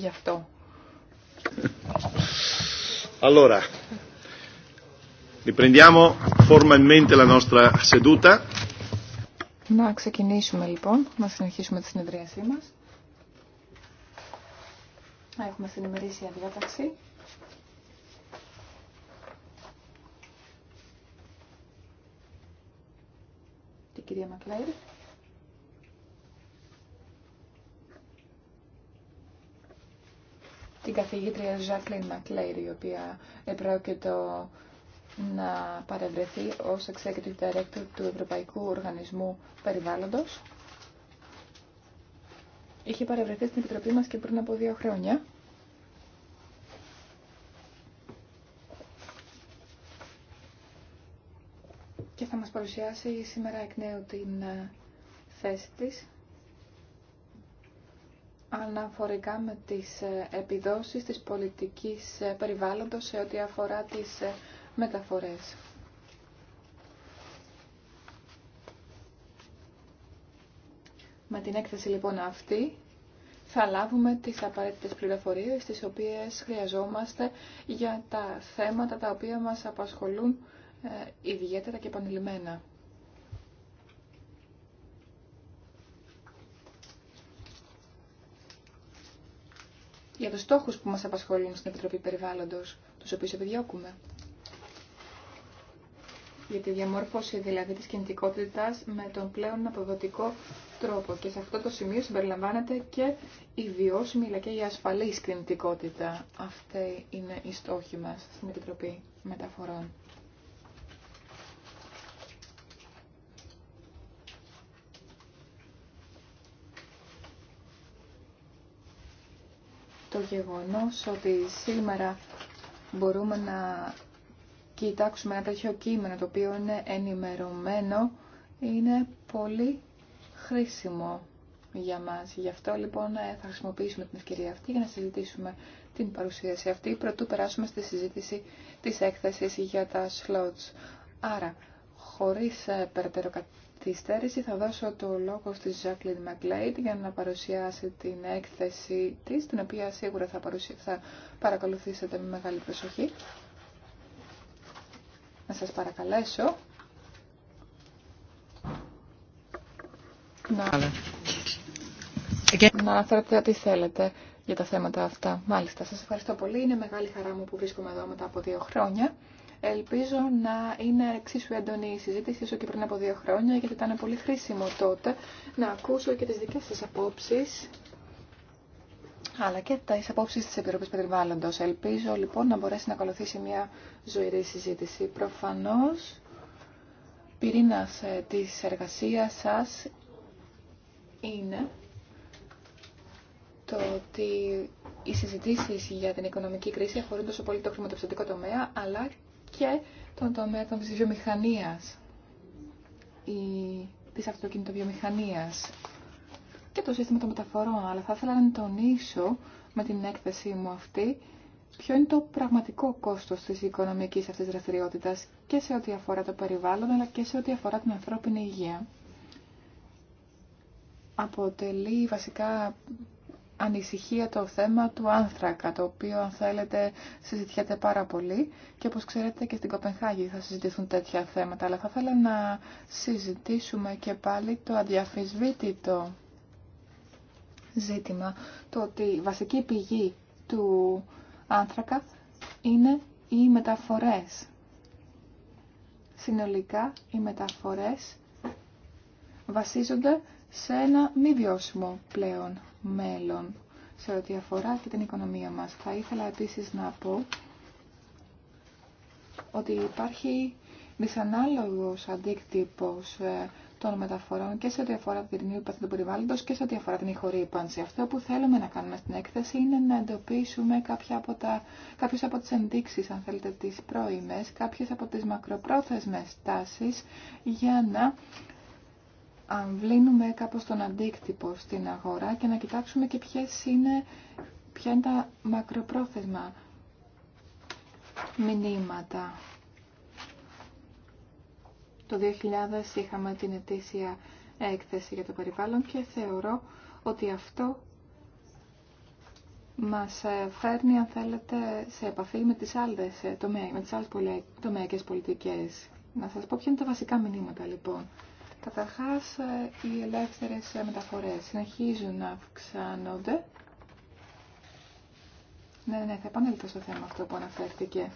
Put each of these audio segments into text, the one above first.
γι' αυτό. Allora, riprendiamo formalmente la nostra seduta. Να ξεκινήσουμε λοιπόν, να συνεχίσουμε τη συνεδρίασή μας. Να Έχουμε στην ημερήσια διάταξη. Την κυρία Μακλέιρ. την καθηγήτρια Ζάκλιν Μακλέιρ, η οποία επρόκειτο να παρευρεθεί ως Executive Director του Ευρωπαϊκού Οργανισμού Περιβάλλοντος. Είχε παρευρεθεί στην Επιτροπή μας και πριν από δύο χρόνια. Και θα μας παρουσιάσει σήμερα εκ νέου την ε, θέση της αναφορικά με τις ε, επιδόσεις της πολιτικής ε, περιβάλλοντος σε ό,τι αφορά τις ε, μεταφορές. Με την έκθεση λοιπόν αυτή θα λάβουμε τις απαραίτητες πληροφορίες τις οποίες χρειαζόμαστε για τα θέματα τα οποία μας απασχολούν ιδιαίτερα και επανειλημμένα. για τους στόχους που μας απασχολούν στην Επιτροπή Περιβάλλοντος, τους οποίους επιδιώκουμε. Για τη διαμόρφωση δηλαδή της κινητικότητας με τον πλέον αποδοτικό τρόπο. Και σε αυτό το σημείο συμπεριλαμβάνεται και η βιώσιμη αλλά και η ασφαλής κινητικότητα. Αυτή είναι η στόχη μας στην Επιτροπή Μεταφορών. το γεγονός ότι σήμερα μπορούμε να κοιτάξουμε ένα τέτοιο κείμενο το οποίο είναι ενημερωμένο είναι πολύ χρήσιμο για μας. Γι' αυτό λοιπόν ε, θα χρησιμοποιήσουμε την ευκαιρία αυτή για να συζητήσουμε την παρουσίαση αυτή πρωτού περάσουμε στη συζήτηση της έκθεσης για τα slots. Άρα, χωρίς ε, περαιτέρω τη στέρηση θα δώσω το λόγο στη Ζάκλιν Μακλέιτ για να παρουσιάσει την έκθεση της, την οποία σίγουρα θα, θα παρακολουθήσετε με μεγάλη προσοχή. Να σας παρακαλέσω να, να αναφέρετε ό,τι θέλετε για τα θέματα αυτά. Μάλιστα, σας ευχαριστώ πολύ. Είναι μεγάλη χαρά μου που βρίσκομαι εδώ μετά από δύο χρόνια. Ελπίζω να είναι εξίσου έντονη η συζήτηση όσο και πριν από δύο χρόνια, γιατί ήταν πολύ χρήσιμο τότε να ακούσω και τις δικές σας απόψεις, αλλά και τι απόψει τη Επιτροπή περιβάλλοντο. Ελπίζω λοιπόν να μπορέσει να ακολουθήσει μια ζωηρή συζήτηση. Προφανώς, πυρήνα ε, τη εργασία σα είναι το ότι οι συζητήσει για την οικονομική κρίση αφορούν τόσο πολύ το χρηματοπιστωτικό τομέα, αλλά και τον τομέα των βιομηχανίας, η... της αυτοκινητοβιομηχανίας και το σύστημα των μεταφορών. Αλλά θα ήθελα να τονίσω με την έκθεσή μου αυτή ποιο είναι το πραγματικό κόστος της οικονομικής αυτής δραστηριότητα και σε ό,τι αφορά το περιβάλλον αλλά και σε ό,τι αφορά την ανθρώπινη υγεία. Αποτελεί βασικά ανησυχία το θέμα του άνθρακα, το οποίο αν θέλετε συζητιέται πάρα πολύ και όπως ξέρετε και στην Κοπενχάγη θα συζητηθούν τέτοια θέματα, αλλά θα ήθελα να συζητήσουμε και πάλι το αδιαφυσβήτητο ζήτημα, το ότι η βασική πηγή του άνθρακα είναι οι μεταφορές. Συνολικά οι μεταφορές βασίζονται σε ένα μη βιώσιμο πλέον μέλλον σε ό,τι αφορά και την οικονομία μας. Θα ήθελα επίσης να πω ότι υπάρχει δυσανάλογος αντίκτυπος ε, των μεταφορών και σε ό,τι αφορά την ύπαρξη του περιβάλλοντος και σε ό,τι αφορά την ηχορύπανση. Αυτό που θέλουμε να κάνουμε στην έκθεση είναι να εντοπίσουμε κάποια από τα, κάποιες από τις ενδείξεις, αν θέλετε, τις πρώιμες, κάποιες από τις μακροπρόθεσμες τάσεις για να αμβλύνουμε κάπως τον αντίκτυπο στην αγορά και να κοιτάξουμε και ποιες είναι, ποια είναι τα μακροπρόθεσμα μηνύματα. Το 2000 είχαμε την ετήσια έκθεση για το περιβάλλον και θεωρώ ότι αυτό μας φέρνει, αν θέλετε, σε επαφή με τις άλλες, το με τις άλλες πολιτικές. Να σας πω ποια είναι τα βασικά μηνύματα, λοιπόν. Καταρχάς, οι ελεύθερες μεταφορές συνεχίζουν να αυξάνονται. Ναι, ναι, θα επανέλθω στο θέμα αυτό που αναφέρθηκε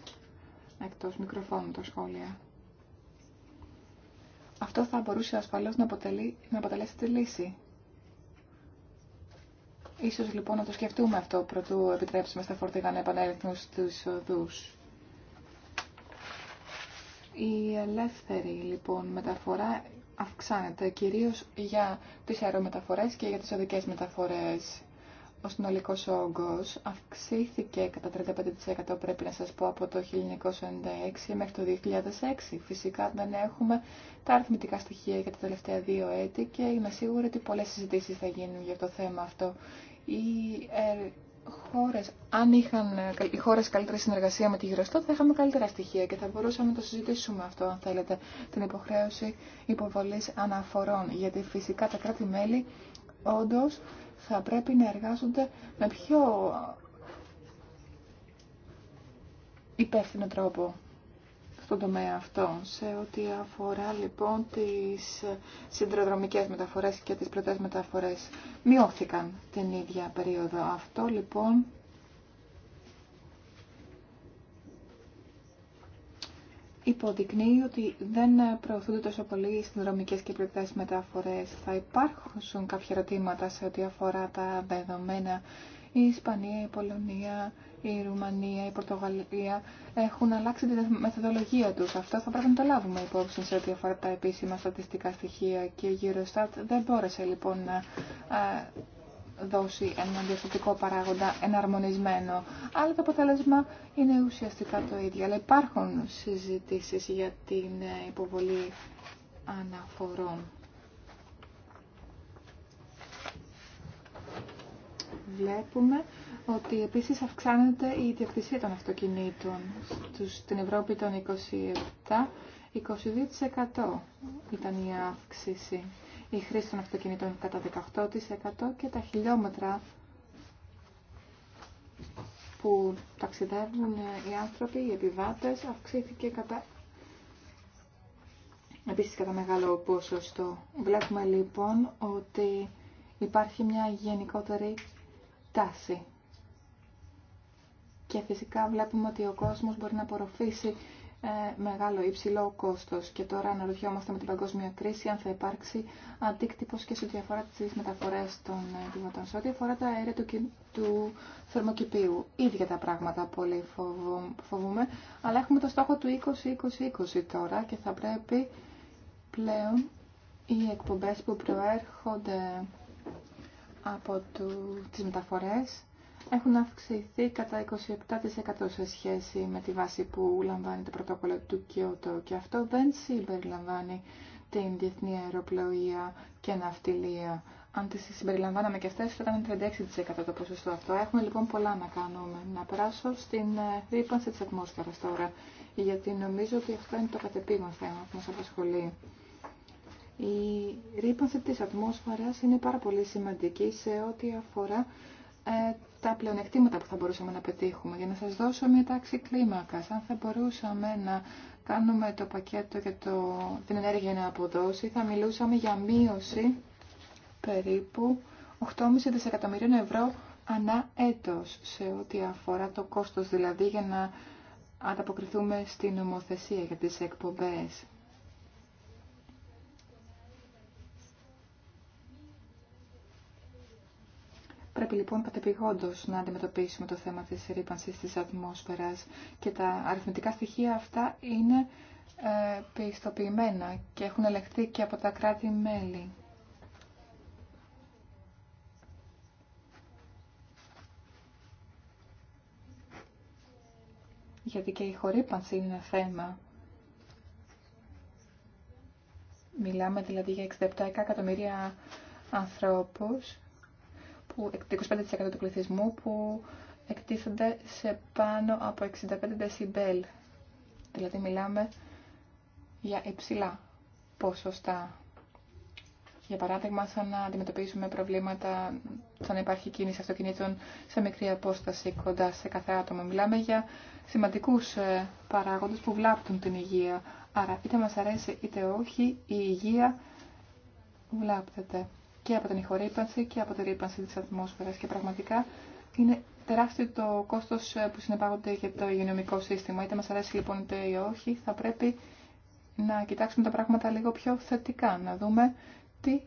εκτός μικροφώνου τα σχόλια. Αυτό θα μπορούσε ασφαλώς να, αποτελεί, να αποτελέσει τη λύση. Ίσως λοιπόν να το σκεφτούμε αυτό πρωτού επιτρέψουμε στα φορτηγά να επανέλθουν στους οδούς. Η ελεύθερη λοιπόν μεταφορά αυξάνεται κυρίως για τις αερομεταφορές και για τις οδικές μεταφορές. Ο συνολικός όγκος αυξήθηκε κατά 35% πρέπει να σας πω από το 1996 μέχρι το 2006. Φυσικά δεν έχουμε τα αριθμητικά στοιχεία για τα τελευταία δύο έτη και είμαι σίγουρη ότι πολλές συζητήσεις θα γίνουν για το θέμα αυτό. Η ε, χώρες, αν είχαν ε, οι χώρες καλύτερη συνεργασία με τη Γυροστό, θα είχαμε καλύτερα στοιχεία και θα μπορούσαμε να το συζητήσουμε αυτό, αν θέλετε, την υποχρέωση υποβολής αναφορών. Γιατί φυσικά τα κράτη-μέλη όντως θα πρέπει να εργάζονται με πιο ε, υπεύθυνο τρόπο στον τομέα αυτό. Σε ό,τι αφορά λοιπόν τις συνδροδρομικές μεταφορές και τις πρωτές μεταφορές μειώθηκαν την ίδια περίοδο. Αυτό λοιπόν υποδεικνύει ότι δεν προωθούνται τόσο πολύ οι συνδρομικές και πλεκτές μεταφορές. Θα υπάρχουν κάποια ερωτήματα σε ό,τι αφορά τα δεδομένα η Ισπανία, η Πολωνία, η Ρουμανία, η Πορτογαλία έχουν αλλάξει τη μεθοδολογία τους. Αυτό θα πρέπει να το λάβουμε υπόψη σε ό,τι αφορά τα επίσημα στατιστικά στοιχεία και η Eurostat δεν μπόρεσε λοιπόν να δώσει ένα διαφορετικό παράγοντα εναρμονισμένο. Αλλά το αποτέλεσμα είναι ουσιαστικά το ίδιο. Αλλά υπάρχουν συζητήσεις για την ε, υποβολή αναφορών. Βλέπουμε ότι επίσης αυξάνεται η ιδιοκτησία των αυτοκινήτων Στους, στην Ευρώπη των 27. 22% ήταν η αύξηση. Η χρήση των αυτοκινήτων κατά 18% και τα χιλιόμετρα που ταξιδεύουν οι άνθρωποι, οι επιβάτες, αυξήθηκε κατά... Επίσης κατά μεγάλο ποσοστό. Βλέπουμε λοιπόν ότι υπάρχει μια γενικότερη τάση και φυσικά βλέπουμε ότι ο κόσμος μπορεί να απορροφήσει ε, μεγάλο υψηλό κόστος και τώρα αναρωτιόμαστε με την παγκόσμια κρίση αν θα υπάρξει αντίκτυπος και σε διαφορά αφορά τις μεταφορές των δημοτών. Ε, σε ό,τι αφορά τα αέρια του, του θερμοκηπίου. Ίδια τα πράγματα πολύ φοβούμε, αλλά έχουμε το στόχο του 20-20-20 τώρα και θα πρέπει πλέον οι εκπομπές που προέρχονται από του, τις μεταφορές έχουν αυξηθεί κατά 27% σε σχέση με τη βάση που λαμβάνει το πρωτόκολλο του Κιώτο και αυτό δεν συμπεριλαμβάνει την διεθνή αεροπλοεία και ναυτιλία. Αν τις συμπεριλαμβάναμε και αυτές θα ήταν 36% το ποσοστό αυτό. Έχουμε λοιπόν πολλά να κάνουμε. Να περάσω στην ε, ρήπανση της ατμόσφαιρας τώρα, γιατί νομίζω ότι αυτό είναι το κατεπήγον θέμα που μας απασχολεί. Η ρήπανση της ατμόσφαιρας είναι πάρα πολύ σημαντική σε ό,τι αφορά ε, τα πλεονεκτήματα που θα μπορούσαμε να πετύχουμε. Για να σας δώσω μια τάξη κλίμακας, αν θα μπορούσαμε να κάνουμε το πακέτο για το, την ενέργεια να αποδώσει, θα μιλούσαμε για μείωση περίπου 8,5 δισεκατομμυρίων ευρώ ανά έτος σε ό,τι αφορά το κόστος δηλαδή για να ανταποκριθούμε στην νομοθεσία για τις εκπομπές. Πρέπει λοιπόν κατεπηγόντως να αντιμετωπίσουμε το θέμα της ρήπανσης της ατμόσφαιρας και τα αριθμητικά στοιχεία αυτά είναι ε, πιστοποιημένα και έχουν ελεγχθεί και από τα κράτη-μέλη. Γιατί και η χορύπανση είναι θέμα. Μιλάμε δηλαδή για 67 εκατομμύρια ανθρώπους που, 25% του πληθυσμού που εκτίθενται σε πάνω από 65 δεσιμπέλ. Δηλαδή μιλάμε για υψηλά ποσοστά. Για παράδειγμα, σαν να αντιμετωπίσουμε προβλήματα, σαν να υπάρχει κίνηση αυτοκινήτων σε μικρή απόσταση κοντά σε κάθε άτομο. Μιλάμε για σημαντικούς ε, παράγοντες που βλάπτουν την υγεία. Άρα, είτε μας αρέσει είτε όχι, η υγεία βλάπτεται και από την ηχορύπανση και από τη ρύπανση της ατμόσφαιρας και πραγματικά είναι τεράστιο το κόστος ε, που συνεπάγονται για το υγειονομικό σύστημα. Είτε μας αρέσει λοιπόν είτε ή όχι, θα πρέπει να κοιτάξουμε τα πράγματα λίγο πιο θετικά, να δούμε τι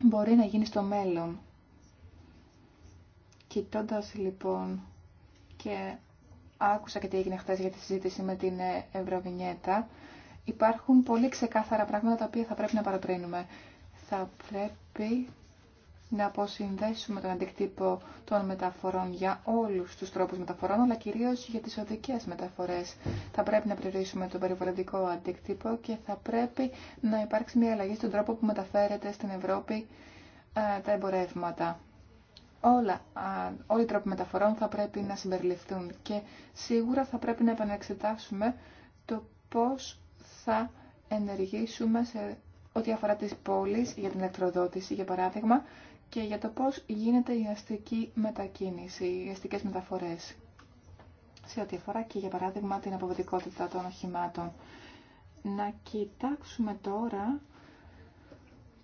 μπορεί να γίνει στο μέλλον. Κοιτώντας λοιπόν και άκουσα και τι έγινε χθες για τη συζήτηση με την ε, Ευρωβινιέτα, υπάρχουν πολύ ξεκάθαρα πράγματα τα οποία θα πρέπει να παρατρύνουμε θα πρέπει να αποσυνδέσουμε τον αντικτύπο των μεταφορών για όλους τους τρόπους μεταφορών, αλλά κυρίως για τις οδικές μεταφορές. Θα πρέπει να περιορίσουμε τον περιβαλλοντικό αντικτύπο και θα πρέπει να υπάρξει μια αλλαγή στον τρόπο που μεταφέρεται στην Ευρώπη ε, τα εμπορεύματα. Όλα, όλοι οι τρόποι μεταφορών θα πρέπει να συμπεριληφθούν και σίγουρα θα πρέπει να επανεξετάσουμε το πώς θα ενεργήσουμε σε ό,τι αφορά τις πόλεις για την ηλεκτροδότηση, για παράδειγμα, και για το πώς γίνεται η αστική μετακίνηση, οι αστικές μεταφορές. Σε ό,τι αφορά και για παράδειγμα την αποδοτικότητα των οχημάτων. Να κοιτάξουμε τώρα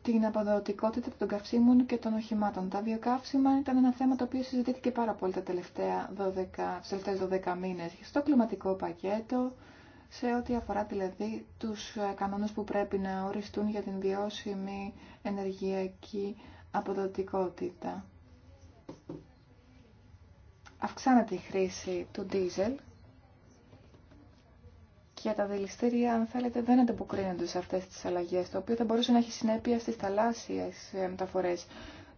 την αποδοτικότητα των καυσίμων και των οχημάτων. Τα βιοκαύσιμα ήταν ένα θέμα το οποίο συζητήθηκε πάρα πολύ τα τελευταία 12, 12 μήνες. Στο κλιματικό πακέτο, σε ό,τι αφορά δηλαδή τους ε, κανόνες που πρέπει να οριστούν για την βιώσιμη ενεργειακή αποδοτικότητα. Αυξάνεται η χρήση του ντίζελ και τα δηληστήρια, αν θέλετε, δεν ανταποκρίνονται σε αυτές τις αλλαγές, το οποίο θα μπορούσε να έχει συνέπεια στις θαλάσσιες ε, μεταφορές.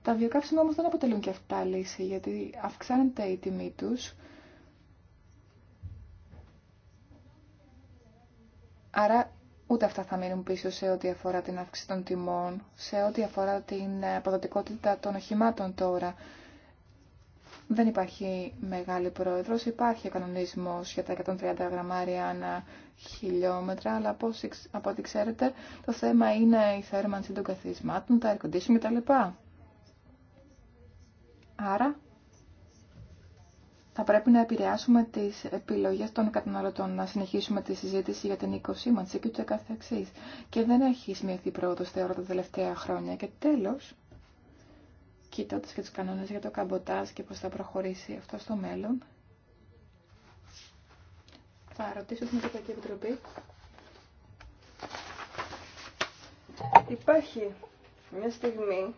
Τα βιοκαύσιμα όμως δεν αποτελούν και αυτά λύση, γιατί αυξάνεται η τιμή τους Άρα ούτε αυτά θα μείνουν πίσω σε ό,τι αφορά την αύξηση των τιμών, σε ό,τι αφορά την ε, αποδοτικότητα των οχημάτων τώρα. Δεν υπάρχει μεγάλη πρόεδρος, υπάρχει ο κανονισμός για τα 130 γραμμάρια ανά χιλιόμετρα, αλλά από ό,τι ξέρετε το θέμα είναι η θέρμανση των καθισμάτων, τα air conditioning κτλ. Άρα θα πρέπει να επηρεάσουμε τις επιλογές των καταναλωτών, να συνεχίσουμε τη συζήτηση για την οικοσήμανση και ούτω καθεξή. Και δεν έχει σημειωθεί πρόοδο, θεωρώ, τα τελευταία χρόνια. Και τέλος, κοιτώντα και του κανόνε για το καμποτάζ και πώς θα προχωρήσει αυτό στο μέλλον, θα ρωτήσω την Ευρωπαϊκή Επιτροπή. Υπάρχει μια στιγμή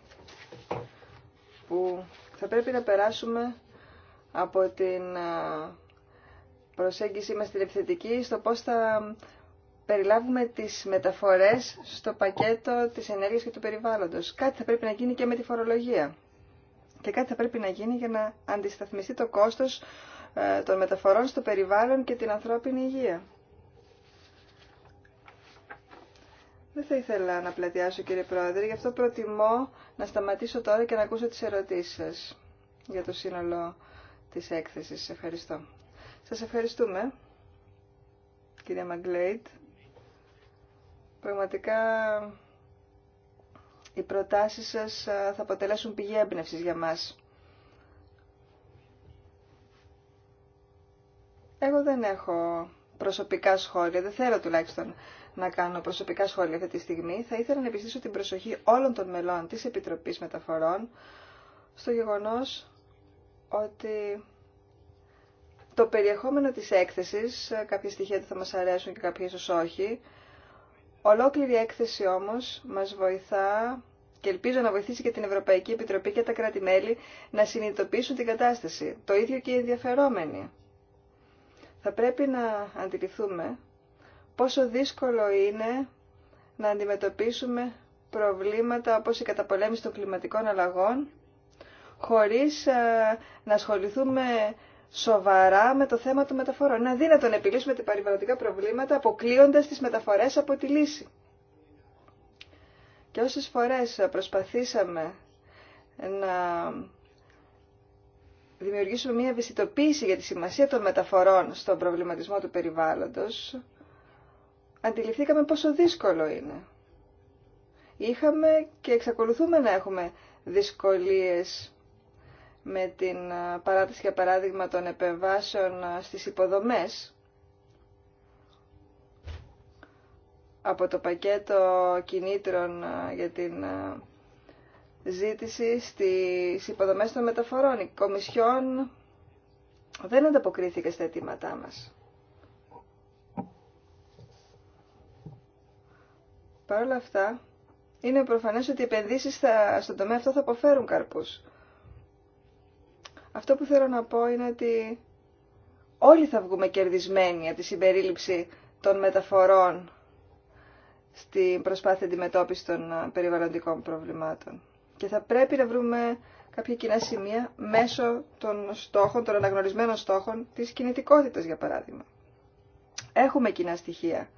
που θα πρέπει να περάσουμε από την προσέγγιση μας την επιθετική στο πώς θα περιλάβουμε τις μεταφορές στο πακέτο της ενέργειας και του περιβάλλοντος. Κάτι θα πρέπει να γίνει και με τη φορολογία. Και κάτι θα πρέπει να γίνει για να αντισταθμιστεί το κόστος ε, των μεταφορών στο περιβάλλον και την ανθρώπινη υγεία. Δεν θα ήθελα να πλατιάσω κύριε Πρόεδρε, γι' αυτό προτιμώ να σταματήσω τώρα και να ακούσω τις ερωτήσεις σας για το σύνολο της έκθεσης. Ευχαριστώ. Σας ευχαριστούμε, κυρία Μαγκλέιτ. Πραγματικά οι προτάσεις σας θα αποτελέσουν πηγή έμπνευσης για μας. Εγώ δεν έχω προσωπικά σχόλια, δεν θέλω τουλάχιστον να κάνω προσωπικά σχόλια αυτή τη στιγμή. Θα ήθελα να επιστήσω την προσοχή όλων των μελών της Επιτροπής Μεταφορών στο γεγονός ότι το περιεχόμενο της έκθεσης, ε, κάποια στοιχεία θα μας αρέσουν και κάποια ίσως όχι, ολόκληρη η έκθεση όμως μας βοηθά και ελπίζω να βοηθήσει και την Ευρωπαϊκή Επιτροπή και τα κράτη-μέλη να συνειδητοποιήσουν την κατάσταση. Το ίδιο και οι ενδιαφερόμενοι. Θα πρέπει να αντιληφθούμε πόσο δύσκολο είναι να αντιμετωπίσουμε προβλήματα όπως η καταπολέμηση των κλιματικών αλλαγών χωρίς ε, να ασχοληθούμε σοβαρά με το θέμα των μεταφορών. Είναι αδύνατο να επιλύσουμε τα περιβαλλοντικά προβλήματα αποκλείοντας τις μεταφορές από τη λύση. Και όσες φορές προσπαθήσαμε να δημιουργήσουμε μια ευαισθητοποίηση για τη σημασία των μεταφορών στον προβληματισμό του περιβάλλοντος, αντιληφθήκαμε πόσο δύσκολο είναι. Είχαμε και εξακολουθούμε να έχουμε δυσκολίες με την παράταση για παράδειγμα των επεμβάσεων στις υποδομές από το πακέτο κινήτρων για την ζήτηση στις υποδομές των μεταφορών. Η Κομισιόν δεν ανταποκρίθηκε στα αιτήματά μας. Παρ' όλα αυτά, είναι προφανές ότι οι επενδύσεις στον τομέα αυτό θα αποφέρουν καρπούς. Αυτό που θέλω να πω είναι ότι όλοι θα βγούμε κερδισμένοι από τη συμπερίληψη των μεταφορών στην προσπάθεια αντιμετώπιση των ε, περιβαλλοντικών προβλημάτων. Και θα πρέπει να βρούμε κάποια κοινά σημεία μέσω των στόχων, των αναγνωρισμένων στόχων της κινητικότητας, για παράδειγμα. Έχουμε κοινά στοιχεία.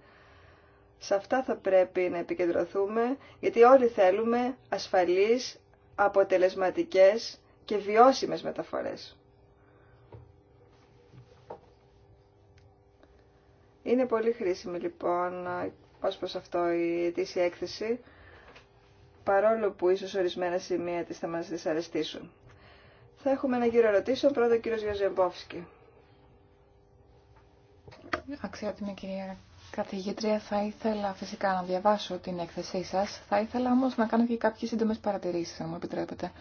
Σε αυτά θα πρέπει να επικεντρωθούμε, γιατί όλοι θέλουμε ασφαλείς, αποτελεσματικές και βιώσιμες μεταφορές. Είναι πολύ χρήσιμη λοιπόν ως προς αυτό η ετήσια έκθεση, παρόλο που ίσως ορισμένα σημεία της θα μας δυσαρεστήσουν. Θα έχουμε ένα γύρο ερωτήσεων, πρώτα ο κύριος Γιωζεμπόφσκι. Αξιότιμη κυρία καθηγήτρια, θα ήθελα φυσικά να διαβάσω την έκθεσή σας. Θα ήθελα όμως να κάνω και κάποιες σύντομες παρατηρήσεις, αν μου επιτρέπετε.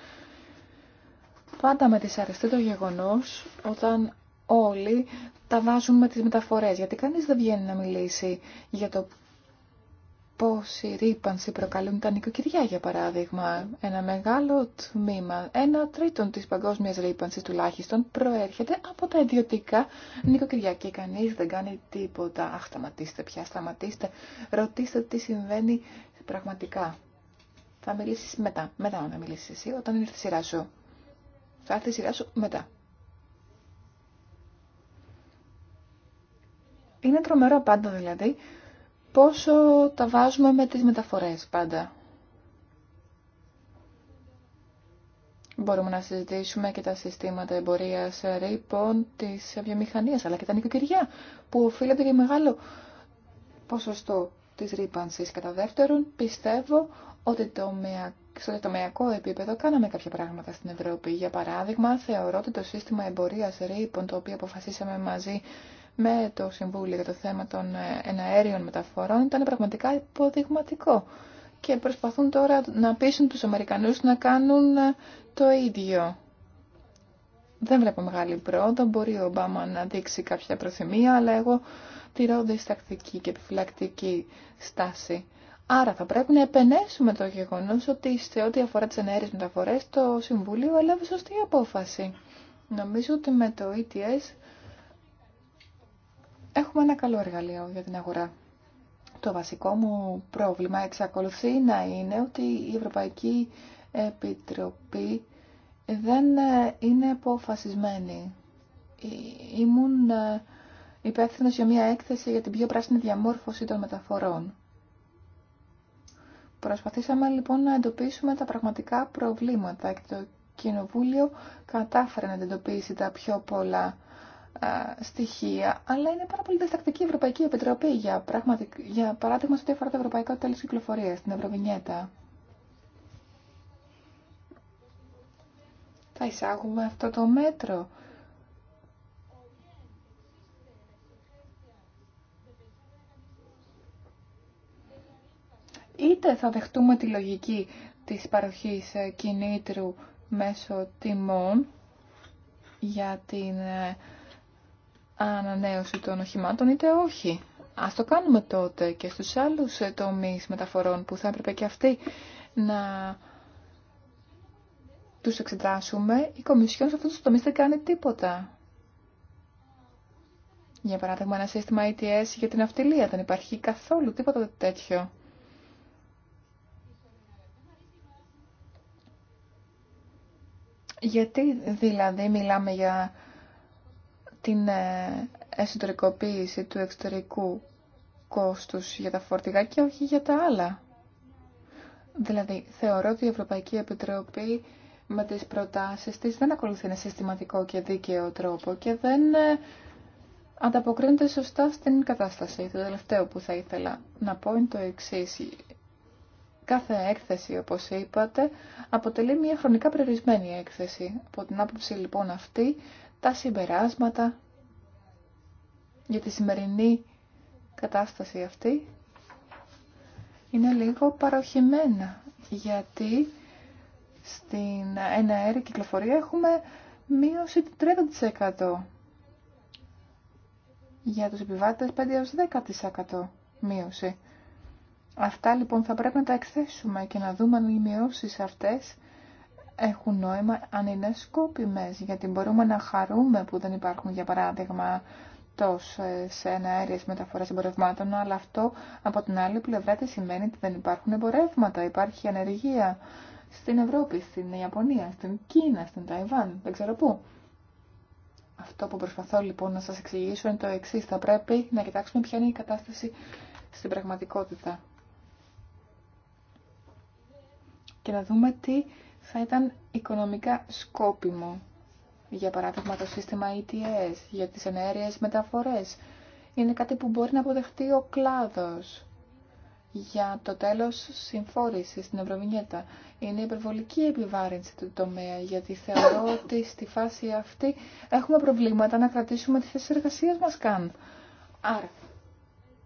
Πάντα με δυσαρεστεί το γεγονός όταν όλοι τα βάζουν με τις μεταφορές, γιατί κανείς δεν βγαίνει να μιλήσει για το πώς η ρήπανση προκαλούν τα νοικοκυριά, για παράδειγμα. Ένα μεγάλο τμήμα, ένα τρίτον της παγκόσμιας ρήπανση τουλάχιστον, προέρχεται από τα ιδιωτικά νοικοκυριά και κανείς δεν κάνει τίποτα. Αχ, σταματήστε πια, σταματήστε, ρωτήστε τι συμβαίνει πραγματικά. Θα μιλήσεις μετά, μετά να μιλήσεις εσύ, όταν ήρθε η σειρά σου. Θα έρθει η σειρά σου μετά. Είναι τρομερό πάντα δηλαδή πόσο τα βάζουμε με τις μεταφορές πάντα. Μπορούμε να συζητήσουμε και τα συστήματα εμπορίας ε, ρήπων της βιομηχανίας αλλά και τα νοικοκυριά που οφείλεται και μεγάλο ποσοστό της ρήπανσης. Κατά δεύτερον, πιστεύω ότι το στο τομεακό επίπεδο κάναμε κάποια πράγματα στην Ευρώπη. Για παράδειγμα, θεωρώ ότι το σύστημα εμπορία ρήπων, το οποίο αποφασίσαμε μαζί με το Συμβούλιο για το θέμα των ε, εναέριων μεταφορών, ήταν πραγματικά υποδειγματικό. Και προσπαθούν τώρα να πείσουν τους Αμερικανούς να κάνουν ε, το ίδιο. Δεν βλέπω μεγάλη πρόοδο, μπορεί ο Ομπάμα να δείξει κάποια προθυμία, αλλά εγώ τηρώ διστακτική και επιφυλακτική στάση. Άρα θα πρέπει να επενέσουμε το γεγονός ότι σε ό,τι αφορά τις ενέργειες μεταφορές το Συμβούλιο έλαβε σωστή απόφαση. Νομίζω ότι με το ETS έχουμε ένα καλό εργαλείο για την αγορά. Το βασικό μου πρόβλημα εξακολουθεί να είναι ότι η Ευρωπαϊκή Επιτροπή δεν ε, είναι αποφασισμένη. Ε, ήμουν ε, υπεύθυνο για μια έκθεση για την πιο πράσινη διαμόρφωση των μεταφορών. Προσπαθήσαμε λοιπόν να εντοπίσουμε τα πραγματικά προβλήματα και το Κοινοβούλιο κατάφερε να εντοπίσει τα πιο πολλά ε, στοιχεία, αλλά είναι πάρα πολύ διστακτική η Ευρωπαϊκή Επιτροπή για, για παράδειγμα σε ό,τι αφορά το Ευρωπαϊκό Τέλος Κυκλοφορίας, την Ευρωβινιέτα. Θα εισάγουμε αυτό το μέτρο Είτε θα δεχτούμε τη λογική της παροχής ε, κινήτρου μέσω τιμών για την ε, ανανέωση των οχημάτων, είτε όχι. Ας το κάνουμε τότε και στους άλλους ε, τομείς μεταφορών που θα έπρεπε και αυτοί να τους εξετάσουμε. Η Κομισιόν σε αυτούς τους τομείς δεν κάνει τίποτα. Για παράδειγμα, ένα σύστημα ETS για την αυτιλία δεν υπάρχει καθόλου τίποτα τέτοιο. Γιατί δηλαδή μιλάμε για την ε, εσωτερικοποίηση του εξωτερικού κόστους για τα φορτηγά και όχι για τα άλλα. Δηλαδή, θεωρώ ότι η Ευρωπαϊκή Επιτροπή με τις προτάσεις της δεν ακολουθεί ένα συστηματικό και δίκαιο τρόπο και δεν ε, ανταποκρίνεται σωστά στην κατάσταση. Το τελευταίο που θα ήθελα να πω είναι το εξή. Κάθε έκθεση, όπως είπατε, αποτελεί μια χρονικά περιορισμένη έκθεση. Από την άποψη λοιπόν αυτή, τα συμπεράσματα για τη σημερινή κατάσταση αυτή είναι λίγο παροχημένα, γιατί στην εναέρη κυκλοφορία έχουμε μείωση του 30% για τους επιβάτες 5-10% μείωση. Αυτά λοιπόν θα πρέπει να τα εκθέσουμε και να δούμε αν οι μειώσει αυτές έχουν νόημα αν είναι σκόπιμες, γιατί μπορούμε να χαρούμε που δεν υπάρχουν για παράδειγμα σε αέριες μεταφορές εμπορευμάτων, αλλά αυτό από την άλλη πλευρά τι σημαίνει ότι δεν υπάρχουν εμπορεύματα, υπάρχει ανεργία στην Ευρώπη, στην Ιαπωνία, στην Κίνα, στην Ταϊβάν, δεν ξέρω πού. Αυτό που προσπαθώ λοιπόν να σας εξηγήσω είναι το εξής. Θα πρέπει να κοιτάξουμε ποια είναι η κατάσταση στην πραγματικότητα. και να δούμε τι θα ήταν οικονομικά σκόπιμο. Για παράδειγμα το σύστημα ETS, για τις ενέργειες μεταφορές. Είναι κάτι που μπορεί να αποδεχτεί ο κλάδος. Για το τέλος συμφόρηση στην Ευρωβινιέτα. Είναι υπερβολική επιβάρυνση του τομέα, γιατί θεωρώ ότι στη φάση αυτή έχουμε προβλήματα να κρατήσουμε τη θέση μα μας καν. Άρα,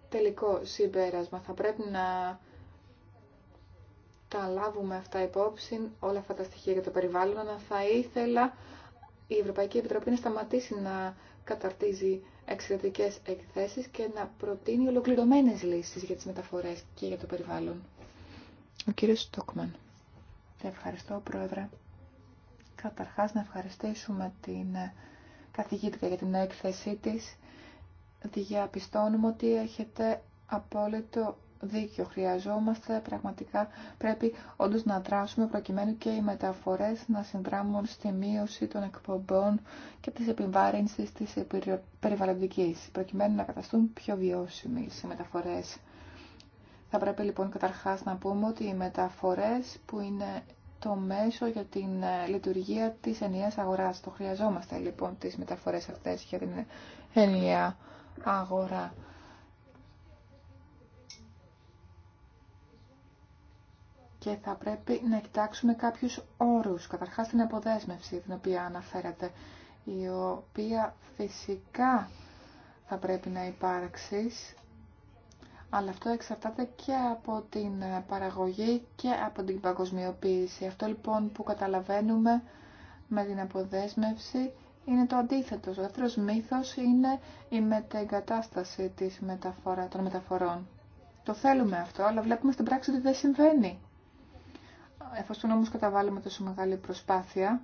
τελικό συμπέρασμα, θα πρέπει να τα λάβουμε αυτά υπόψη, όλα αυτά τα στοιχεία για το περιβάλλον, αλλά θα ήθελα η Ευρωπαϊκή Επιτροπή να σταματήσει να καταρτίζει εξαιρετικέ εκθέσεις και να προτείνει ολοκληρωμένες λύσεις για τις μεταφορές και για το περιβάλλον. Ο κύριος Στόκμαν. Ευχαριστώ, Πρόεδρε. Καταρχά να ευχαριστήσουμε την καθηγήτρια για την έκθεσή της. Διαπιστώνουμε ότι έχετε απόλυτο δίκιο. Χρειαζόμαστε πραγματικά, πρέπει όντως να δράσουμε προκειμένου και οι μεταφορές να συνδράμουν στη μείωση των εκπομπών και της επιβάρυνσης της περιβαλλοντικής, προκειμένου να καταστούν πιο βιώσιμοι οι μεταφορές. Θα πρέπει λοιπόν καταρχάς να πούμε ότι οι μεταφορές που είναι το μέσο για την ε, λειτουργία της ενιαίας αγοράς. Το χρειαζόμαστε λοιπόν τις μεταφορές αυτές για την ενιαία αγορά. και θα πρέπει να κοιτάξουμε κάποιους όρους. Καταρχάς την αποδέσμευση την οποία αναφέρατε, η οποία φυσικά θα πρέπει να υπάρξει, αλλά αυτό εξαρτάται και από την παραγωγή και από την παγκοσμιοποίηση. Αυτό λοιπόν που καταλαβαίνουμε με την αποδέσμευση είναι το αντίθετο. Ο δεύτερος μύθος είναι η μετεγκατάσταση της μεταφορά, των μεταφορών. Το θέλουμε αυτό, αλλά βλέπουμε στην πράξη ότι δεν συμβαίνει. Εφόσον όμως καταβάλουμε τόσο μεγάλη προσπάθεια,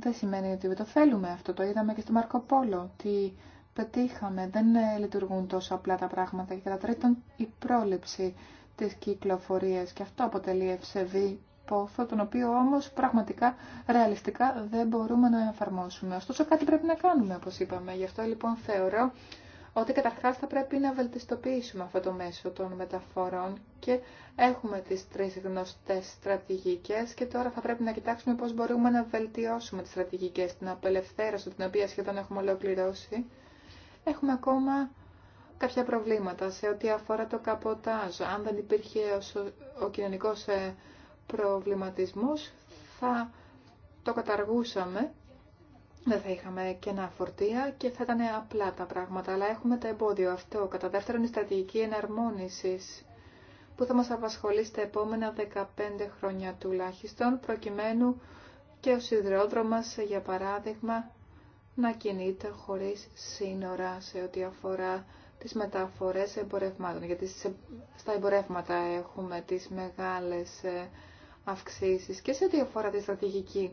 δεν σημαίνει ότι δεν το θέλουμε αυτό. Το είδαμε και στο Μαρκο Πόλο, ότι πετύχαμε, δεν λειτουργούν τόσο απλά τα πράγματα. Και κατά τρίτον, η πρόληψη της κυκλοφορίας και αυτό αποτελεί ευσεβή πόθο, τον οποίο όμως πραγματικά, ρεαλιστικά δεν μπορούμε να εφαρμόσουμε. Ωστόσο κάτι πρέπει να κάνουμε, όπως είπαμε. Γι' αυτό λοιπόν θεωρώ ότι καταρχάς θα πρέπει να βελτιστοποιήσουμε αυτό το μέσο των μεταφορών και έχουμε τις τρεις γνωστές στρατηγικές και τώρα θα πρέπει να κοιτάξουμε πώς μπορούμε να βελτιώσουμε τις στρατηγικές, την απελευθέρωση την οποία σχεδόν έχουμε ολοκληρώσει. Έχουμε ακόμα κάποια προβλήματα σε ό,τι αφορά το καποτάζ. Αν δεν υπήρχε ο κοινωνικός ε, προβληματισμός θα το καταργούσαμε δεν θα είχαμε κενά φορτία και θα ήταν απλά τα πράγματα, αλλά έχουμε τα εμπόδιο αυτό. Κατά δεύτερον, η στρατηγική εναρμόνισης που θα μας απασχολεί στα επόμενα 15 χρόνια τουλάχιστον, προκειμένου και ο σιδηρόδρομος, για παράδειγμα, να κινείται χωρίς σύνορα σε ό,τι αφορά τις μεταφορές εμπορευμάτων. Γιατί στα εμπορεύματα έχουμε τις μεγάλες ε, αυξήσεις και σε ό,τι αφορά τη στρατηγική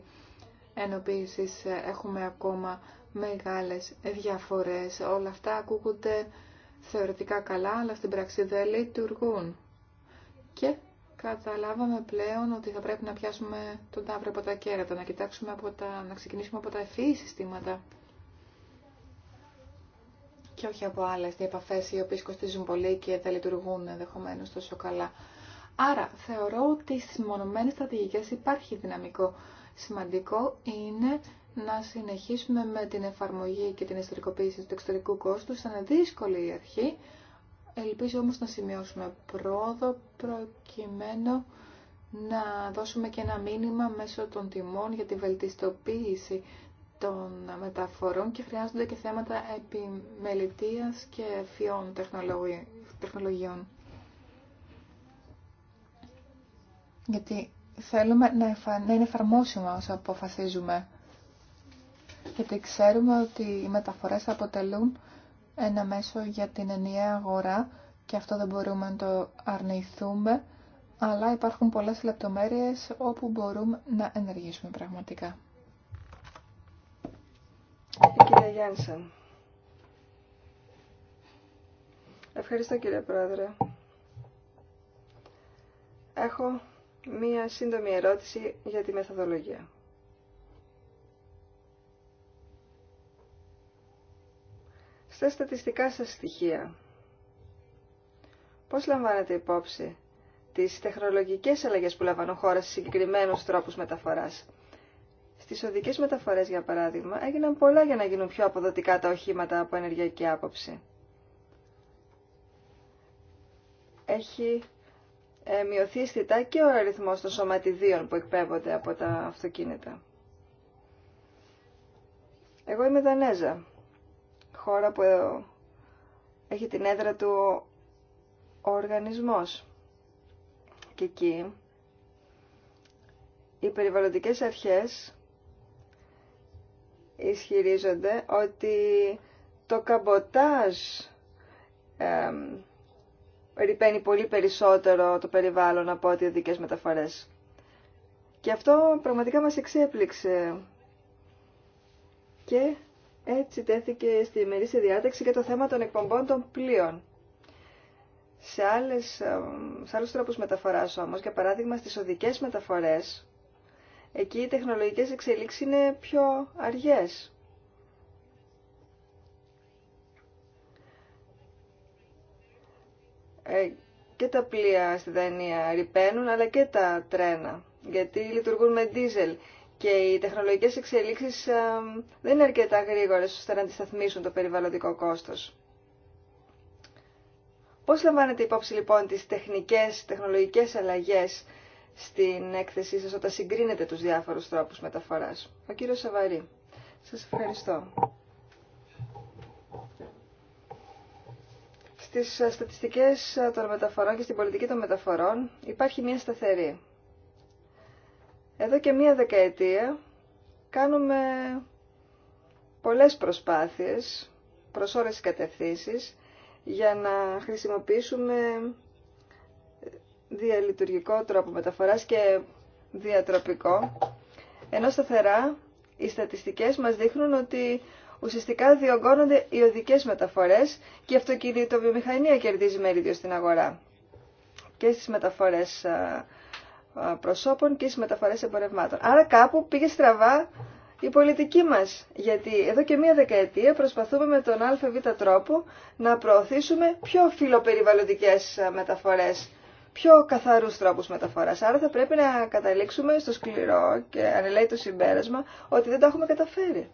ενοποίησης έχουμε ακόμα μεγάλες διαφορές. Όλα αυτά ακούγονται θεωρητικά καλά, αλλά στην πράξη δεν λειτουργούν. Και καταλάβαμε πλέον ότι θα πρέπει να πιάσουμε τον τάβρο από τα κέρατα, να, κοιτάξουμε από τα, να ξεκινήσουμε από τα ευφύη συστήματα και όχι από άλλες διαπαφές οι οποίες κοστίζουν πολύ και δεν λειτουργούν ενδεχομένω τόσο καλά. Άρα θεωρώ ότι στις μονομένες στρατηγικές υπάρχει δυναμικό Σημαντικό είναι να συνεχίσουμε με την εφαρμογή και την εστρικοποίηση του εξωτερικού κόστου. Ήταν δύσκολη η αρχή. Ελπίζω όμως να σημειώσουμε πρόοδο προκειμένου να δώσουμε και ένα μήνυμα μέσω των τιμών για τη βελτιστοποίηση των μεταφορών και χρειάζονται και θέματα επιμελητίας και φιών τεχνολογιών. Γιατί θέλουμε να, είναι εφαρμόσιμα όσα αποφασίζουμε. Γιατί ξέρουμε ότι οι μεταφορές αποτελούν ένα μέσο για την ενιαία αγορά και αυτό δεν μπορούμε να το αρνηθούμε, αλλά υπάρχουν πολλές λεπτομέρειες όπου μπορούμε να ενεργήσουμε πραγματικά. Η Ευχαριστώ κύριε Πρόεδρε. Έχω μία σύντομη ερώτηση για τη μεθοδολογία. Στα στατιστικά σας στοιχεία, πώς λαμβάνετε υπόψη τις τεχνολογικές αλλαγές που λαμβάνουν χώρα σε συγκεκριμένους τρόπους μεταφοράς. Στις οδικές μεταφορές, για παράδειγμα, έγιναν πολλά για να γίνουν πιο αποδοτικά τα οχήματα από ενεργειακή άποψη. Έχει ε, μειωθεί αισθητά και ο αριθμός των σωματιδίων που εκπέμπονται από τα αυτοκίνητα. Εγώ είμαι Δανέζα, χώρα που ε, έχει την έδρα του ο οργανισμός. Και εκεί οι περιβαλλοντικές αρχές ισχυρίζονται ότι το καμποτάζ ε, ρηπαίνει πολύ περισσότερο το περιβάλλον από ό,τι οδικές μεταφορές. Και αυτό πραγματικά μας εξέπληξε. Και έτσι τέθηκε στη ημερήσια διάταξη και το θέμα των εκπομπών των πλοίων. Σε, άλλες, σε άλλους τρόπους μεταφοράς όμως, για παράδειγμα στις οδικές μεταφορές, εκεί οι τεχνολογικές εξελίξεις είναι πιο αργές. Ε, και τα πλοία στη Δανία ρηπαίνουν, αλλά και τα τρένα, γιατί λειτουργούν με δίζελ και οι τεχνολογικές εξελίξεις ε, δεν είναι αρκετά γρήγορες ώστε να αντισταθμίσουν το περιβαλλοντικό κόστος. Πώς λαμβάνετε υπόψη λοιπόν τις τεχνικές, τεχνολογικές αλλαγές στην έκθεσή σας όταν συγκρίνετε τους διάφορους τρόπους μεταφοράς. Ο κύριος Σαβαρή. Σας ευχαριστώ. στις στατιστικές των μεταφορών και στην πολιτική των μεταφορών υπάρχει μια σταθερή. Εδώ και μία δεκαετία κάνουμε πολλές προσπάθειες προσώρες κατευθύνσεις για να χρησιμοποιήσουμε διαλειτουργικό τρόπο μεταφοράς και διατροπικό, ενώ σταθερά οι στατιστικές μας δείχνουν ότι ουσιαστικά διωγγώνονται οι οδικές μεταφορές και η αυτοκινητοβιομηχανία κερδίζει μερίδιο στην αγορά και στις μεταφορές προσώπων και στις μεταφορές εμπορευμάτων. Άρα κάπου πήγε στραβά η πολιτική μας, γιατί εδώ και μία δεκαετία προσπαθούμε με τον ΑΒ τρόπο να προωθήσουμε πιο φιλοπεριβαλλοντικές μεταφορές, πιο καθαρούς τρόπους μεταφοράς. Άρα θα πρέπει να καταλήξουμε στο σκληρό και το συμπέρασμα ότι δεν τα έχουμε καταφέρει.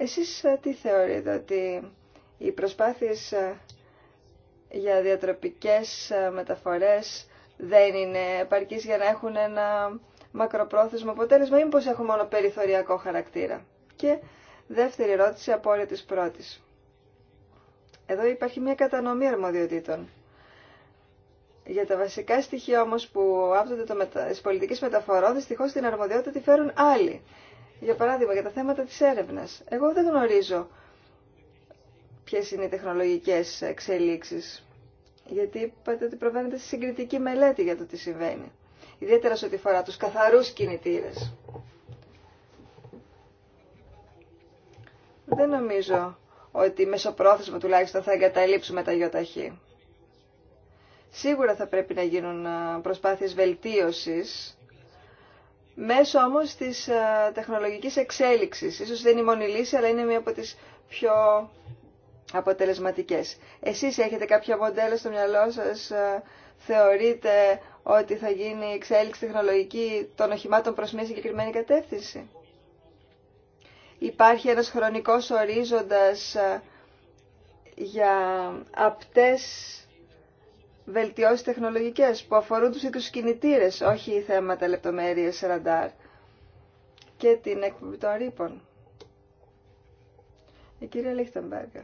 Εσείς ε, τι θεωρείτε ότι οι προσπάθειες ε, για διατροπικές ε, μεταφορές δεν είναι επαρκείς για να έχουν ένα μακροπρόθεσμο αποτέλεσμα ή μήπως έχουν μόνο περιθωριακό χαρακτήρα. Και δεύτερη ερώτηση από όλη της πρώτης. Εδώ υπάρχει μια κατανομή αρμοδιοτήτων. Για τα βασικά στοιχεία όμως που άπτονται το πολιτικές μεταφορών, την αρμοδιότητα τη φέρουν άλλοι. Για παράδειγμα, για τα θέματα της έρευνας. Εγώ δεν γνωρίζω ποιες είναι οι τεχνολογικές εξελίξεις. Γιατί είπατε ότι προβαίνετε σε συγκριτική μελέτη για το τι συμβαίνει. Ιδιαίτερα σε ό,τι φορά τους καθαρούς κινητήρες. Δεν νομίζω ότι μεσοπρόθεσμα τουλάχιστον θα εγκαταλείψουμε τα ΙΟΤΑΧΗ. Σίγουρα θα πρέπει να γίνουν ε, προσπάθειες βελτίωσης μέσω όμως της ε, τεχνολογικής εξέλιξης. Ίσως δεν είναι η μόνη λύση, αλλά είναι μία από τις πιο αποτελεσματικές. Εσείς έχετε κάποια μοντέλα στο μυαλό σας, ε, θεωρείτε ότι θα γίνει εξέλιξη τεχνολογική των οχημάτων προς μια συγκεκριμένη κατεύθυνση. Υπάρχει ένας χρονικός ορίζοντας ε, για απτές Βελτιώσει τεχνολογικές που αφορούν τους ίδιους κινητήρες, όχι θέματα λεπτομέρειες ραντάρ και την εκπομπή των ρήπων. Η κυρία Λίχτεμπεργκερ.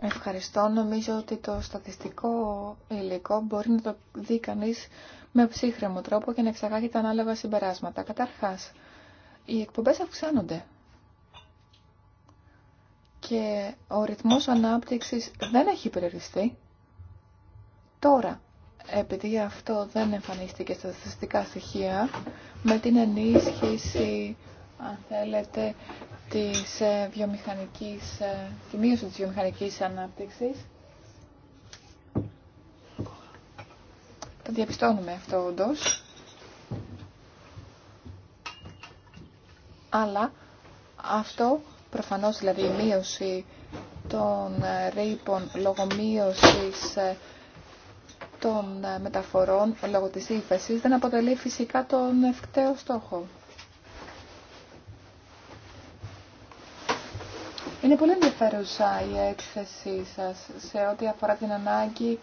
Ευχαριστώ. Νομίζω ότι το στατιστικό υλικό μπορεί να το δει κανεί με ψύχρεμο τρόπο και να εξαγάγει τα ανάλογα συμπεράσματα. Καταρχάς, οι εκπομπές αυξάνονται και ο ρυθμός ανάπτυξης δεν έχει περιοριστεί. Τώρα, επειδή αυτό δεν εμφανίστηκε στα στατιστικά στοιχεία, με την ενίσχυση, αν θέλετε, της ε, βιομηχανικής, ε, τη μείωση της βιομηχανικής ανάπτυξης, το διαπιστώνουμε αυτό όντως. Αλλά αυτό Προφανώς δηλαδή η μείωση των ε, ρήπων λόγω μείωσης ε, των ε, μεταφορών λόγω της ύφεση δεν αποτελεί φυσικά τον ευκταίο στόχο. Είναι πολύ ενδιαφέρουσα η έκθεσή σας σε ό,τι αφορά την ανάγκη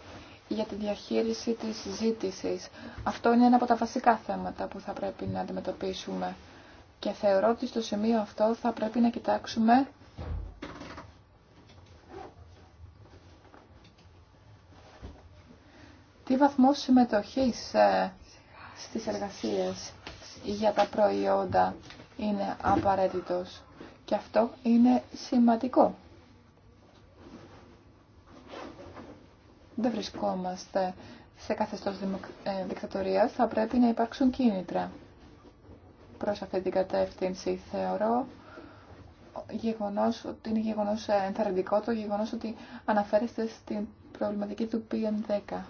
για τη διαχείριση της ζήτησης. Αυτό είναι ένα από τα βασικά θέματα που θα πρέπει να αντιμετωπίσουμε. Και θεωρώ ότι στο σημείο αυτό θα πρέπει να κοιτάξουμε τι βαθμό συμμετοχής ε, στις εργασίες για τα προϊόντα είναι απαραίτητος. Και αυτό είναι σημαντικό. Δεν βρισκόμαστε σε καθεστώς ε, δικτατορίας, θα πρέπει να υπάρξουν κίνητρα προς αυτή την κατεύθυνση. Θεωρώ γεγονός, ότι είναι γεγονός ε, ενθαρρυντικό το γεγονός ότι αναφέρεστε στην προβληματική του PM10.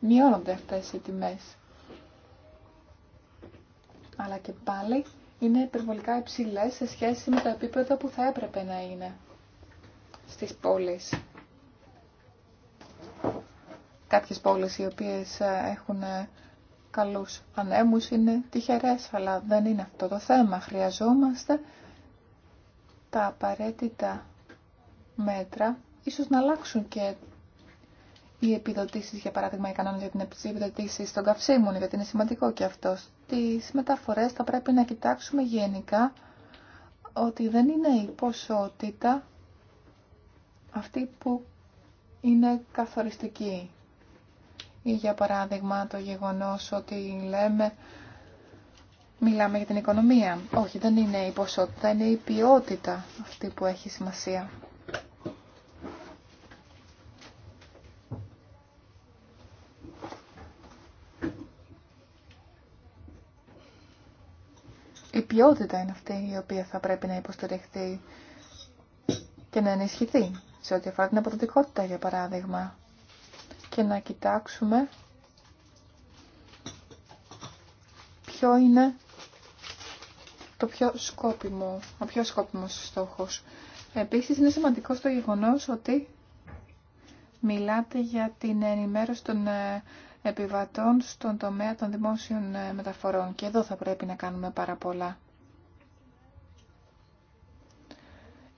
Μειώνονται αυτές οι τιμές. Αλλά και πάλι είναι υπερβολικά υψηλές σε σχέση με τα επίπεδα που θα έπρεπε να είναι στις πόλεις. Κάποιες πόλεις οι οποίες ε, έχουν ε, καλούς ανέμους, είναι τυχερές, αλλά δεν είναι αυτό το θέμα. Χρειαζόμαστε τα απαραίτητα μέτρα, ίσως να αλλάξουν και οι επιδοτήσει, για παράδειγμα, οι κανόνε για την επιδοτήση στον καυσίμων, γιατί είναι σημαντικό και αυτό. Τι μεταφορές θα πρέπει να κοιτάξουμε γενικά ότι δεν είναι η ποσότητα αυτή που είναι καθοριστική. Ή για παράδειγμα το γεγονός ότι λέμε μιλάμε για την οικονομία. Όχι, δεν είναι η ποσότητα, είναι η ποιότητα αυτή που έχει σημασία. Η ποιότητα είναι αυτή η οποία θα πρέπει να υποστηριχθεί και να ενισχυθεί σε ό,τι αφορά την αποδοτικότητα, για παράδειγμα και να κοιτάξουμε ποιο είναι το πιο σκόπιμο, ο πιο σκόπιμος στόχος. Επίσης είναι σημαντικό στο γεγονός ότι μιλάτε για την ενημέρωση των ε, επιβατών στον τομέα των δημόσιων ε, μεταφορών και εδώ θα πρέπει να κάνουμε πάρα πολλά.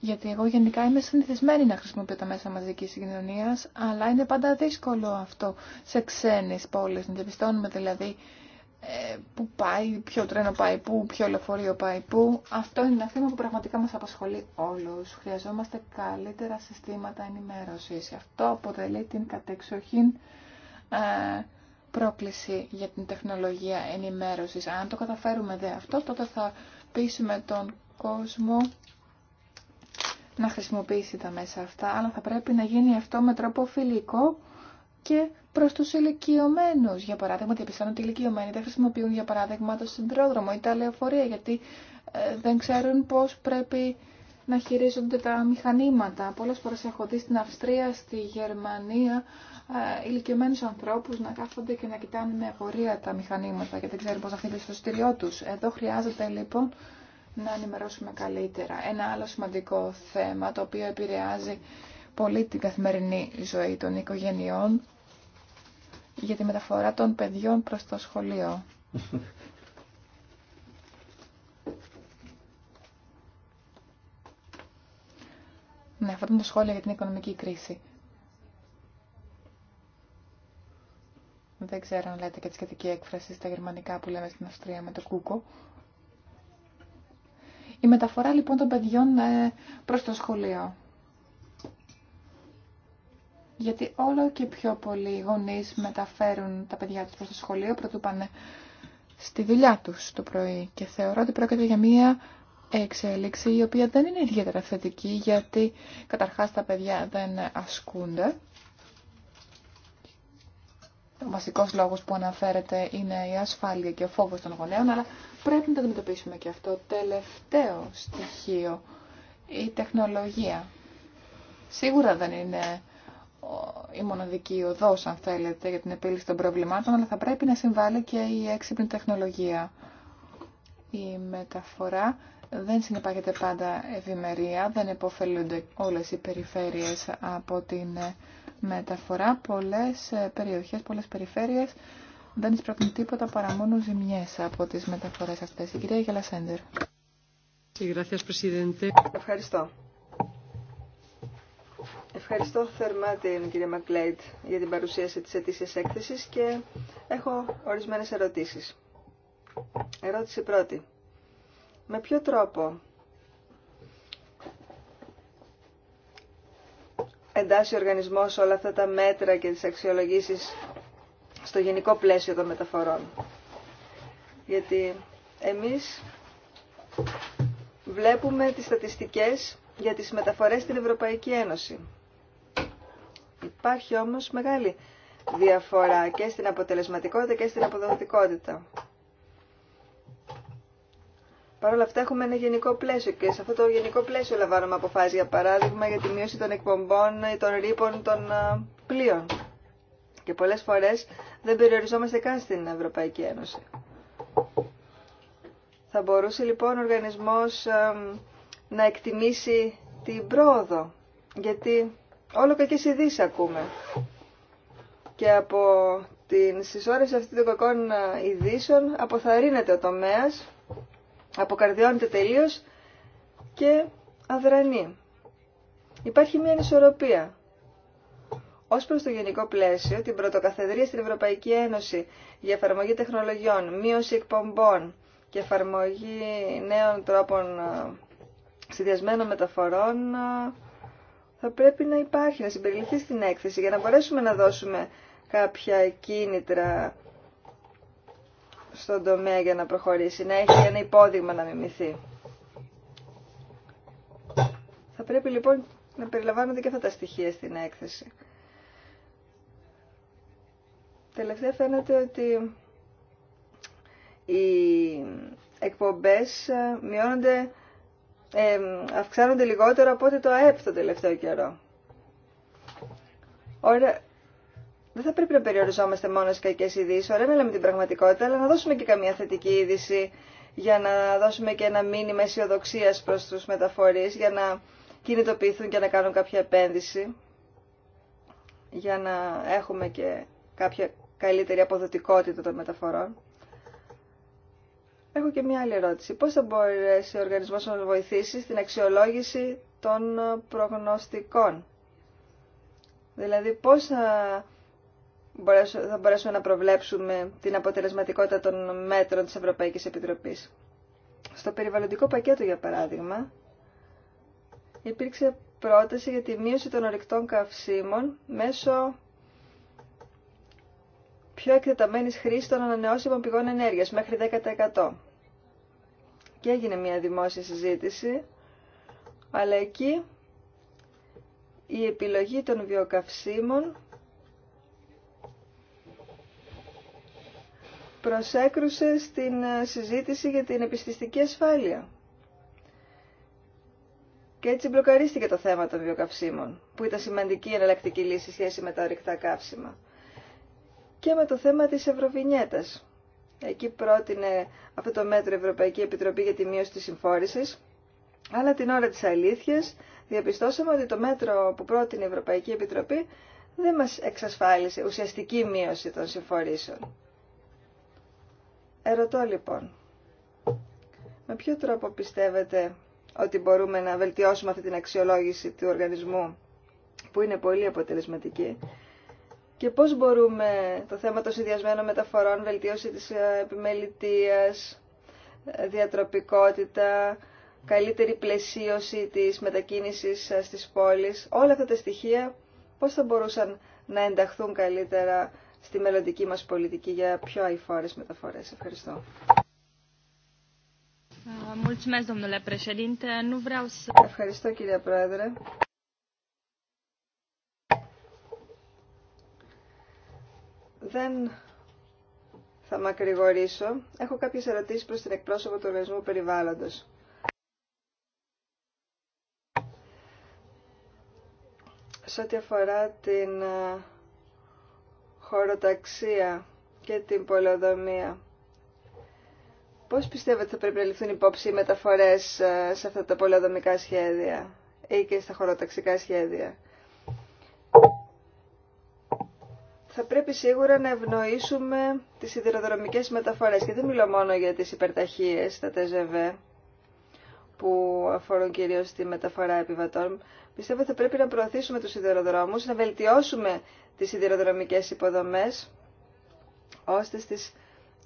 Γιατί εγώ γενικά είμαι συνηθισμένη να χρησιμοποιώ τα μέσα μαζική κοινωνία, αλλά είναι πάντα δύσκολο αυτό σε ξένε πόλει. Να διαπιστώνουμε δηλαδή ε, που πάει, ποιο τρένο πάει πού, ποιο λεωφορείο πάει πού. Αυτό είναι ένα θέμα που πραγματικά μα απασχολεί όλου. Χρειαζόμαστε καλύτερα συστήματα ενημέρωση. Αυτό αποτελεί την κατεξοχήν ε, πρόκληση για την τεχνολογία ενημέρωση. Αν το καταφέρουμε δε αυτό, τότε θα πείσουμε τον κόσμο να χρησιμοποιήσει τα μέσα αυτά, αλλά θα πρέπει να γίνει αυτό με τρόπο φιλικό και προ του ηλικιωμένου. Για παράδειγμα, διαπιστώνω ότι οι ηλικιωμένοι δεν χρησιμοποιούν, για παράδειγμα, το συντρόδρομο ή τα λεωφορεία, γιατί ε, δεν ξέρουν πώ πρέπει να χειρίζονται τα μηχανήματα. Πολλέ φορέ έχω δει στην Αυστρία, στη Γερμανία, ε, ηλικιωμένου ανθρώπου να κάθονται και να κοιτάνε με αγορία τα μηχανήματα, γιατί δεν ξέρουν πώ να χτυπήσουν το στήριό του. Εδώ χρειάζεται λοιπόν να ενημερώσουμε καλύτερα. Ένα άλλο σημαντικό θέμα το οποίο επηρεάζει πολύ την καθημερινή ζωή των οικογενειών για τη μεταφορά των παιδιών προς το σχολείο. ναι, αυτό είναι το σχόλιο για την οικονομική κρίση. Δεν ξέρω αν λέτε και τη σχετική έκφραση στα γερμανικά που λέμε στην Αυστρία με το κούκο. Η μεταφορά λοιπόν των παιδιών ε, προς το σχολείο. Γιατί όλο και πιο πολλοί γονείς μεταφέρουν τα παιδιά τους προς το σχολείο πρωτού πάνε στη δουλειά τους το πρωί. Και θεωρώ ότι πρόκειται για μία εξέλιξη η οποία δεν είναι ιδιαίτερα θετική γιατί καταρχάς τα παιδιά δεν ασκούνται ο βασικός λόγος που αναφέρεται είναι η ασφάλεια και ο φόβος των γονέων, αλλά πρέπει να το αντιμετωπίσουμε και αυτό. Τελευταίο στοιχείο, η τεχνολογία. Σίγουρα δεν είναι η μοναδική οδός, αν θέλετε, για την επίλυση των προβλημάτων, αλλά θα πρέπει να συμβάλλει και η έξυπνη τεχνολογία. Η μεταφορά δεν συνεπάγεται πάντα ευημερία, δεν υποφελούνται όλες οι περιφέρειες από την μεταφορά πολλές ε, περιοχές, πολλές περιφέρειες δεν εισπράττουν τίποτα παρά μόνο ζημιές από τις μεταφορές αυτές. Η κυρία Γελασέντερ. Ευχαριστώ. Ευχαριστώ θερμά την κυρία Μακλέιτ για την παρουσίαση της ετήσιας έκθεσης και έχω ορισμένες ερωτήσεις. Ερώτηση πρώτη. Με ποιο τρόπο εντάσσει ο οργανισμός όλα αυτά τα μέτρα και τις αξιολογήσεις στο γενικό πλαίσιο των μεταφορών. Γιατί εμείς βλέπουμε τις στατιστικές για τις μεταφορές στην Ευρωπαϊκή Ένωση. Υπάρχει όμως μεγάλη διαφορά και στην αποτελεσματικότητα και στην αποδοτικότητα. Παρ' όλα αυτά έχουμε ένα γενικό πλαίσιο και σε αυτό το γενικό πλαίσιο λαμβάνουμε αποφάσεις, για παράδειγμα, για τη μείωση των εκπομπών ή των ρήπων των πλοίων. Και πολλές φορές δεν περιοριζόμαστε καν στην Ευρωπαϊκή Ένωση. Θα μπορούσε λοιπόν ο οργανισμός να εκτιμήσει την πρόοδο, γιατί όλο κακές ειδήσει ακούμε. Και από την συσσόρευση αυτή των κακών ειδήσεων αποθαρρύνεται ο τομέας αποκαρδιώνεται τελείως και αδρανεί. Υπάρχει μια ανισορροπία. Ω προ το γενικό πλαίσιο, την πρωτοκαθεδρία στην Ευρωπαϊκή Ένωση για εφαρμογή τεχνολογιών, μείωση εκπομπών και εφαρμογή νέων τρόπων ε, συνδυασμένων μεταφορών ε, θα πρέπει να υπάρχει, να συμπεριληφθεί στην έκθεση για να μπορέσουμε να δώσουμε κάποια κίνητρα στον τομέα για να προχωρήσει, να έχει ένα υπόδειγμα να μιμηθεί. Θα πρέπει λοιπόν να περιλαμβάνονται και αυτά τα στοιχεία στην έκθεση. Τελευταία φαίνεται ότι οι εκπομπές ε, μειώνονται, ε, αυξάνονται λιγότερο από ό,τι το ΑΕΠ το τελευταίο καιρό. Ωραία, δεν θα πρέπει να περιοριζόμαστε μόνο στι κακέ ειδήσει. Ωραία, να λέμε την πραγματικότητα, αλλά να δώσουμε και καμία θετική είδηση για να δώσουμε και ένα μήνυμα αισιοδοξία προ του μεταφορεί για να κινητοποιηθούν και να κάνουν κάποια επένδυση για να έχουμε και κάποια καλύτερη αποδοτικότητα των μεταφορών. Έχω και μια άλλη ερώτηση. Πώς θα μπορέσει ο οργανισμός να βοηθήσει στην αξιολόγηση των προγνωστικών. Δηλαδή πώς θα θα μπορέσουμε να προβλέψουμε την αποτελεσματικότητα των μέτρων της Ευρωπαϊκής Επιτροπής. Στο περιβαλλοντικό πακέτο, για παράδειγμα, υπήρξε πρόταση για τη μείωση των ορυκτών καυσίμων μέσω πιο εκτεταμένης χρήσης των ανανεώσιμων πηγών ενέργειας, μέχρι 10%. Και έγινε μια δημόσια συζήτηση, αλλά εκεί η επιλογή των βιοκαυσίμων προσέκρουσε στην ε, συζήτηση για την επιστηστική ασφάλεια. Και έτσι μπλοκαρίστηκε το θέμα των βιοκαυσίμων, που ήταν σημαντική εναλλακτική λύση σχέση με τα ορυκτά καύσιμα. Και με το θέμα της Ευρωβινιέτας. Εκεί πρότεινε αυτό το μέτρο Ευρωπαϊκή Επιτροπή για τη μείωση της συμφόρησης, αλλά την ώρα της αλήθειας διαπιστώσαμε ότι το μέτρο που πρότεινε η Ευρωπαϊκή Επιτροπή δεν μας εξασφάλισε ουσιαστική μείωση των συμφορήσεων. Ερωτώ λοιπόν, με ποιο τρόπο πιστεύετε ότι μπορούμε να βελτιώσουμε αυτή την αξιολόγηση του οργανισμού που είναι πολύ αποτελεσματική και πώς μπορούμε το θέμα των συνδυασμένων μεταφορών, βελτίωση της ε, επιμελητίας, ε, διατροπικότητα, καλύτερη πλαισίωση της μετακίνησης ε, στις πόλεις, όλα αυτά τα στοιχεία πώς θα μπορούσαν να ενταχθούν καλύτερα στη μελλοντική μας πολιτική για πιο αηφόρες μεταφορές. Ευχαριστώ. Ε, Ευχαριστώ κύριε Πρόεδρε. Δεν θα μακρηγορήσω. Έχω κάποιες ερωτήσεις προς την εκπρόσωπο του Οργανισμού Περιβάλλοντος. Σε ό,τι αφορά την ε, χωροταξία και την πολεοδομία. Πώς πιστεύετε θα πρέπει να ληφθούν υπόψη οι μεταφορές ε, σε αυτά τα πολεοδομικά σχέδια ή και στα χωροταξικά σχέδια. Θα πρέπει σίγουρα να ευνοήσουμε τις σιδηροδρομικές μεταφορές και δεν μιλώ μόνο για τις υπερταχίες, τα ΤΖΒ που αφορούν κυρίω τη μεταφορά επιβατών. Πιστεύω ότι θα πρέπει να προωθήσουμε του σιδηροδρόμου, να βελτιώσουμε τι σιδηροδρομικέ υποδομέ ώστε στις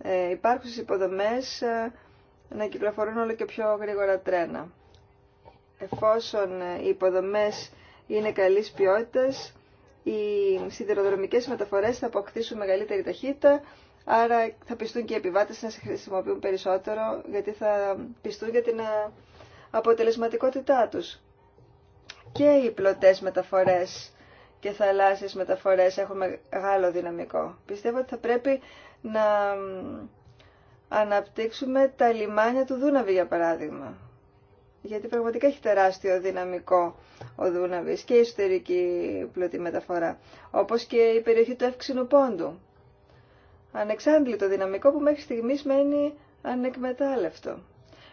ε, υπάρχουσες υποδομές ε, να κυκλοφορούν όλο και πιο γρήγορα τρένα. Εφόσον ε, οι υποδομέ είναι καλής ποιότητας, οι σιδηροδρομικέ μεταφορέ θα αποκτήσουν μεγαλύτερη ταχύτητα, άρα θα πιστούν και οι επιβάτες να σε χρησιμοποιούν περισσότερο, γιατί θα πιστούν για την ε, αποτελεσματικότητά τους. Και οι πλωτές μεταφορές και θαλάσσιες μεταφορές έχουν μεγάλο δυναμικό. Πιστεύω ότι θα πρέπει να αναπτύξουμε τα λιμάνια του Δούναβη για παράδειγμα. Γιατί πραγματικά έχει τεράστιο δυναμικό ο Δούναβης και η εσωτερική πλωτή μεταφορά. Όπως και η περιοχή του Εύξηνου Πόντου. Ανεξάντλητο δυναμικό που μέχρι στιγμής μένει ανεκμετάλλευτο.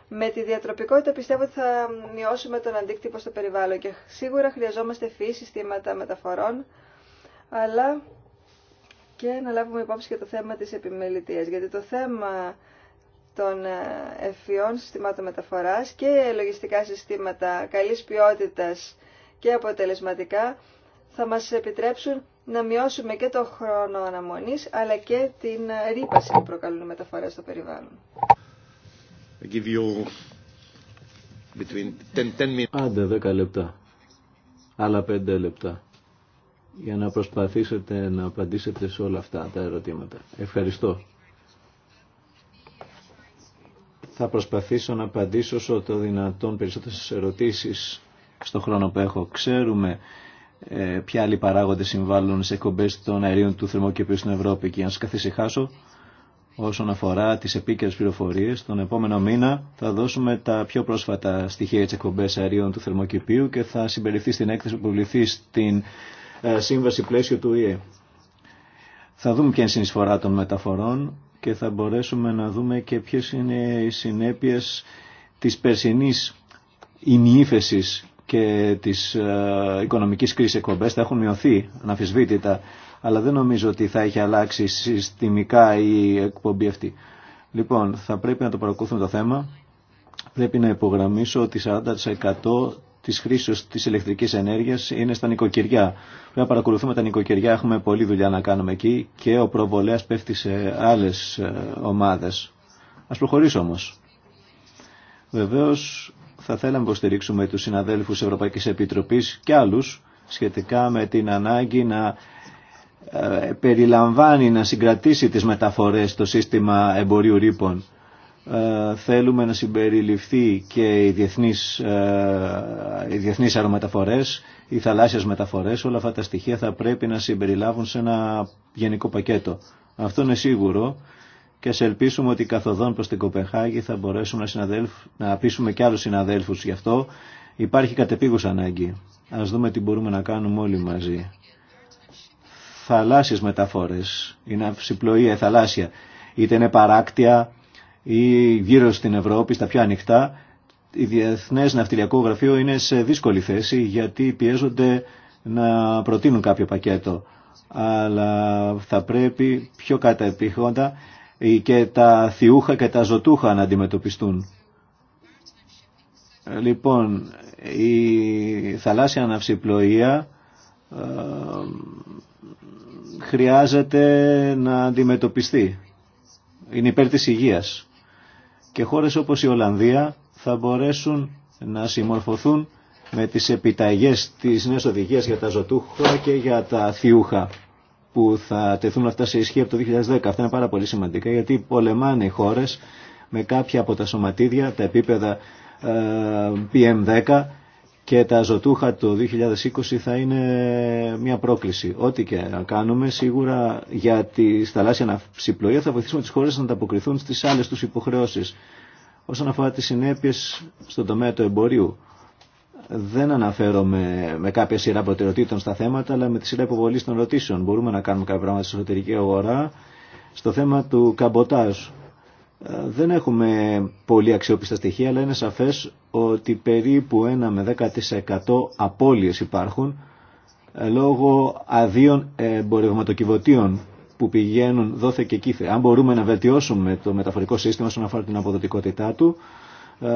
Με τη διατροπικότητα πιστεύω ότι θα μειώσουμε τον αντίκτυπο στο περιβάλλον και σίγουρα χρειαζόμαστε φυση συστήματα μεταφορών, αλλά και να λάβουμε υπόψη και το θέμα της επιμελητίας, γιατί το θέμα των ε, ευφυών συστημάτων μεταφοράς και λογιστικά συστήματα καλής ποιότητας και αποτελεσματικά θα μας επιτρέψουν να μειώσουμε και το χρόνο αναμονής αλλά και την ρήπαση που προκαλούν μεταφορές στο περιβάλλον. 10, Άντε δέκα λεπτά. Άλλα πέντε λεπτά. Για να προσπαθήσετε να απαντήσετε σε όλα αυτά τα ερωτήματα. Ευχαριστώ. Θα προσπαθήσω να απαντήσω όσο το δυνατόν περισσότερες ερωτήσεις στον χρόνο που έχω. Ξέρουμε ε, ποια άλλοι παράγοντες συμβάλλουν σε κομπές των αερίων του θερμοκηπίου στην Ευρώπη και αν σας καθησυχάσω όσον αφορά τις επίκαιρες πληροφορίες. Τον επόμενο μήνα θα δώσουμε τα πιο πρόσφατα στοιχεία της εκπομπές αερίων του θερμοκηπίου και θα συμπεριληφθεί στην έκθεση που βληθεί στην ε, σύμβαση πλαίσιο του ΙΕ. Θα δούμε ποια είναι η συνεισφορά των μεταφορών και θα μπορέσουμε να δούμε και ποιες είναι οι συνέπειες της περσινής ημιύφεσης και της ε, οικονομικής κρίσης εκπομπές θα έχουν μειωθεί αναφυσβήτητα αλλά δεν νομίζω ότι θα έχει αλλάξει συστημικά η εκπομπή αυτή. Λοιπόν, θα πρέπει να το παρακολουθούμε το θέμα. Πρέπει να υπογραμμίσω ότι 40% της χρήσης της ηλεκτρικής ενέργειας είναι στα νοικοκυριά. Πρέπει να παρακολουθούμε τα νοικοκυριά, έχουμε πολλή δουλειά να κάνουμε εκεί και ο προβολέας πέφτει σε άλλες ε, ομάδες. Ας προχωρήσω όμως. Βεβαίως θα θέλαμε να υποστηρίξουμε τους συναδέλφους Ευρωπαϊκής Επιτροπής και άλλους σχετικά με την ανάγκη να ε, περιλαμβάνει να συγκρατήσει τις μεταφορές στο σύστημα εμπορίου ρήπων. Ε, θέλουμε να συμπεριληφθεί και οι διεθνείς, ε, οι διεθνείς αερομεταφορές, οι θαλάσσιες μεταφορές, όλα αυτά τα στοιχεία θα πρέπει να συμπεριλάβουν σε ένα γενικό πακέτο. Αυτό είναι σίγουρο και σε ελπίσουμε ότι καθοδόν προς την Κοπεχάγη θα μπορέσουμε να, να πείσουμε και άλλους συναδέλφους γι' αυτό. Υπάρχει κατεπίγουσα ανάγκη. Ας δούμε τι μπορούμε να κάνουμε όλοι μαζί θαλάσσιες μεταφορές, η ναυσιπλοεία, η θαλάσσια, είτε είναι παράκτια ή γύρω στην Ευρώπη, στα πιο ανοιχτά, οι Διεθνές Ναυτιλιακό Γραφείο είναι σε δύσκολη θέση γιατί πιέζονται να προτείνουν κάποιο πακέτο. Αλλά θα πρέπει πιο καταεπίχοντα και τα θιούχα και τα ζωτούχα να αντιμετωπιστούν. Λοιπόν, η θαλάσσια ναυσιπλοεία ε, χρειάζεται να αντιμετωπιστεί. Είναι υπέρ της υγείας. Και χώρες όπως η Ολλανδία θα μπορέσουν να συμμορφωθούν με τις επιταγές της νέας οδηγίας για τα ζωτούχα και για τα θιούχα που θα τεθούν αυτά σε ισχύ από το 2010. Αυτά είναι πάρα πολύ σημαντικά γιατί πολεμάνε οι χώρες με κάποια από τα σωματίδια, τα επίπεδα ε, PM10 και τα ζωτούχα το 2020 θα είναι μια πρόκληση. Ό,τι και να κάνουμε σίγουρα για τη θαλάσσια αναψυπλοεία θα βοηθήσουμε τις χώρες να ανταποκριθούν στις άλλες τους υποχρεώσεις. Όσον αφορά τις συνέπειες στον τομέα του εμπορίου, δεν αναφέρομαι με κάποια σειρά προτεραιοτήτων στα θέματα, αλλά με τη σειρά υποβολή των ερωτήσεων. Μπορούμε να κάνουμε κάποια πράγματα στην εσωτερική αγορά. Στο θέμα του καμποτάζου δεν έχουμε πολύ αξιόπιστα στοιχεία, αλλά είναι σαφές ότι περίπου 1 με 10% απώλειες υπάρχουν ε, λόγω αδείων εμπορευματοκιβωτίων που πηγαίνουν δόθε και κήθε. Αν μπορούμε να βελτιώσουμε το μεταφορικό σύστημα όσον αφορά την αποδοτικότητά του, ε,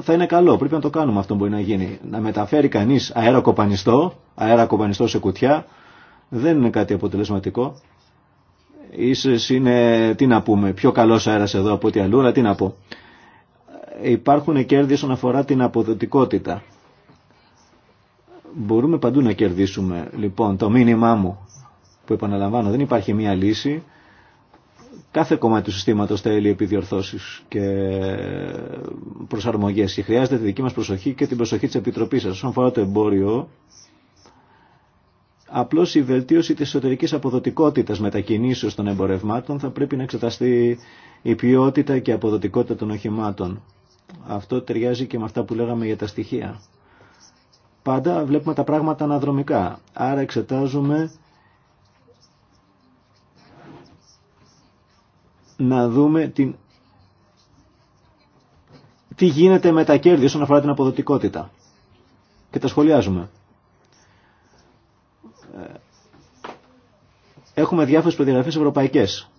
θα είναι καλό. Πρέπει να το κάνουμε αυτό που μπορεί να γίνει. Να μεταφέρει κανείς αέρα κοπανιστό, αέρα κοπανιστό σε κουτιά, δεν είναι κάτι αποτελεσματικό ίσως είναι, τι να πούμε, πιο καλός αέρας εδώ από ό,τι αλλού, αλλά τι να πω. Υπάρχουν κέρδη όσον αφορά την αποδοτικότητα. Μπορούμε παντού να κερδίσουμε. Λοιπόν, το μήνυμά μου που επαναλαμβάνω, δεν υπάρχει μία λύση. Κάθε κομμάτι του συστήματος θέλει επιδιορθώσεις και προσαρμογές και χρειάζεται τη δική μας προσοχή και την προσοχή της Επιτροπής σας. Όσον αφορά το εμπόριο, Απλώ η βελτίωση της εσωτερική αποδοτικότητας μετακινήσεως των εμπορευμάτων θα πρέπει να εξεταστεί η ποιότητα και η αποδοτικότητα των οχημάτων. Αυτό ταιριάζει και με αυτά που λέγαμε για τα στοιχεία. Πάντα βλέπουμε τα πράγματα αναδρομικά. Άρα εξετάζουμε να δούμε την... τι γίνεται με τα κέρδη όσον αφορά την αποδοτικότητα. Και τα σχολιάζουμε. έχουμε διάφορες προδιαγραφέ ευρωπαϊκές.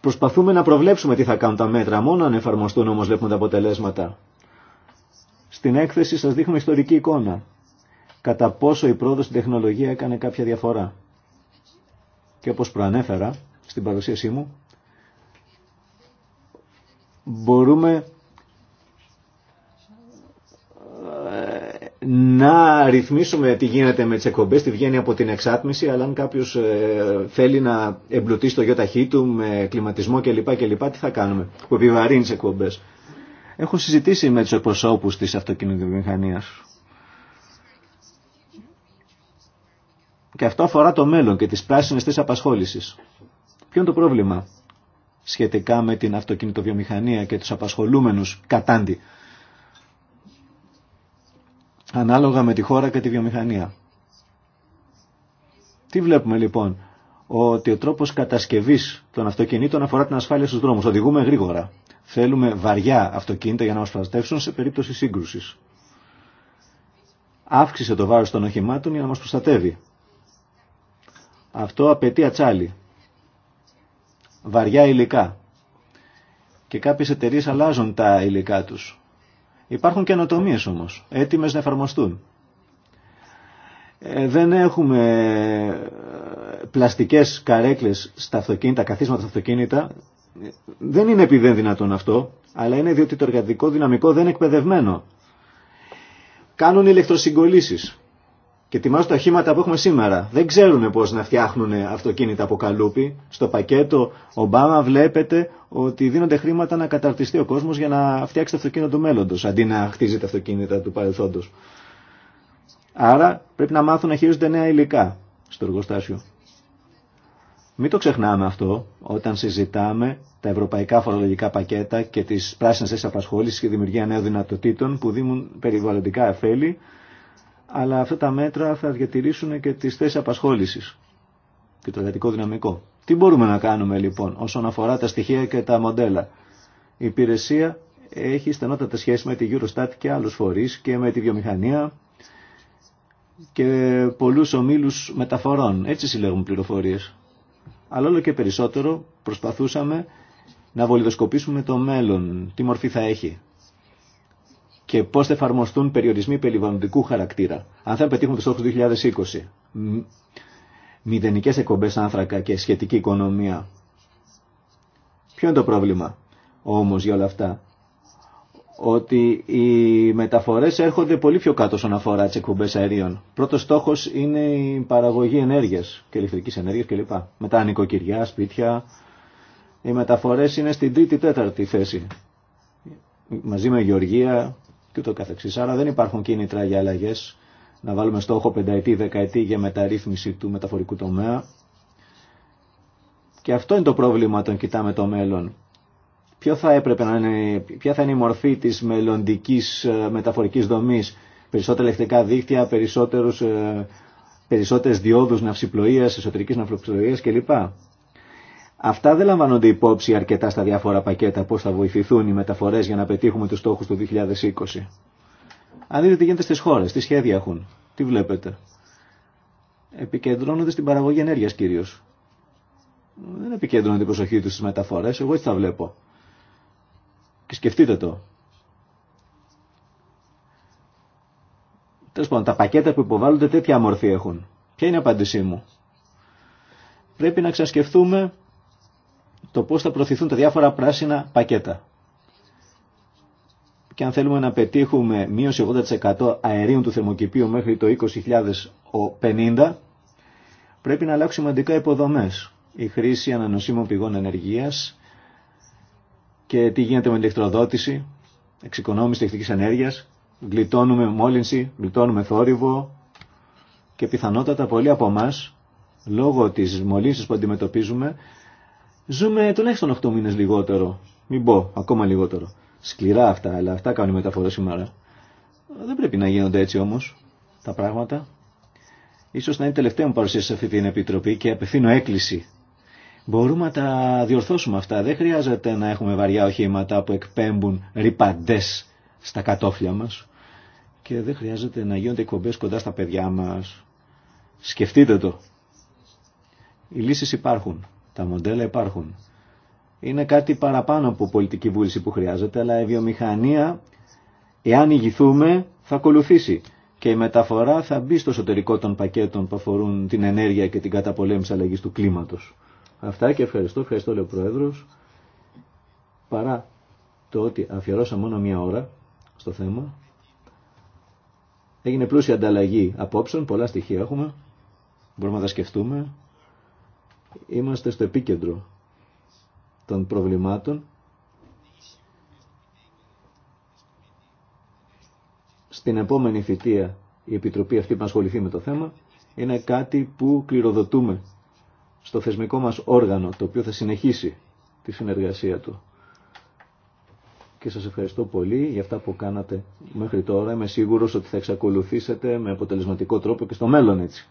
Προσπαθούμε να προβλέψουμε τι θα κάνουν τα μέτρα, μόνο αν εφαρμοστούν όμως βλέπουμε τα αποτελέσματα. Στην έκθεση σας δείχνουμε ιστορική εικόνα. Κατά πόσο η πρόοδο στην τεχνολογία έκανε κάποια διαφορά. Και όπως προανέφερα στην παρουσίασή μου, μπορούμε να ρυθμίσουμε τι γίνεται με τι εκπομπέ, τι βγαίνει από την εξάτμιση, αλλά αν κάποιο ε, θέλει να εμπλουτίσει το γιοταχή του με κλιματισμό κλπ, κλπ. Τι θα κάνουμε, που επιβαρύνει τι εκπομπέ. Έχω συζητήσει με του εκπροσώπου τη αυτοκινητοβιομηχανία. Και αυτό αφορά το μέλλον και τις πράσινες της απασχόλησης. Ποιο είναι το πρόβλημα σχετικά με την αυτοκινητοβιομηχανία και τους απασχολούμενους κατάντι ανάλογα με τη χώρα και τη βιομηχανία. Τι βλέπουμε λοιπόν, ότι ο τρόπος κατασκευής των αυτοκινήτων αφορά την ασφάλεια στους δρόμους. Οδηγούμε γρήγορα. Θέλουμε βαριά αυτοκίνητα για να μας προστατεύσουν σε περίπτωση σύγκρουσης. Αύξησε το βάρος των οχημάτων για να μας προστατεύει. Αυτό απαιτεί ατσάλι. Βαριά υλικά. Και κάποιες εταιρείες αλλάζουν τα υλικά τους. Υπάρχουν καινοτομίε όμως, έτοιμες να εφαρμοστούν. Ε, δεν έχουμε ε, πλαστικές καρέκλες στα αυτοκίνητα, καθίσματα στα αυτοκίνητα. Δεν είναι επειδή δεν δυνατόν αυτό, αλλά είναι διότι το εργατικό δυναμικό δεν είναι εκπαιδευμένο. Κάνουν ηλεκτροσυγκολήσει και ετοιμάζω τα οχήματα που έχουμε σήμερα. Δεν ξέρουν πώ να φτιάχνουν αυτοκίνητα από καλούπι. Στο πακέτο Ομπάμα βλέπετε ότι δίνονται χρήματα να καταρτιστεί ο κόσμο για να φτιάξει το αυτοκίνητο του μέλλοντος, αντί να χτίζει τα αυτοκίνητα του παρελθόντος. Άρα πρέπει να μάθουν να χειρίζονται νέα υλικά στο εργοστάσιο. Μην το ξεχνάμε αυτό όταν συζητάμε τα ευρωπαϊκά φορολογικά πακέτα και τις πράσινες θέσεις απασχόλησης και δημιουργία νέων δυνατοτήτων που δίνουν περιβαλλοντικά εφέλη αλλά αυτά τα μέτρα θα διατηρήσουν και τις θέσεις απασχόλησης και το εργατικό δυναμικό. Τι μπορούμε να κάνουμε λοιπόν όσον αφορά τα στοιχεία και τα μοντέλα. Η υπηρεσία έχει στενότατα σχέση με τη Eurostat και άλλους φορείς και με τη βιομηχανία και πολλούς ομίλους μεταφορών. Έτσι συλλέγουμε πληροφορίες. Αλλά όλο και περισσότερο προσπαθούσαμε να βολιδοσκοπήσουμε το μέλλον, τι μορφή θα έχει και πώς θα εφαρμοστούν περιορισμοί περιβαλλοντικού χαρακτήρα. Αν θα πετύχουμε το στόχο του 2020, μηδενικές εκπομπές άνθρακα και σχετική οικονομία. Ποιο είναι το πρόβλημα όμως για όλα αυτά. Ότι οι μεταφορές έρχονται πολύ πιο κάτω όσον αφορά τις εκπομπές αερίων. Πρώτος στόχος είναι η παραγωγή ενέργειας και ηλεκτρικής ενέργειας κλπ. Μετά νοικοκυριά, σπίτια. Οι μεταφορέ είναι στην τρίτη-τέταρτη θέση. Μαζί με γεωργία, και ούτω καθεξής. Άρα δεν υπάρχουν κίνητρα για αλλαγέ να βάλουμε στόχο πενταετή, δεκαετή για μεταρρύθμιση του μεταφορικού τομέα. Και αυτό είναι το πρόβλημα όταν κοιτάμε το μέλλον. Ποιο θα έπρεπε να είναι, ποια θα είναι η μορφή της μελλοντική ε, μεταφορικής δομής. Περισσότερα ηλεκτρικά δίκτυα, περισσότερους, ε, περισσότερες διόδους ναυσιπλοείας, εσωτερικής ναυσιπλοείας κλπ. Αυτά δεν λαμβάνονται υπόψη αρκετά στα διάφορα πακέτα πώς θα βοηθηθούν οι μεταφορές για να πετύχουμε τους στόχους του 2020. Αν δείτε τι γίνεται στις χώρες, τι σχέδια έχουν, τι βλέπετε. Επικεντρώνονται στην παραγωγή ενέργειας κυρίως. Δεν επικεντρώνονται την προσοχή τους στις μεταφορές, εγώ έτσι τα βλέπω. Και σκεφτείτε το. Τέλο πάντων, τα πακέτα που υποβάλλονται τέτοια μορφή έχουν. Ποια είναι η απάντησή μου. Πρέπει να ξανασκεφτούμε το πώς θα προωθηθούν τα διάφορα πράσινα πακέτα. Και αν θέλουμε να πετύχουμε μείωση 80% αερίων του θερμοκηπίου μέχρι το 2050, πρέπει να αλλάξουμε σημαντικά υποδομές. Η χρήση ανανοσίμων πηγών ενεργείας και τι γίνεται με την ηλεκτροδότηση, εξοικονόμηση τεχνικής ενέργειας, γλιτώνουμε μόλυνση, γλιτώνουμε θόρυβο και πιθανότατα πολλοί από εμά, λόγω της μολύνσης που αντιμετωπίζουμε, Ζούμε τουλάχιστον 8 μήνες λιγότερο. Μην πω, ακόμα λιγότερο. Σκληρά αυτά, αλλά αυτά κάνουν οι μεταφορές σήμερα. Δεν πρέπει να γίνονται έτσι όμως τα πράγματα. Ίσως να είναι τελευταία μου παρουσίαση σε αυτή την Επιτροπή και απευθύνω έκκληση. Μπορούμε να τα διορθώσουμε αυτά. Δεν χρειάζεται να έχουμε βαριά οχήματα που εκπέμπουν ρηπαντές στα κατόφλια μας και δεν χρειάζεται να γίνονται εκπομπές κοντά στα παιδιά μας. Σκεφτείτε το. Οι λύσεις υπάρχουν. Τα μοντέλα υπάρχουν. Είναι κάτι παραπάνω από πολιτική βούληση που χρειάζεται, αλλά η βιομηχανία, εάν ηγηθούμε, θα ακολουθήσει. Και η μεταφορά θα μπει στο εσωτερικό των πακέτων που αφορούν την ενέργεια και την καταπολέμηση αλλαγή του κλίματο. Αυτά και ευχαριστώ, ευχαριστώ λέει ο Πρόεδρο. Παρά το ότι αφιερώσα μόνο μία ώρα στο θέμα, έγινε πλούσια ανταλλαγή απόψεων, πολλά στοιχεία έχουμε, μπορούμε να τα σκεφτούμε είμαστε στο επίκεντρο των προβλημάτων στην επόμενη θητεία η Επιτροπή αυτή που ασχοληθεί με το θέμα είναι κάτι που κληροδοτούμε στο θεσμικό μας όργανο το οποίο θα συνεχίσει τη συνεργασία του. Και σας ευχαριστώ πολύ για αυτά που κάνατε μέχρι τώρα. Είμαι σίγουρος ότι θα εξακολουθήσετε με αποτελεσματικό τρόπο και στο μέλλον έτσι.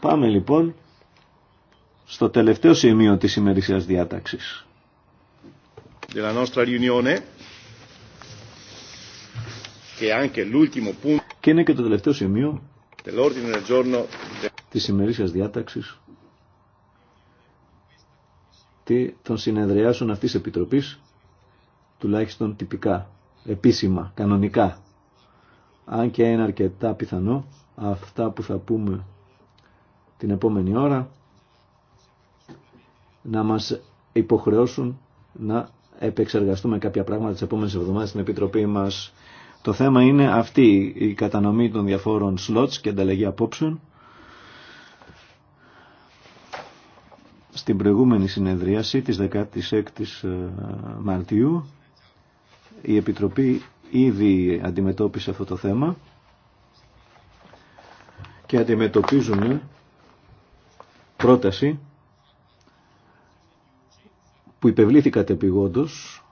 Πάμε λοιπόν στο τελευταίο σημείο της ημερησίας διάταξης. Και είναι και το τελευταίο σημείο της ημερήσιας διάταξης των συνεδριάσεων αυτής της Επιτροπής τουλάχιστον τυπικά, επίσημα, κανονικά αν και είναι αρκετά πιθανό αυτά που θα πούμε την επόμενη ώρα να μας υποχρεώσουν να επεξεργαστούμε κάποια πράγματα τις επόμενες εβδομάδες στην Επιτροπή μας. Το θέμα είναι αυτή η κατανομή των διαφόρων σλότς και ανταλλαγή απόψεων. Στην προηγούμενη συνεδρίαση της 16ης ε, Μαρτίου η Επιτροπή ήδη αντιμετώπισε αυτό το θέμα και αντιμετωπίζουμε πρόταση που υπευλήθη κατεπηγόντως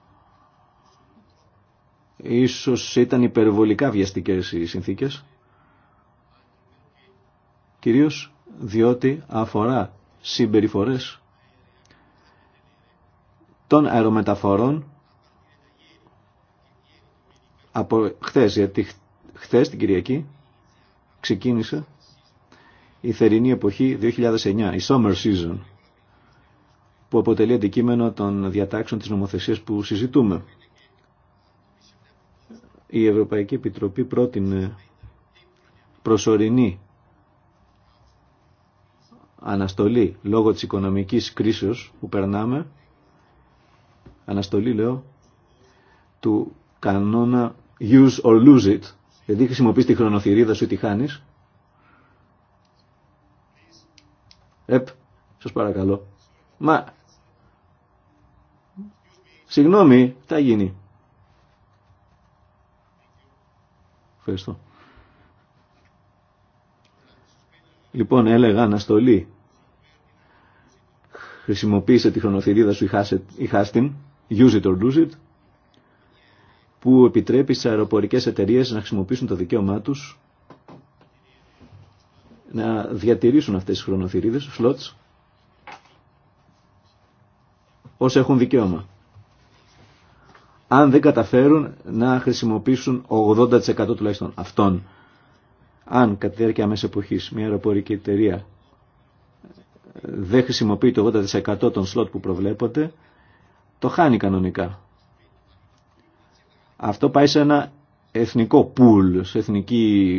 ίσως ήταν υπερβολικά βιαστικές οι συνθήκες κυρίως διότι αφορά συμπεριφορές των αερομεταφορών από χθες, γιατί χθες την Κυριακή ξεκίνησε η θερινή εποχή 2009, η summer season, που αποτελεί αντικείμενο των διατάξεων της νομοθεσίας που συζητούμε. Η Ευρωπαϊκή Επιτροπή πρότεινε προσωρινή αναστολή λόγω της οικονομικής κρίσεως που περνάμε, αναστολή λέω, του κανόνα use or lose it, δηλαδή χρησιμοποιείς τη χρονοθυρίδα σου ή τη χάνεις, Επ, σας παρακαλώ. Μα, συγγνώμη, θα γίνει. Ευχαριστώ. Λοιπόν, έλεγα αναστολή. Χρησιμοποίησε τη χρονοθυρίδα σου η Χάστιν, use it or lose it, που επιτρέπει στις αεροπορικές εταιρείες να χρησιμοποιήσουν το δικαίωμά τους να διατηρήσουν αυτές τις χρονοθυρίδες, slots, όσοι έχουν δικαίωμα. Αν δεν καταφέρουν να χρησιμοποιήσουν 80% τουλάχιστον αυτών. Αν κατά τη διάρκεια μέσα εποχής μια αεροπορική εταιρεία δεν χρησιμοποιεί το 80% των σλότ που προβλέπονται, το χάνει κανονικά. Αυτό πάει σε ένα εθνικό πουλ, σε εθνική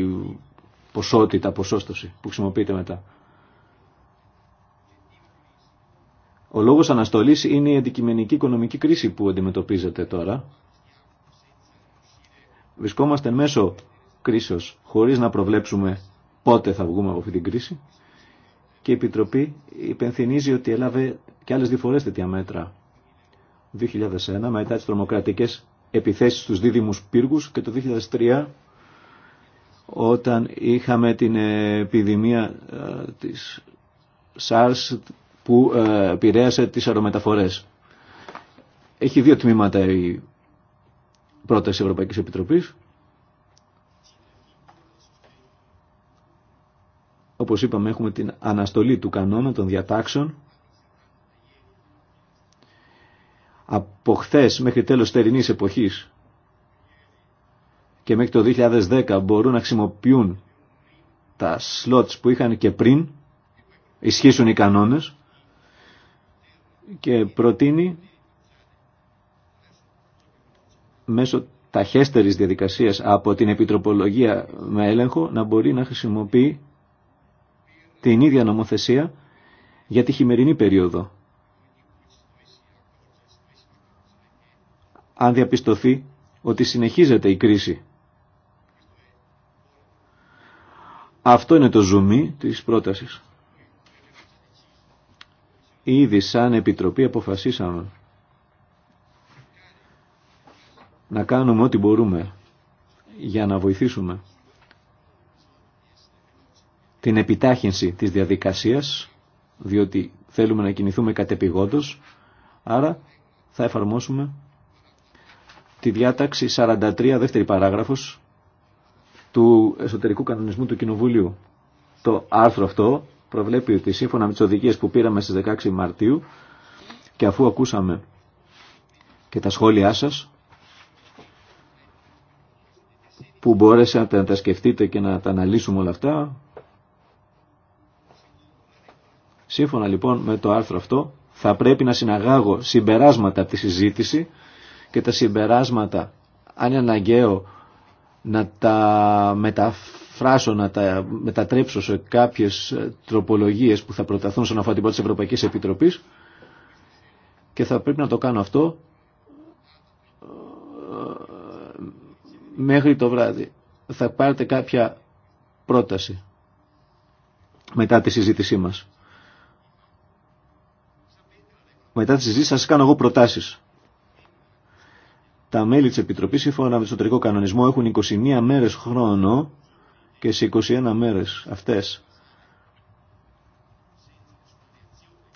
ποσότητα, ποσόστοση που χρησιμοποιείται μετά. Ο λόγος αναστολής είναι η αντικειμενική οικονομική κρίση που αντιμετωπίζεται τώρα. Βρισκόμαστε μέσω κρίσεως, χωρίς να προβλέψουμε πότε θα βγούμε από αυτή την κρίση. Και η Επιτροπή υπενθυμίζει ότι έλαβε και άλλες διφορές τέτοια μέτρα. 2001 μετά τις τρομοκρατικές επιθέσεις στους δίδυμους πύργους και το 2003 όταν είχαμε την επιδημία ε, της SARS που ε, επηρέασε τις αερομεταφορές. Έχει δύο τμήματα η πρόταση Ευρωπαϊκής Επιτροπής. Όπως είπαμε έχουμε την αναστολή του κανόνα των διατάξεων από χθε μέχρι τέλος θερινής εποχής και μέχρι το 2010 μπορούν να χρησιμοποιούν τα slots που είχαν και πριν, ισχύσουν οι κανόνες και προτείνει μέσω ταχέστερης διαδικασίας από την επιτροπολογία με έλεγχο να μπορεί να χρησιμοποιεί την ίδια νομοθεσία για τη χειμερινή περίοδο. Αν διαπιστωθεί ότι συνεχίζεται η κρίση Αυτό είναι το ζουμί της πρότασης. Ήδη σαν Επιτροπή αποφασίσαμε να κάνουμε ό,τι μπορούμε για να βοηθήσουμε την επιτάχυνση της διαδικασίας, διότι θέλουμε να κινηθούμε κατεπηγόντως, άρα θα εφαρμόσουμε τη διάταξη 43, δεύτερη παράγραφος, του εσωτερικού κανονισμού του Κοινοβουλίου. Το άρθρο αυτό προβλέπει ότι σύμφωνα με τις οδηγίες που πήραμε στις 16 Μαρτίου και αφού ακούσαμε και τα σχόλιά σας που μπορέσατε να τα σκεφτείτε και να τα αναλύσουμε όλα αυτά σύμφωνα λοιπόν με το άρθρο αυτό θα πρέπει να συναγάγω συμπεράσματα από τη συζήτηση και τα συμπεράσματα αν είναι αναγκαίο να τα μεταφράσω, να τα μετατρέψω σε κάποιες τροπολογίες που θα προταθούν στον αφορά την πρώτη της και θα πρέπει να το κάνω αυτό ε, μέχρι το βράδυ. Θα πάρετε κάποια πρόταση μετά τη συζήτησή μας. Μετά τη συζήτηση σας κάνω εγώ προτάσεις. Τα μέλη της Επιτροπής σύμφωνα με το εσωτερικό κανονισμό έχουν 21 μέρες χρόνο και σε 21 μέρες αυτές.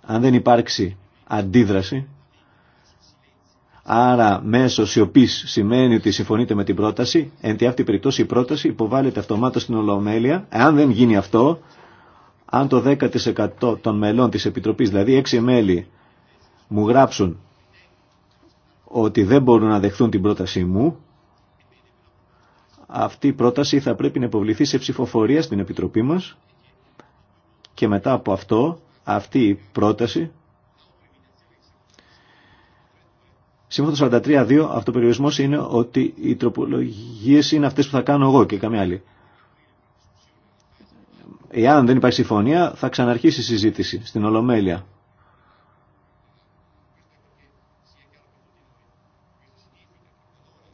Αν δεν υπάρξει αντίδραση, άρα μέσω σιωπής σημαίνει ότι συμφωνείτε με την πρόταση, εν τη αυτή περιπτώσει η πρόταση υποβάλλεται αυτομάτως στην Ολομέλεια, εάν δεν γίνει αυτό, αν το 10% των μελών της Επιτροπής, δηλαδή 6 μέλη, μου γράψουν ότι δεν μπορούν να δεχθούν την πρότασή μου, αυτή η πρόταση θα πρέπει να υποβληθεί σε ψηφοφορία στην Επιτροπή μας και μετά από αυτό αυτή η πρόταση Σύμφωνα το 43.2 περιορισμός είναι ότι οι τροπολογίες είναι αυτές που θα κάνω εγώ και καμία άλλη. Εάν δεν υπάρχει συμφωνία θα ξαναρχίσει η συζήτηση στην Ολομέλεια.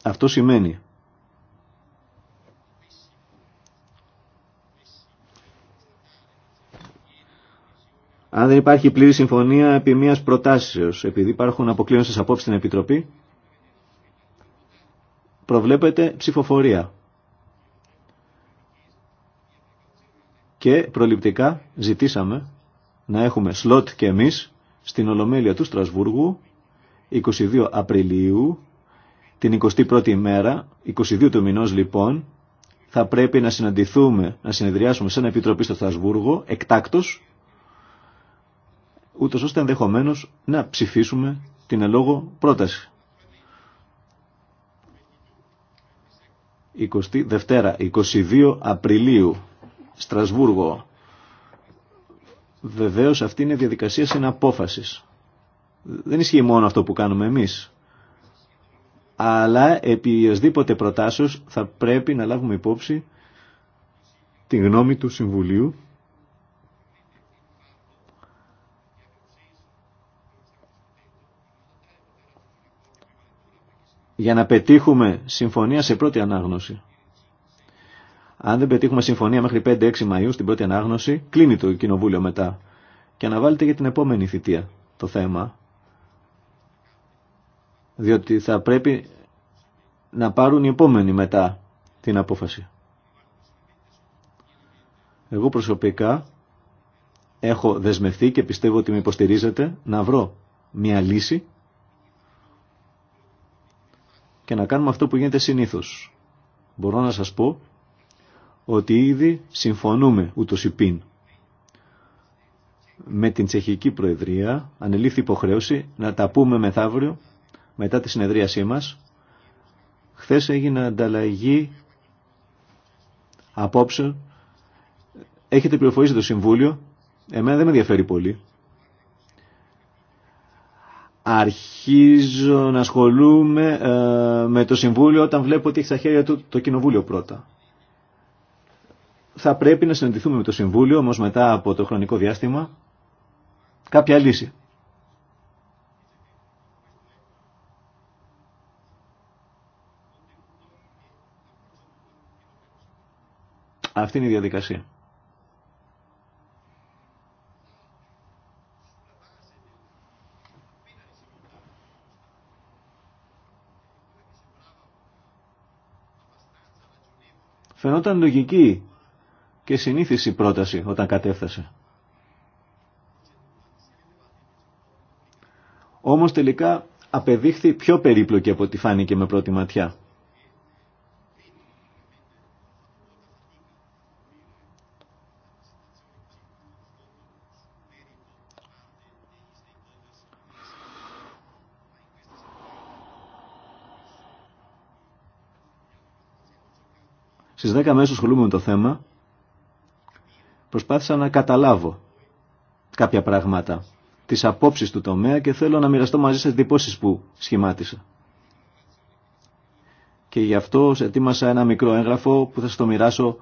Αυτό σημαίνει Αν δεν υπάρχει πλήρη συμφωνία επί μιας προτάσεως, επειδή υπάρχουν αποκλείωσες απόψεις στην Επιτροπή, προβλέπεται ψηφοφορία. Και προληπτικά ζητήσαμε να έχουμε σλότ και εμείς στην Ολομέλεια του Στρασβούργου 22 Απριλίου την 21η ημέρα, 22 του μηνός λοιπόν, θα πρέπει να συναντηθούμε, να συνεδριάσουμε σε ένα επιτροπή στο Στρασβούργο, εκτάκτος, ούτω ώστε ενδεχομένω να ψηφίσουμε την ελόγω πρόταση. 20, Δευτέρα, 22 Απριλίου, Στρασβούργο. Βεβαίως αυτή είναι διαδικασία συναπόφασης. Δεν ισχύει μόνο αυτό που κάνουμε εμείς αλλά επί οσδήποτε προτάσεως θα πρέπει να λάβουμε υπόψη τη γνώμη του Συμβουλίου για να πετύχουμε συμφωνία σε πρώτη ανάγνωση. Αν δεν πετύχουμε συμφωνία μέχρι 5-6 Μαΐου στην πρώτη ανάγνωση, κλείνει το Κοινοβούλιο μετά και αναβάλλεται για την επόμενη θητεία το θέμα διότι θα πρέπει να πάρουν οι επόμενοι μετά την απόφαση. Εγώ προσωπικά έχω δεσμευτεί και πιστεύω ότι με υποστηρίζετε να βρω μια λύση και να κάνουμε αυτό που γίνεται συνήθως. Μπορώ να σας πω ότι ήδη συμφωνούμε ούτως υπήν. Με την Τσεχική Προεδρία ανελήφθη υποχρέωση να τα πούμε μεθαύριο μετά τη συνεδρίασή μας. Χθες έγινε ανταλλαγή απόψε. Έχετε πληροφορήσει το Συμβούλιο. Εμένα δεν με ενδιαφέρει πολύ. Αρχίζω να ασχολούμαι ε, με το Συμβούλιο όταν βλέπω ότι έχει στα χέρια του το Κοινοβούλιο πρώτα. Θα πρέπει να συναντηθούμε με το Συμβούλιο, όμως μετά από το χρονικό διάστημα, κάποια λύση. Αυτή είναι η διαδικασία. Φαινόταν λογική και συνήθιση η πρόταση όταν κατέφτασε. Όμως τελικά απεδείχθη πιο περίπλοκη από ό,τι φάνηκε με πρώτη ματιά. Στι 10 μέρες ασχολούμαι με το θέμα. Προσπάθησα να καταλάβω κάποια πράγματα, τι απόψει του τομέα και θέλω να μοιραστώ μαζί σας εντυπώσεις που σχημάτισα. Και γι' αυτό ετοίμασα ένα μικρό έγγραφο που θα σα το μοιράσω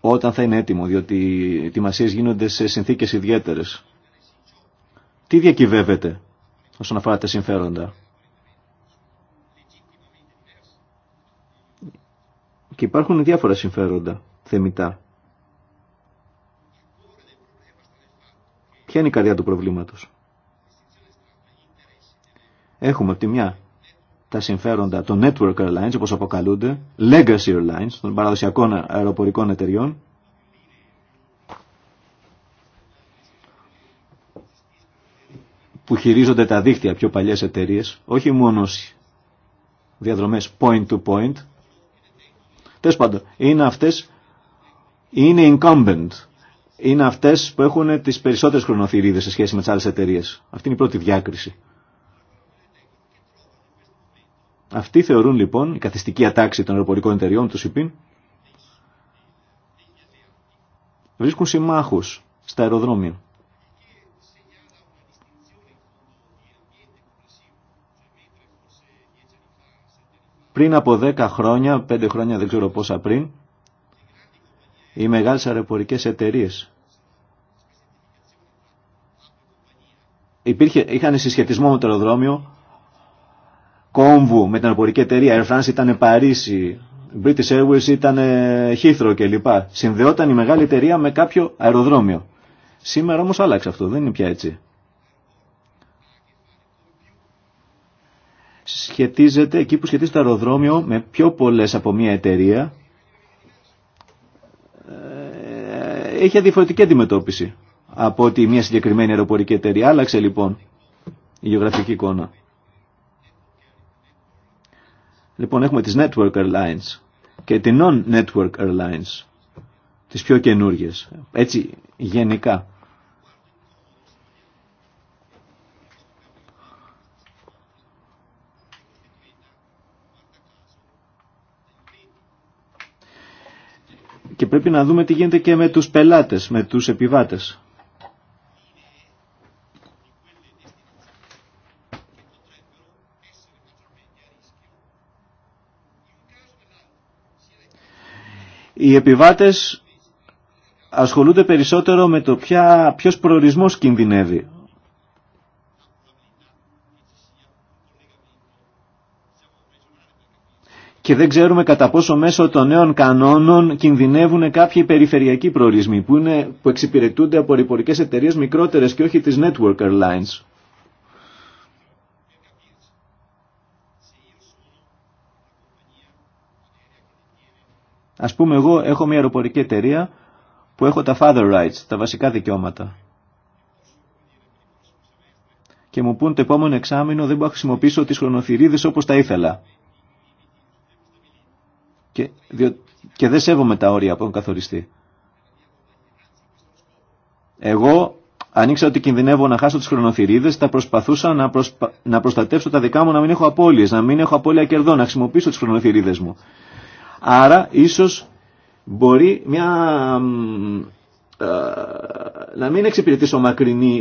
όταν θα είναι έτοιμο, διότι οι ετοιμασίε γίνονται σε συνθήκες ιδιαίτερες. Τι διακυβεύεται όσον αφορά τα συμφέροντα. υπάρχουν διάφορα συμφέροντα θεμητά. Ποια είναι η καρδιά του προβλήματος. Έχουμε από τη μια τα συμφέροντα των network airlines, όπως αποκαλούνται, legacy airlines, των παραδοσιακών αεροπορικών εταιριών, που χειρίζονται τα δίκτυα πιο παλιές εταιρείες, όχι μόνο διαδρομές point to point, Τέλο πάντων, είναι αυτέ. Είναι incumbent. Είναι αυτέ που έχουν τι περισσότερε χρονοθυρίδε σε σχέση με τι άλλε εταιρείε. Αυτή είναι η πρώτη διάκριση. Αυτοί θεωρούν λοιπόν η καθιστική ατάξη των αεροπορικών εταιριών του ΣΥΠΗΝ βρίσκουν συμμάχους στα αεροδρόμια. Πριν από 10 χρόνια, πέντε χρόνια δεν ξέρω πόσα πριν, οι μεγάλες αεροπορικές εταιρείες υπήρχε, είχαν συσχετισμό με το αεροδρόμιο κόμβου με την αεροπορική εταιρεία. Air France ήταν Παρίσι, British Airways ήταν Heathrow κλπ. Συνδεόταν η μεγάλη εταιρεία με κάποιο αεροδρόμιο. Σήμερα όμως άλλαξε αυτό, δεν είναι πια έτσι. σχετίζεται εκεί που σχετίζεται το αεροδρόμιο με πιο πολλές από μία εταιρεία ε, έχει αδιαφορετική αντιμετώπιση από ότι μια συγκεκριμένη αεροπορική εταιρεία. Άλλαξε λοιπόν η γεωγραφική εικόνα. Λοιπόν έχουμε τις Network Airlines και την Non-Network Airlines, τις πιο καινούργιες. Έτσι γενικά. Και πρέπει να δούμε τι γίνεται και με τους πελάτες, με τους επιβάτες. Οι επιβάτες ασχολούνται περισσότερο με το ποια, ποιος προορισμός κινδυνεύει. και δεν ξέρουμε κατά πόσο μέσω των νέων κανόνων κινδυνεύουν κάποιοι περιφερειακοί προορισμοί που, που εξυπηρετούνται από ρηπορικές εταιρείες μικρότερες και όχι τις network airlines. Ας πούμε εγώ έχω μια αεροπορική εταιρεία που έχω τα father rights, τα βασικά δικαιώματα. Και μου πούν το επόμενο εξάμεινο δεν μπορώ να χρησιμοποιήσω τις χρονοθυρίδες όπως τα ήθελα και, διο, δεν σέβομαι τα όρια που έχουν καθοριστεί. Εγώ ήξερα ότι κινδυνεύω να χάσω τις χρονοθυρίδες, θα προσπαθούσα να, να προστατεύσω τα δικά μου, να μην έχω απώλειες, να μην έχω απώλεια κερδών, να χρησιμοποιήσω τις χρονοθυρίδες μου. Άρα, ίσως μπορεί μια... Ε, να μην εξυπηρετήσω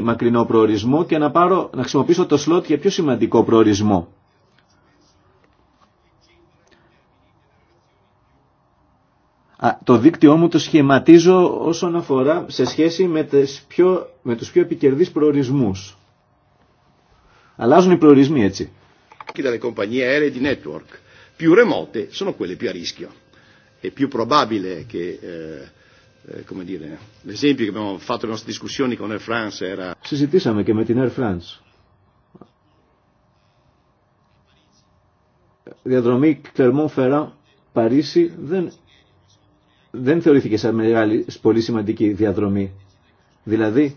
μακρινό προορισμό και να, πάρω, να χρησιμοποιήσω το σλότ για πιο σημαντικό προορισμό. το δίκτυό μου το σχηματίζω όσον αφορά σε σχέση με, τις πιο, με τους πιο επικερδείς προορισμούς. Αλλάζουν οι προορισμοί έτσι. Και dalle compagnie aeree di network più remote sono quelle più a rischio. È più probabile che eh, come dire, l'esempio che abbiamo fatto le nostre discussioni con Air France era Συζητήσαμε και με την Air France. Διαδρομή Clermont-Ferrand Παρίσι δεν δεν θεωρήθηκε σαν μεγάλη, πολύ σημαντική διαδρομή. Δηλαδή,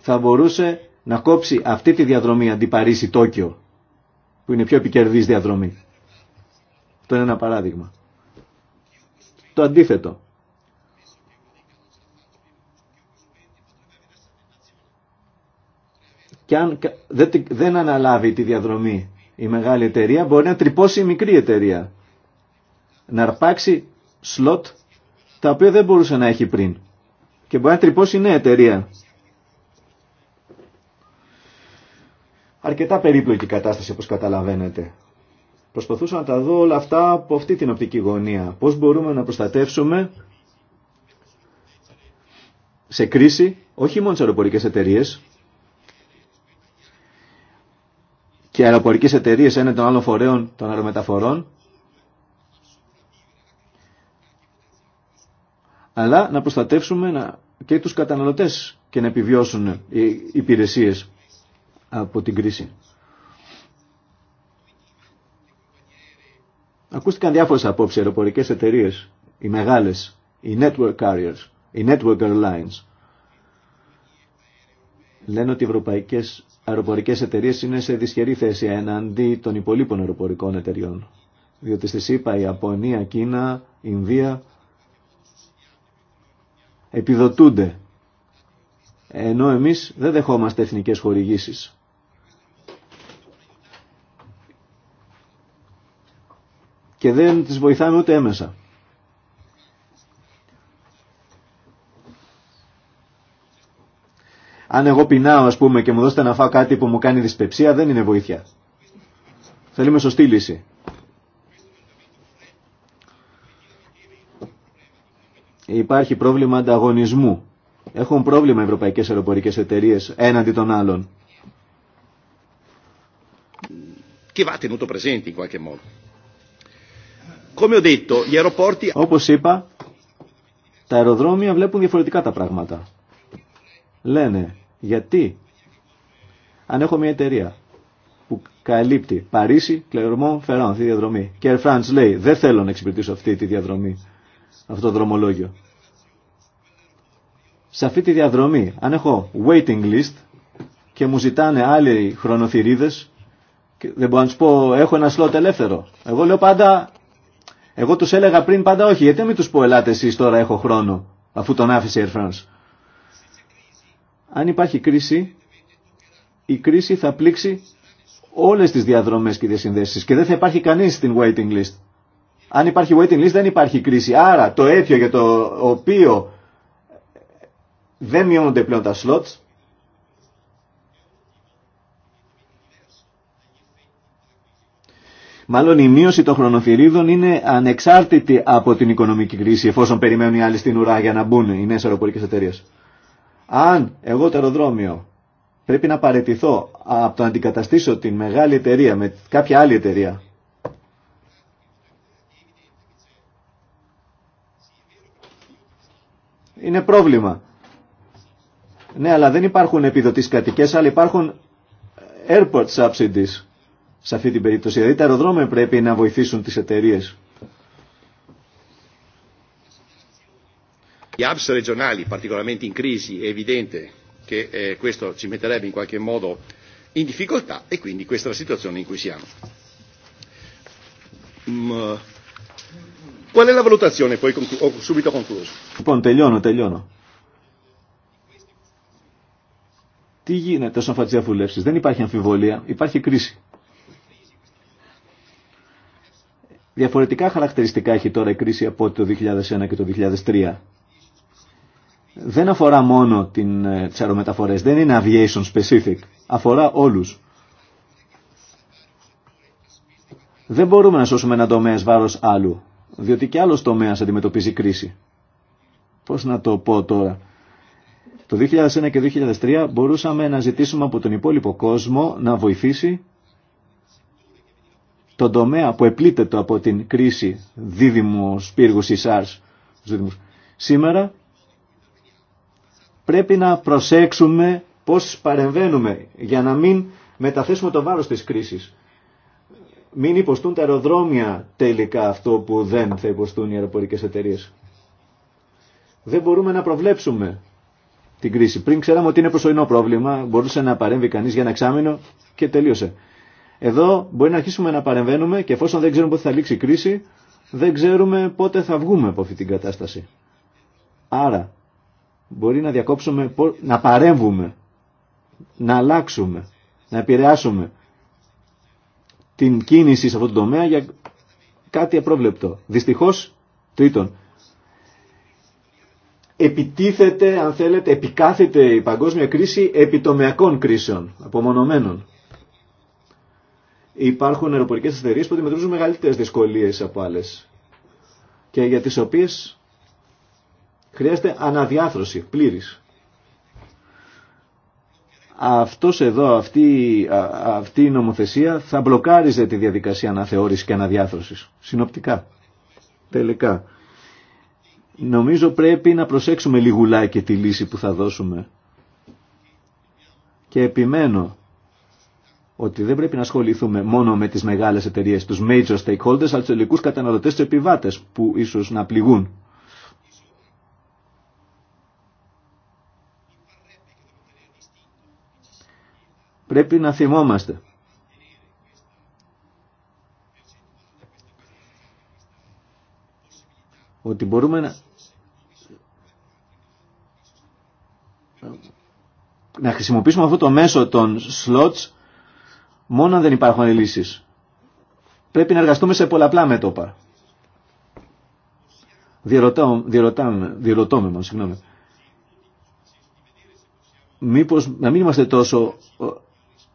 θα μπορούσε να κόψει αυτή τη διαδρομή αντί Παρίσι-Τόκιο, που είναι πιο επικερδής διαδρομή. Αυτό είναι ένα παράδειγμα. Το αντίθετο. Και αν δεν αναλάβει τη διαδρομή η μεγάλη εταιρεία, μπορεί να τρυπώσει η μικρή εταιρεία. Να αρπάξει σλότ τα οποία δεν μπορούσε να έχει πριν. Και μπορεί να τρυπώσει νέα εταιρεία. Αρκετά περίπλοκη κατάσταση όπως καταλαβαίνετε. Προσπαθούσα να τα δω όλα αυτά από αυτή την οπτική γωνία. Πώς μπορούμε να προστατεύσουμε σε κρίση, όχι μόνο τι αεροπορικές εταιρείε. και αεροπορικές εταιρείε έναν των άλλων φορέων των αερομεταφορών, αλλά να προστατεύσουμε και τους καταναλωτές και να επιβιώσουν οι υπηρεσίες από την κρίση. Ακούστηκαν διάφορες απόψεις αεροπορικές εταιρείες, οι μεγάλες, οι network carriers, οι network airlines. Λένε ότι οι ευρωπαϊκές αεροπορικές εταιρείες είναι σε δυσχερή θέση εναντί των υπολείπων αεροπορικών εταιριών. Διότι στη ΣΥΠΑ, η Ιαπωνία, Κίνα, Ινδία επιδοτούνται. Ενώ εμείς δεν δεχόμαστε εθνικές χορηγήσεις. Και δεν τις βοηθάμε ούτε έμεσα. Αν εγώ πεινάω ας πούμε και μου δώσετε να φάω κάτι που μου κάνει δυσπεψία δεν είναι βοήθεια. Θέλουμε σωστή λύση. υπάρχει πρόβλημα ανταγωνισμού. Έχουν πρόβλημα οι ευρωπαϊκές αεροπορικές εταιρείες έναντι των άλλων. Όπως είπα, τα αεροδρόμια βλέπουν διαφορετικά τα πράγματα. Λένε, γιατί αν έχω μια εταιρεία που καλύπτει Παρίσι, Κλερμό, Φεράν, αυτή τη διαδρομή. Και Air France λέει, δεν θέλω να εξυπηρετήσω αυτή τη διαδρομή αυτό το δρομολόγιο. Σε αυτή τη διαδρομή, αν έχω waiting list και μου ζητάνε άλλοι χρονοθυρίδες, και δεν μπορώ να σου πω έχω ένα σλότ ελεύθερο. Εγώ λέω πάντα, εγώ τους έλεγα πριν πάντα όχι, γιατί μην τους πω ελάτε εσείς τώρα έχω χρόνο, αφού τον άφησε η Air France. Αν υπάρχει κρίση, η κρίση θα πλήξει όλες τις διαδρομές και διασυνδέσεις και δεν θα υπάρχει κανείς στην waiting list. Αν υπάρχει waiting list δεν υπάρχει κρίση. Άρα το αίτιο για το οποίο δεν μειώνονται πλέον τα slots Μάλλον η μείωση των χρονοθυρίδων είναι ανεξάρτητη από την οικονομική κρίση εφόσον περιμένουν οι άλλοι στην ουρά για να μπουν οι νέες αεροπορικές εταιρείες. Αν εγώ το αεροδρόμιο πρέπει να παρετηθώ από το να αντικαταστήσω την μεγάλη εταιρεία με κάποια άλλη εταιρεία είναι πρόβλημα. Ναι, αλλά δεν υπάρχουν επιδοτήσεις κρατικές, αλλά υπάρχουν airport subsidies σε αυτή την περίπτωση. Δηλαδή τα αεροδρόμια πρέπει να βοηθήσουν τις εταιρείε. Gli hubs regionali particolarmente in crisi è evidente che eh, questo ci metterebbe in qualche modo in difficoltà e quindi questa è la situazione in cui siamo. Mm, Qual è la valutazione? Poi ho subito concluso. Λοιπόν, τελειώνω, τελειώνω. Τι γίνεται όσον αφορά τι Δεν υπάρχει αμφιβολία, υπάρχει κρίση. Διαφορετικά χαρακτηριστικά έχει τώρα η κρίση από το 2001 και το 2003. Δεν αφορά μόνο την, ε, τις αερομεταφορές, δεν είναι aviation specific, αφορά όλους. Δεν μπορούμε να σώσουμε ένα τομέα βάρος άλλου διότι και άλλος τομέας αντιμετωπίζει κρίση. Πώς να το πω τώρα. Το 2001 και 2003 μπορούσαμε να ζητήσουμε από τον υπόλοιπο κόσμο να βοηθήσει τον τομέα που επλήτεται από την κρίση δίδυμους πύργους ή SARS. Σήμερα πρέπει να προσέξουμε πώς παρεμβαίνουμε για να μην μεταθέσουμε το βάρος της κρίσης μην υποστούν τα αεροδρόμια τελικά αυτό που δεν θα υποστούν οι αεροπορικές εταιρείες. Δεν μπορούμε να προβλέψουμε την κρίση. Πριν ξέραμε ότι είναι προσωρινό πρόβλημα, μπορούσε να παρέμβει κανείς για ένα εξάμεινο και τελείωσε. Εδώ μπορεί να αρχίσουμε να παρεμβαίνουμε και εφόσον δεν ξέρουμε πότε θα λήξει η κρίση, δεν ξέρουμε πότε θα βγούμε από αυτή την κατάσταση. Άρα, μπορεί να διακόψουμε, να παρέμβουμε, να αλλάξουμε, να επηρεάσουμε την κίνηση σε αυτό τον τομέα για κάτι απρόβλεπτο. Δυστυχώς, τρίτον, επιτίθεται, αν θέλετε, επικάθεται η παγκόσμια κρίση επιτομεακών κρίσεων, απομονωμένων. Υπάρχουν αεροπορικές εταιρείε που αντιμετωπίζουν μεγαλύτερες δυσκολίες από άλλες και για τις οποίες χρειάζεται αναδιάθρωση πλήρης αυτός εδώ, αυτή, αυτή η νομοθεσία θα μπλοκάριζε τη διαδικασία αναθεώρησης και αναδιάθρωσης. Συνοπτικά. Τελικά. Νομίζω πρέπει να προσέξουμε και τη λύση που θα δώσουμε. Και επιμένω ότι δεν πρέπει να ασχοληθούμε μόνο με τις μεγάλες εταιρείες, τους major stakeholders, αλλά τους τελικούς καταναλωτές, τους επιβάτες που ίσως να πληγούν Πρέπει να θυμόμαστε. Ότι μπορούμε να, να χρησιμοποιήσουμε αυτό το μέσο των slots μόνο αν δεν υπάρχουν λύσεις. Πρέπει να εργαστούμε σε πολλαπλά μέτωπα. Διερωτώ, διερωτάμε, διερωτώμε μας, συγγνώμη. Μήπως να μην είμαστε τόσο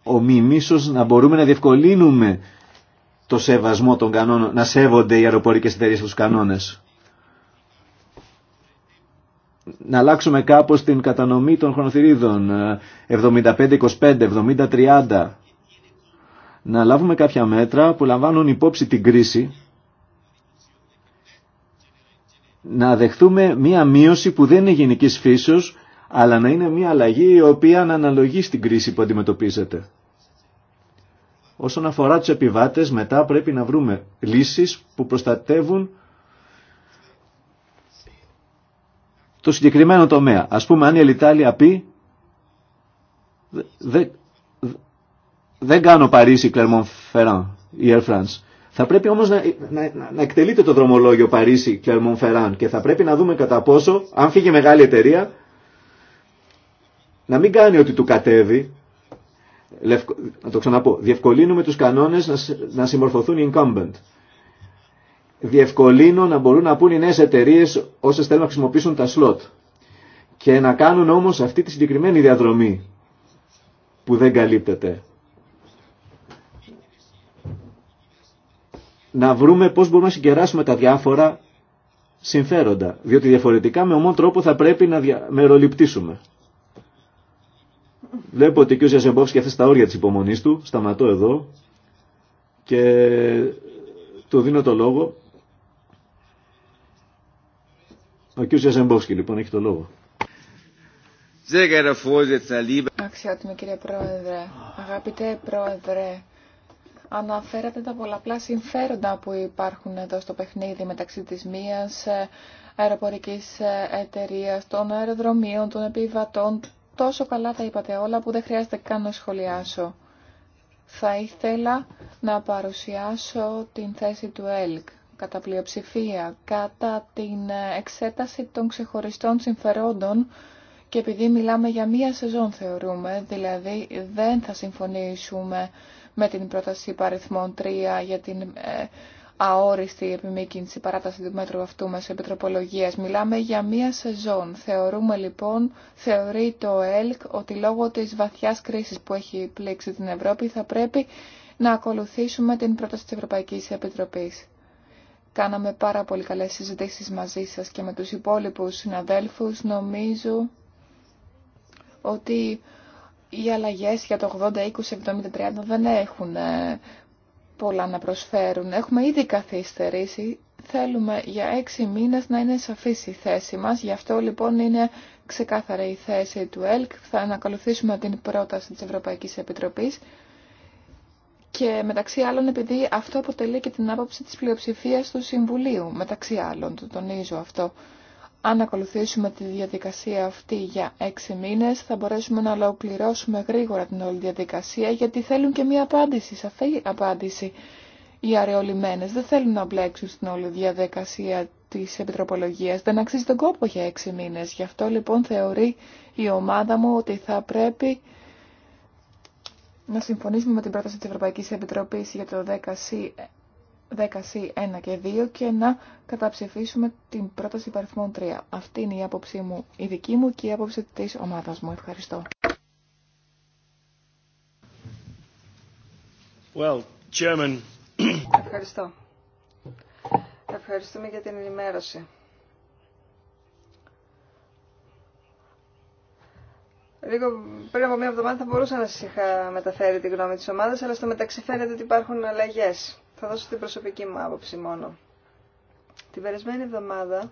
ομιμήσως να μπορούμε να διευκολύνουμε το σεβασμό των κανόνων, να σέβονται οι αεροπορικές εταιρείες τους κανόνες. Να αλλάξουμε κάπως την κατανομή των χρονοθυρίδων 75-25, ε, 70-30. Να λάβουμε κάποια μέτρα που λαμβάνουν υπόψη την κρίση. Να δεχθούμε μία μείωση που δεν είναι γενικής φύσεως αλλά να είναι μια αλλαγή η οποία να αναλογεί στην κρίση που αντιμετωπίζεται. Όσον αφορά τους επιβάτες, μετά πρέπει να βρούμε λύσεις που προστατεύουν το συγκεκριμένο τομέα. Ας πούμε, αν η Ελιτάλια πει δεν κάνω Παρίσι, Κλερμον Φεράν ή Air France. Θα πρέπει όμως να, να, να εκτελείται το δρομολόγιο Παρίσι, Κλερμον και θα πρέπει να δούμε κατά πόσο, αν φύγει μεγάλη εταιρεία, να μην κάνει ότι του κατέβει, να το ξαναπώ, διευκολύνουμε τους κανόνες να συμμορφωθούν οι incumbent. Διευκολύνω να μπορούν να πούν οι νέες εταιρείε όσες θέλουν να χρησιμοποιήσουν τα slot. Και να κάνουν όμως αυτή τη συγκεκριμένη διαδρομή που δεν καλύπτεται. Να βρούμε πώς μπορούμε να συγκεράσουμε τα διάφορα συμφέροντα. Διότι διαφορετικά με ομόν τρόπο θα πρέπει να μεροληπτήσουμε. Βλέπω ότι ο κ. θα έφεσε στα όρια της υπομονής του. Σταματώ εδώ και του δίνω το λόγο. Ο κ. Ζεμπόφσκι λοιπόν έχει το λόγο. Αξιότιμη κύριε Πρόεδρε, αγαπητέ Πρόεδρε, αναφέρατε τα πολλαπλά συμφέροντα που υπάρχουν εδώ στο παιχνίδι μεταξύ της μίας ε, αεροπορικής ε, εταιρείας, των αεροδρομίων, των επιβατών, Τόσο καλά τα είπατε όλα που δεν χρειάζεται καν να σχολιάσω. Θα ήθελα να παρουσιάσω την θέση του ΕΛΚ κατά πλειοψηφία, κατά την εξέταση των ξεχωριστών συμφερόντων και επειδή μιλάμε για μία σεζόν θεωρούμε, δηλαδή δεν θα συμφωνήσουμε με την πρόταση παριθμών 3 για την ε, αόριστη επιμήκυνση παράταση του μέτρου αυτού μέσω επιτροπολογία. Μιλάμε για μία σεζόν. Θεωρούμε λοιπόν, θεωρεί το ΕΛΚ ότι λόγω της βαθιάς κρίσης που έχει πλήξει την Ευρώπη θα πρέπει να ακολουθήσουμε την πρόταση της Ευρωπαϊκής Επιτροπής. Κάναμε πάρα πολύ καλές συζητήσεις μαζί σας και με τους υπόλοιπους συναδέλφους. Νομίζω ότι οι αλλαγές για το 80, 20, 70, 30 δεν έχουν ε, πολλά να προσφέρουν. Έχουμε ήδη καθυστερήσει. Θέλουμε για έξι μήνες να είναι σαφής η θέση μας. Γι' αυτό λοιπόν είναι ξεκάθαρη η θέση του ΕΛΚ. Θα ανακολουθήσουμε την πρόταση της Ευρωπαϊκής Επιτροπής. Και μεταξύ άλλων επειδή αυτό αποτελεί και την άποψη της πλειοψηφίας του Συμβουλίου. Μεταξύ άλλων, το τονίζω αυτό. Αν ακολουθήσουμε τη διαδικασία αυτή για 6 μήνες θα μπορέσουμε να ολοκληρώσουμε γρήγορα την όλη διαδικασία γιατί θέλουν και μία απάντηση, σαφή απάντηση. Οι αρεολιμένες δεν θέλουν να μπλέξουν στην όλη διαδικασία της επιτροπολογίας. Δεν αξίζει τον κόπο για 6 μήνες. Γι' αυτό λοιπόν θεωρεί η ομάδα μου ότι θα πρέπει να συμφωνήσουμε με την πρόταση της Ευρωπαϊκής Επιτροπής για το 10C 10C1 και 2 και να καταψηφίσουμε την πρόταση υπαριθμών 3. Αυτή είναι η άποψή μου, η δική μου και η άποψη της ομάδας μου. Ευχαριστώ. Well, Ευχαριστώ. Ευχαριστούμε για την ενημέρωση. Λίγο πριν από μία εβδομάδα θα μπορούσα να σα είχα μεταφέρει την γνώμη της ομάδας, αλλά στο μεταξύ φαίνεται ότι υπάρχουν αλλαγές. Θα δώσω την προσωπική μου άποψη μόνο. Την περασμένη εβδομάδα,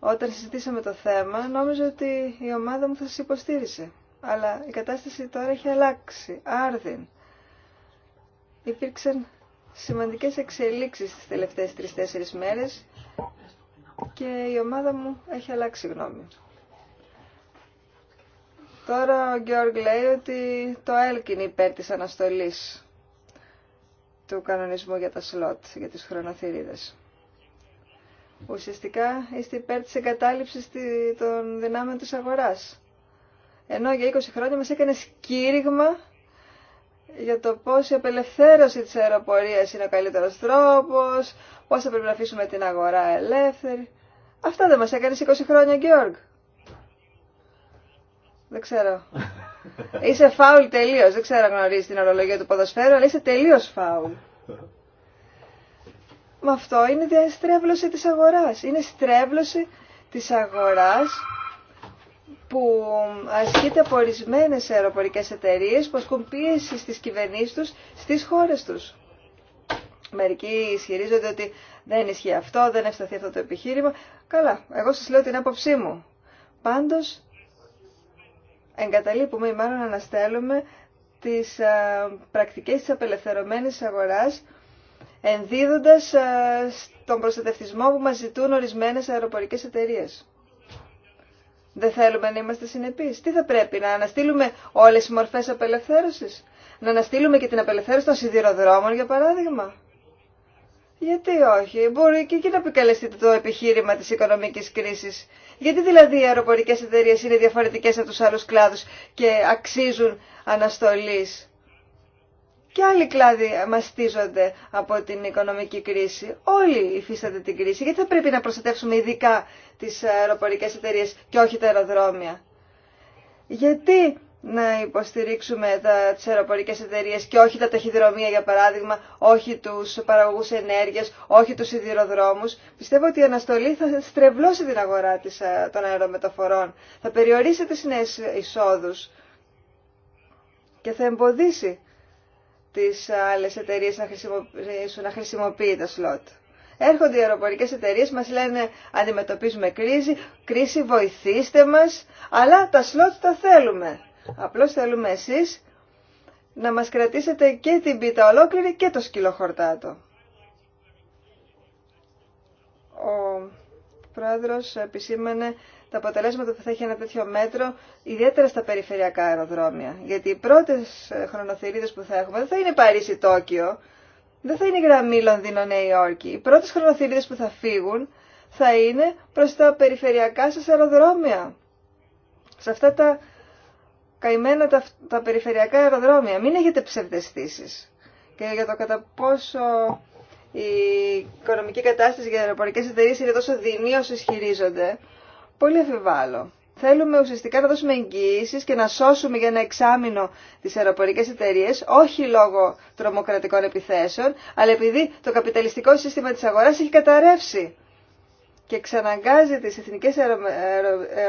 όταν συζητήσαμε το θέμα, νόμιζα ότι η ομάδα μου θα σας υποστήριζε. Αλλά η κατάσταση τώρα έχει αλλάξει, άρδιν. Υπήρξαν σημαντικές εξελίξεις τις τελευταίες τρεις-τέσσερις μέρες και η ομάδα μου έχει αλλάξει γνώμη. Τώρα ο Γιώργ λέει ότι το έλκυν υπέρ της αναστολής του κανονισμού για τα σλότ, για τις χρονοθυρίδες. Ουσιαστικά είστε υπέρ της εγκατάλειψης των δυνάμεων της αγοράς. Ενώ για 20 χρόνια μας έκανε κήρυγμα για το πώς η απελευθέρωση της αεροπορίας είναι ο καλύτερος τρόπος, πώς θα πρέπει να αφήσουμε την αγορά ελεύθερη. Αυτά δεν μας έκανε 20 χρόνια, Γκέοργ. Δεν ξέρω Είσαι φάουλ τελείω. Δεν ξέρω αν γνωρίζει την ορολογία του ποδοσφαίρου, αλλά είσαι τελείω φάουλ. Μα αυτό είναι στρέβλωση της αγοράς. Είναι στρέβλωση της αγοράς που ασκείται από ορισμένε αεροπορικέ εταιρείε που ασκούν πίεση στις κυβερνήσεις του στις χώρες τους. Μερικοί ισχυρίζονται ότι δεν ισχύει αυτό, δεν ευσταθεί αυτό το επιχείρημα. Καλά, εγώ σα λέω την άποψή μου. Πάντως, εγκαταλείπουμε ή μάλλον αναστέλουμε τις ε, πρακτικές της απελευθερωμένης αγοράς ενδίδοντας ε, τον προστατευτισμό που μας ζητούν ορισμένες αεροπορικές εταιρείες. Δεν θέλουμε να είμαστε συνεπείς. Τι θα πρέπει, να αναστείλουμε όλες τις μορφές απελευθέρωσης. Να αναστείλουμε και την απελευθέρωση των σιδηροδρόμων, για παράδειγμα. Γιατί όχι, μπορεί και εκεί να επικαλεστείτε το επιχείρημα της οικονομικής κρίσης γιατί δηλαδή οι αεροπορικές εταιρείες είναι διαφορετικές από τους άλλους κλάδους και αξίζουν αναστολής. Και άλλοι κλάδοι μαστίζονται από την οικονομική κρίση. Όλοι υφίστανται την κρίση. Γιατί θα πρέπει να προστατεύσουμε ειδικά τις αεροπορικές εταιρείες και όχι τα αεροδρόμια. Γιατί να υποστηρίξουμε τα, τις αεροπορικές και όχι τα ταχυδρομεία για παράδειγμα, όχι τους παραγωγούς ενέργειας, όχι τους σιδηροδρόμους. Πιστεύω ότι η αναστολή θα στρεβλώσει την αγορά της, ε, των αερομεταφορών, θα περιορίσει τι νέες εισόδους και θα εμποδίσει τις άλλες εταιρείες να, χρησιμοποιήσουν, να χρησιμοποιεί τα σλότ. Έρχονται οι αεροπορικές εταιρείες, μας λένε αντιμετωπίζουμε κρίση, κρίση βοηθήστε μας, αλλά τα σλότ τα θέλουμε. Απλώς θέλουμε εσείς να μας κρατήσετε και την πίτα ολόκληρη και το σκυλοχορτάτο. Ο πρόεδρος επισήμανε τα αποτελέσματα που θα έχει ένα τέτοιο μέτρο, ιδιαίτερα στα περιφερειακά αεροδρόμια. Γιατί οι πρώτες χρονοθυρίδες που θα έχουμε δεν θα είναι Παρίσι-Τόκιο, δεν θα είναι γραμμή Λονδίνο-Νέα Υόρκη. Οι πρώτες χρονοθυρίδες που θα φύγουν θα είναι προς τα περιφερειακά σας αεροδρόμια. Σε αυτά τα καημένα τα, τα περιφερειακά αεροδρόμια. Μην έχετε ψευδεστήσει. Και για το κατά πόσο η οικονομική κατάσταση για αεροπορικέ εταιρείε είναι τόσο δεινή όσο ισχυρίζονται, πολύ αφιβάλλω. Θέλουμε ουσιαστικά να δώσουμε εγγυήσει και να σώσουμε για ένα εξάμεινο τι αεροπορικέ εταιρείε, όχι λόγω τρομοκρατικών επιθέσεων, αλλά επειδή το καπιταλιστικό σύστημα τη αγορά έχει καταρρεύσει και ξαναγκάζει τι εθνικέ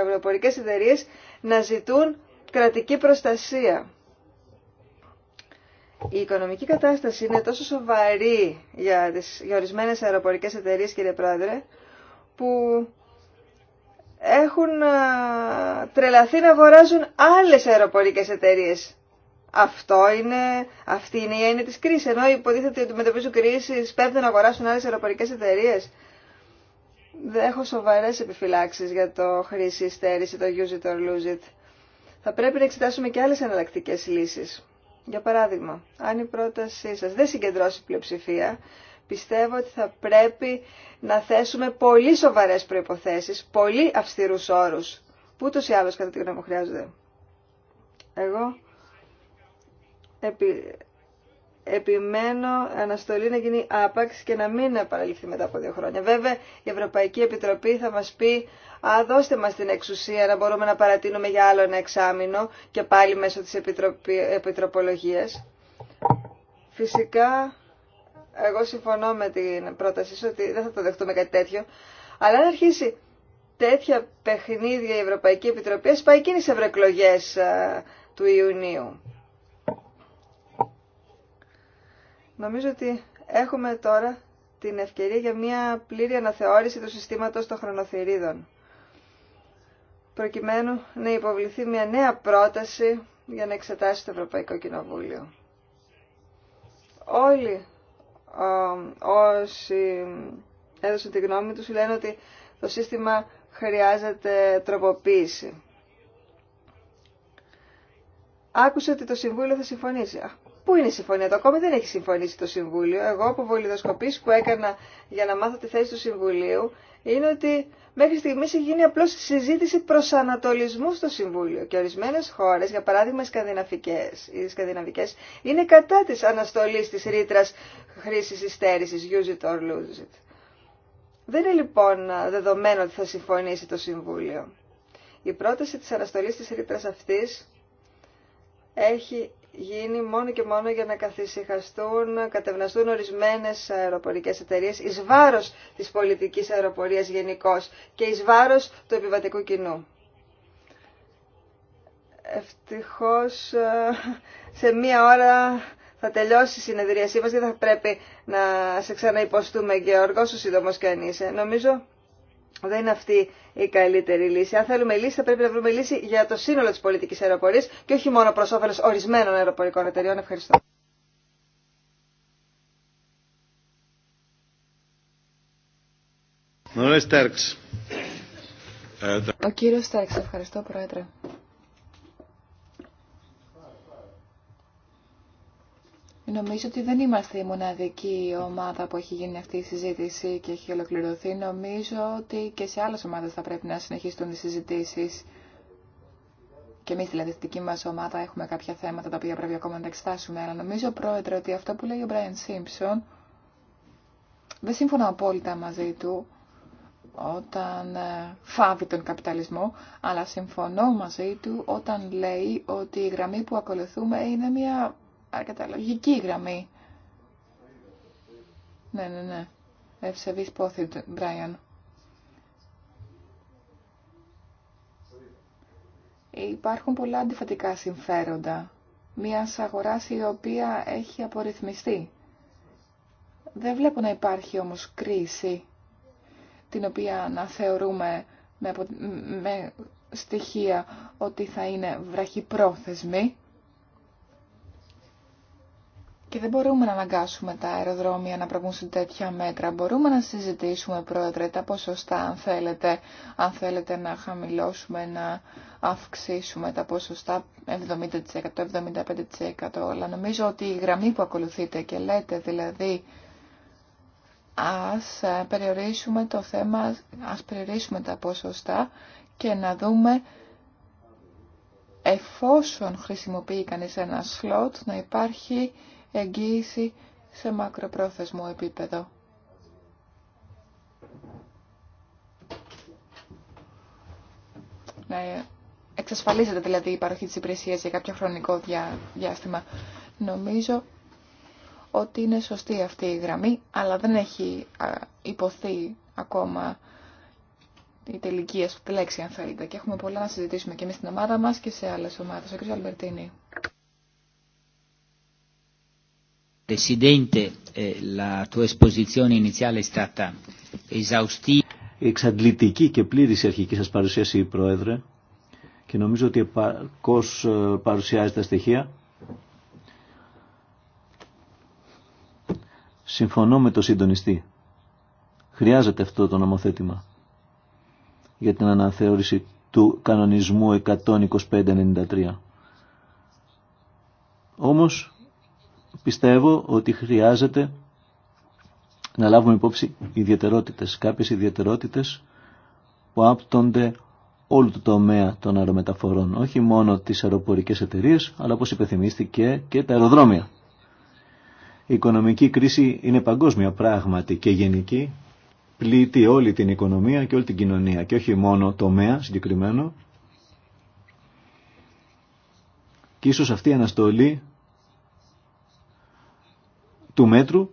αεροπορικέ εταιρείε να ζητούν κρατική προστασία. Η οικονομική κατάσταση είναι τόσο σοβαρή για, τις, για ορισμένες αεροπορικές εταιρείες, κύριε Πρόεδρε, που έχουν τρελαθεί να αγοράζουν άλλες αεροπορικές εταιρείες. Αυτό είναι, αυτή είναι η έννοια της κρίσης. Ενώ υποτίθεται ότι πίσω κρίσης πέφτουν να αγοράσουν άλλες αεροπορικές εταιρείες. Δεν έχω σοβαρές επιφυλάξεις για το χρήση στέρηση, το use it or lose it. Θα πρέπει να εξετάσουμε και άλλες εναλλακτικέ λύσεις. Για παράδειγμα, αν η πρότασή σας δεν συγκεντρώσει πλειοψηφία, πιστεύω ότι θα πρέπει να θέσουμε πολύ σοβαρές προϋποθέσεις, πολύ αυστηρούς όρους, που ούτως ή άλλως κατά τη γνώμη μου χρειάζονται. Εγώ επι επιμένω αναστολή να γίνει άπαξ και να μην επαναληφθεί μετά από δύο χρόνια. Βέβαια, η Ευρωπαϊκή Επιτροπή θα μας πει «Α, δώστε μας την εξουσία να μπορούμε να παρατείνουμε για άλλο ένα εξάμεινο και πάλι μέσω της επιτροπολογίας». Φυσικά, εγώ συμφωνώ με την πρότασή σου ότι δεν θα το δεχτούμε κάτι τέτοιο, αλλά αν αρχίσει τέτοια παιχνίδια η Ευρωπαϊκή Επιτροπή, ας πάει εκείνη σε ευρωεκλογές ε, του Ιουνίου. Νομίζω ότι έχουμε τώρα την ευκαιρία για μια πλήρη αναθεώρηση του συστήματος των χρονοθυρίδων προκειμένου να υποβληθεί μια νέα πρόταση για να εξετάσει το Ευρωπαϊκό Κοινοβούλιο. Όλοι όσοι έδωσαν τη γνώμη τους λένε ότι το σύστημα χρειάζεται τροποποίηση. άκουσε ότι το Συμβούλιο θα συμφωνήσει. Πού είναι η συμφωνία, το ακόμη δεν έχει συμφωνήσει το Συμβούλιο. Εγώ από βολιδοσκοπήσεις που ειναι η συμφωνια το ακομη δεν εχει συμφωνησει το συμβουλιο εγω απο βολιδοσκοπη που εκανα για να μάθω τη θέση του Συμβουλίου είναι ότι μέχρι στιγμή έχει γίνει απλώς συζήτηση προσανατολισμού στο Συμβούλιο και ορισμένε χώρε, για παράδειγμα οι σκανδιναβικέ, οι είναι κατά τη αναστολή τη ρήτρα χρήση υστέρηση, use it or lose it. Δεν είναι λοιπόν δεδομένο ότι θα συμφωνήσει το Συμβούλιο. Η πρόταση της αναστολής της ρήτρα αυτής έχει γίνει μόνο και μόνο για να καθησυχαστούν, κατευναστούν ορισμένες αεροπορικές εταιρείες εις βάρος της πολιτικής αεροπορίας γενικώ και εις βάρος του επιβατικού κοινού. Ευτυχώς ε, σε μία ώρα θα τελειώσει η συνεδρίασή μας και θα πρέπει να σε ξαναυποστούμε Γεώργο, όσο σύντομος και αν είσαι. Νομίζω δεν είναι αυτή η καλύτερη λύση. Αν θέλουμε λύση, θα πρέπει να βρούμε λύση για το σύνολο τη πολιτική αεροπορία και όχι μόνο προ όφελο ορισμένων αεροπορικών εταιριών. Ευχαριστώ. Ο κύριος Στέρξ, ευχαριστώ Πρόεδρε. Νομίζω ότι δεν είμαστε η μοναδική ομάδα που έχει γίνει αυτή η συζήτηση και έχει ολοκληρωθεί. Νομίζω ότι και σε άλλες ομάδες θα πρέπει να συνεχίσουν οι συζητήσεις. Και εμεί δηλαδή στη δική μα ομάδα έχουμε κάποια θέματα τα οποία πρέπει ακόμα να τα εξετάσουμε. Αλλά νομίζω, Πρόεδρε, ότι αυτό που λέει ο Μπράιν Σίμψον δεν σύμφωνα απόλυτα μαζί του όταν ε, φάβει τον καπιταλισμό, αλλά συμφωνώ μαζί του όταν λέει ότι η γραμμή που ακολουθούμε είναι μια αρκετά λογική γραμμή. Ναι, ναι, ναι. Ευσεβή πόθη, Μπράιαν. Υπάρχουν πολλά αντιφατικά συμφέροντα. Μια αγορά η οποία έχει απορριθμιστεί. Δεν βλέπω να υπάρχει όμως κρίση την οποία να θεωρούμε με, με στοιχεία ότι θα είναι βραχυπρόθεσμη. Και δεν μπορούμε να αναγκάσουμε τα αεροδρόμια να προβούν σε τέτοια μέτρα. Μπορούμε να συζητήσουμε, Πρόεδρε, τα ποσοστά, αν θέλετε, αν θέλετε να χαμηλώσουμε, να αυξήσουμε τα ποσοστά 70%, 75%. Αλλά νομίζω ότι η γραμμή που ακολουθείτε και λέτε, δηλαδή, ας ε, περιορίσουμε το θέμα, ας περιορίσουμε τα ποσοστά και να δούμε εφόσον χρησιμοποιεί κανείς ένα σλότ να υπάρχει εγγύηση σε μακροπρόθεσμο επίπεδο. Να εξασφαλίζεται δηλαδή η παροχή της υπηρεσίας για κάποιο χρονικό διάστημα. Νομίζω ότι είναι σωστή αυτή η γραμμή, αλλά δεν έχει υποθεί ακόμα η τελική αυτή λέξη αν θέλετε. Και έχουμε πολλά να συζητήσουμε και εμείς στην ομάδα μας και σε άλλες ομάδες. Ο κ. Αλμπερτίνη. Presidente, eh, la tua esposizione iniziale è stata esaustiva. Εξαντλητική και πλήρη η αρχική σα παρουσίαση, Πρόεδρε, και νομίζω ότι επαρκώ ε, παρουσιάζει τα στοιχεία. Συμφωνώ με το συντονιστή. Χρειάζεται αυτό το νομοθέτημα για την αναθεώρηση του κανονισμού 12593. Όμω, πιστεύω ότι χρειάζεται να λάβουμε υπόψη ιδιαιτερότητες, κάποιες ιδιαιτερότητες που άπτονται όλου του τομέα των αερομεταφορών, όχι μόνο τις αεροπορικές εταιρείες, αλλά όπως υπεθυμίστηκε και τα αεροδρόμια. Η οικονομική κρίση είναι παγκόσμια πράγματι και γενική, πλήττει όλη την οικονομία και όλη την κοινωνία και όχι μόνο τομέα συγκεκριμένο. Και ίσως αυτή η αναστολή του μέτρου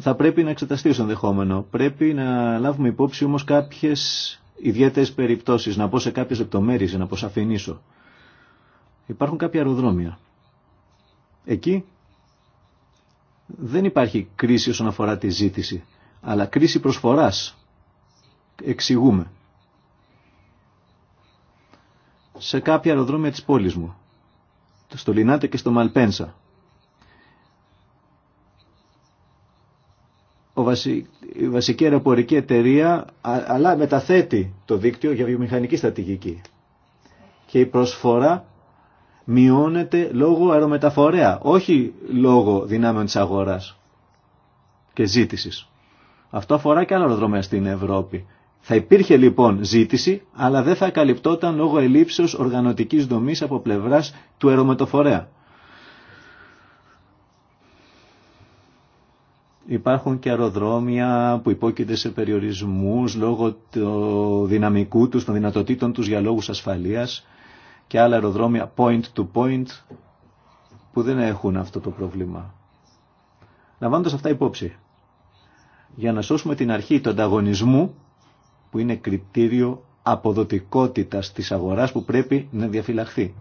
θα πρέπει να εξεταστεί ως ενδεχόμενο. Πρέπει να λάβουμε υπόψη όμως κάποιες ιδιαίτερες περιπτώσεις, να πω σε κάποιες λεπτομέρειες, να αποσαφηνίσω. Υπάρχουν κάποια αεροδρόμια. Εκεί δεν υπάρχει κρίση όσον αφορά τη ζήτηση, αλλά κρίση προσφοράς. Εξηγούμε. Σε κάποια αεροδρόμια της πόλης μου, στο Λινάτε και στο Μαλπένσα, ο η βασική αεροπορική εταιρεία αλλά μεταθέτει το δίκτυο για βιομηχανική στρατηγική. Και η προσφορά μειώνεται λόγω αερομεταφορέα, όχι λόγω δυνάμεων της αγοράς και ζήτησης. Αυτό αφορά και άλλα αεροδρομία στην Ευρώπη. Θα υπήρχε λοιπόν ζήτηση, αλλά δεν θα καλυπτόταν λόγω ελήψεως οργανωτικής δομής από πλευράς του αερομεταφορέα. Υπάρχουν και αεροδρόμια που υπόκειται σε περιορισμούς λόγω του δυναμικού τους, των δυνατοτήτων τους για λόγους ασφαλείας και άλλα αεροδρόμια point to point που δεν έχουν αυτό το πρόβλημα. Λαμβάνοντας αυτά υπόψη, για να σώσουμε την αρχή του ανταγωνισμού που είναι κριτήριο αποδοτικότητας της αγοράς που πρέπει να διαφυλαχθεί.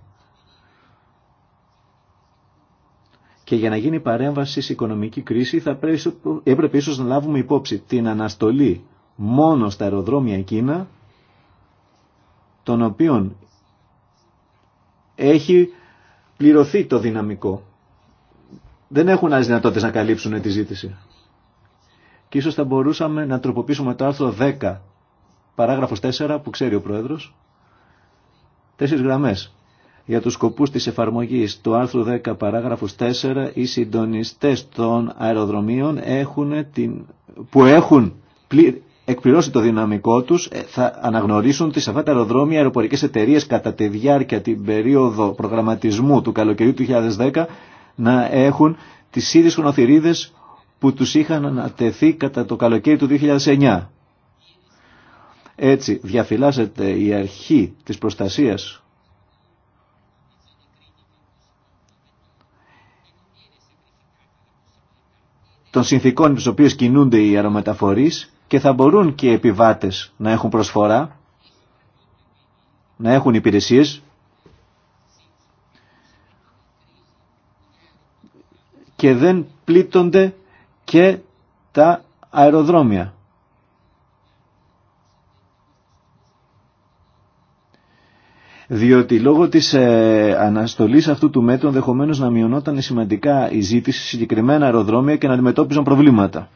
Και για να γίνει παρέμβαση στην οικονομική κρίση θα έπρεπε ίσως να λάβουμε υπόψη την αναστολή μόνο στα αεροδρόμια εκείνα των οποίων έχει πληρωθεί το δυναμικό. Δεν έχουν άλλες δυνατότητες να καλύψουν τη ζήτηση. Και ίσως θα μπορούσαμε να τροποποιήσουμε το άρθρο 10, παράγραφος 4 που ξέρει ο Πρόεδρος. Τέσσερις γραμμές για τους σκοπούς της εφαρμογής του άρθρου 10 παράγραφους 4 οι συντονιστές των αεροδρομίων έχουν την, που έχουν εκπληρώσει το δυναμικό τους ε, θα αναγνωρίσουν ότι σε αυτά τα αεροδρόμια αεροπορικές εταιρείες κατά τη διάρκεια την περίοδο προγραμματισμού του καλοκαιριού του 2010 να έχουν τις ίδιες χρονοθυρίδες που τους είχαν ανατεθεί κατά το καλοκαίρι του 2009. Έτσι διαφυλάσσεται η αρχή της προστασίας των συνθήκων στους οποίους κινούνται οι αερομεταφορείς και θα μπορούν και οι επιβάτες να έχουν προσφορά, να έχουν υπηρεσίες και δεν πλήττονται και τα αεροδρόμια. διότι λόγω της ε, αναστολής αυτού του μέτρου ενδεχομένω να μειωνόταν σημαντικά η ζήτηση σε συγκεκριμένα αεροδρόμια και να αντιμετώπιζαν προβλήματα.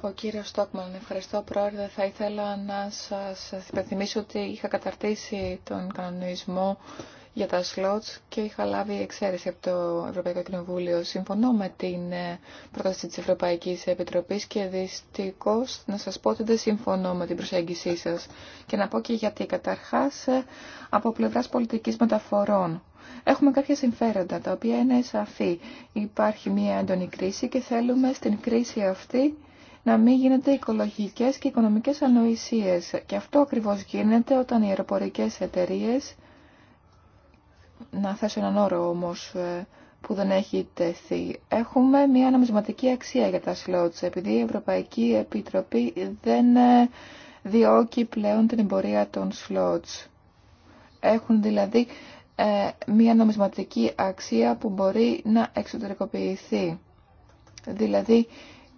Ο κύριος Στόκμαν, ευχαριστώ πρόεδρε. Θα ήθελα να σας υπενθυμίσω ότι είχα καταρτήσει τον κανονισμό για τα Σλότ και είχα λάβει εξαίρεση από το Ευρωπαϊκό Κοινοβούλιο. Συμφωνώ με την ε, πρόταση τη Ευρωπαϊκή Επιτροπή και δυστυχώ να σα πω ότι δεν συμφωνώ με την προσέγγισή σα Και να πω και γιατί καταρχά ε, από πλευρά πολιτική μεταφορών. Έχουμε κάποια συμφέροντα τα οποία είναι σαφή. Υπάρχει μια έντονη κρίση και θέλουμε στην κρίση αυτή να μην γίνονται οικολογικές και οικονομικές ανοησίες. Και αυτό ακριβώς γίνεται όταν οι αεροπορικές εταιρείες να θέσω έναν όρο όμως ε, που δεν έχει τεθεί. Έχουμε μια νομισματική αξία για τα σλότς, επειδή η Ευρωπαϊκή Επιτροπή δεν ε, διώκει πλέον την εμπορία των σλότς. Έχουν δηλαδή ε, μια νομισματική αξία που μπορεί να εξωτερικοποιηθεί. Δηλαδή,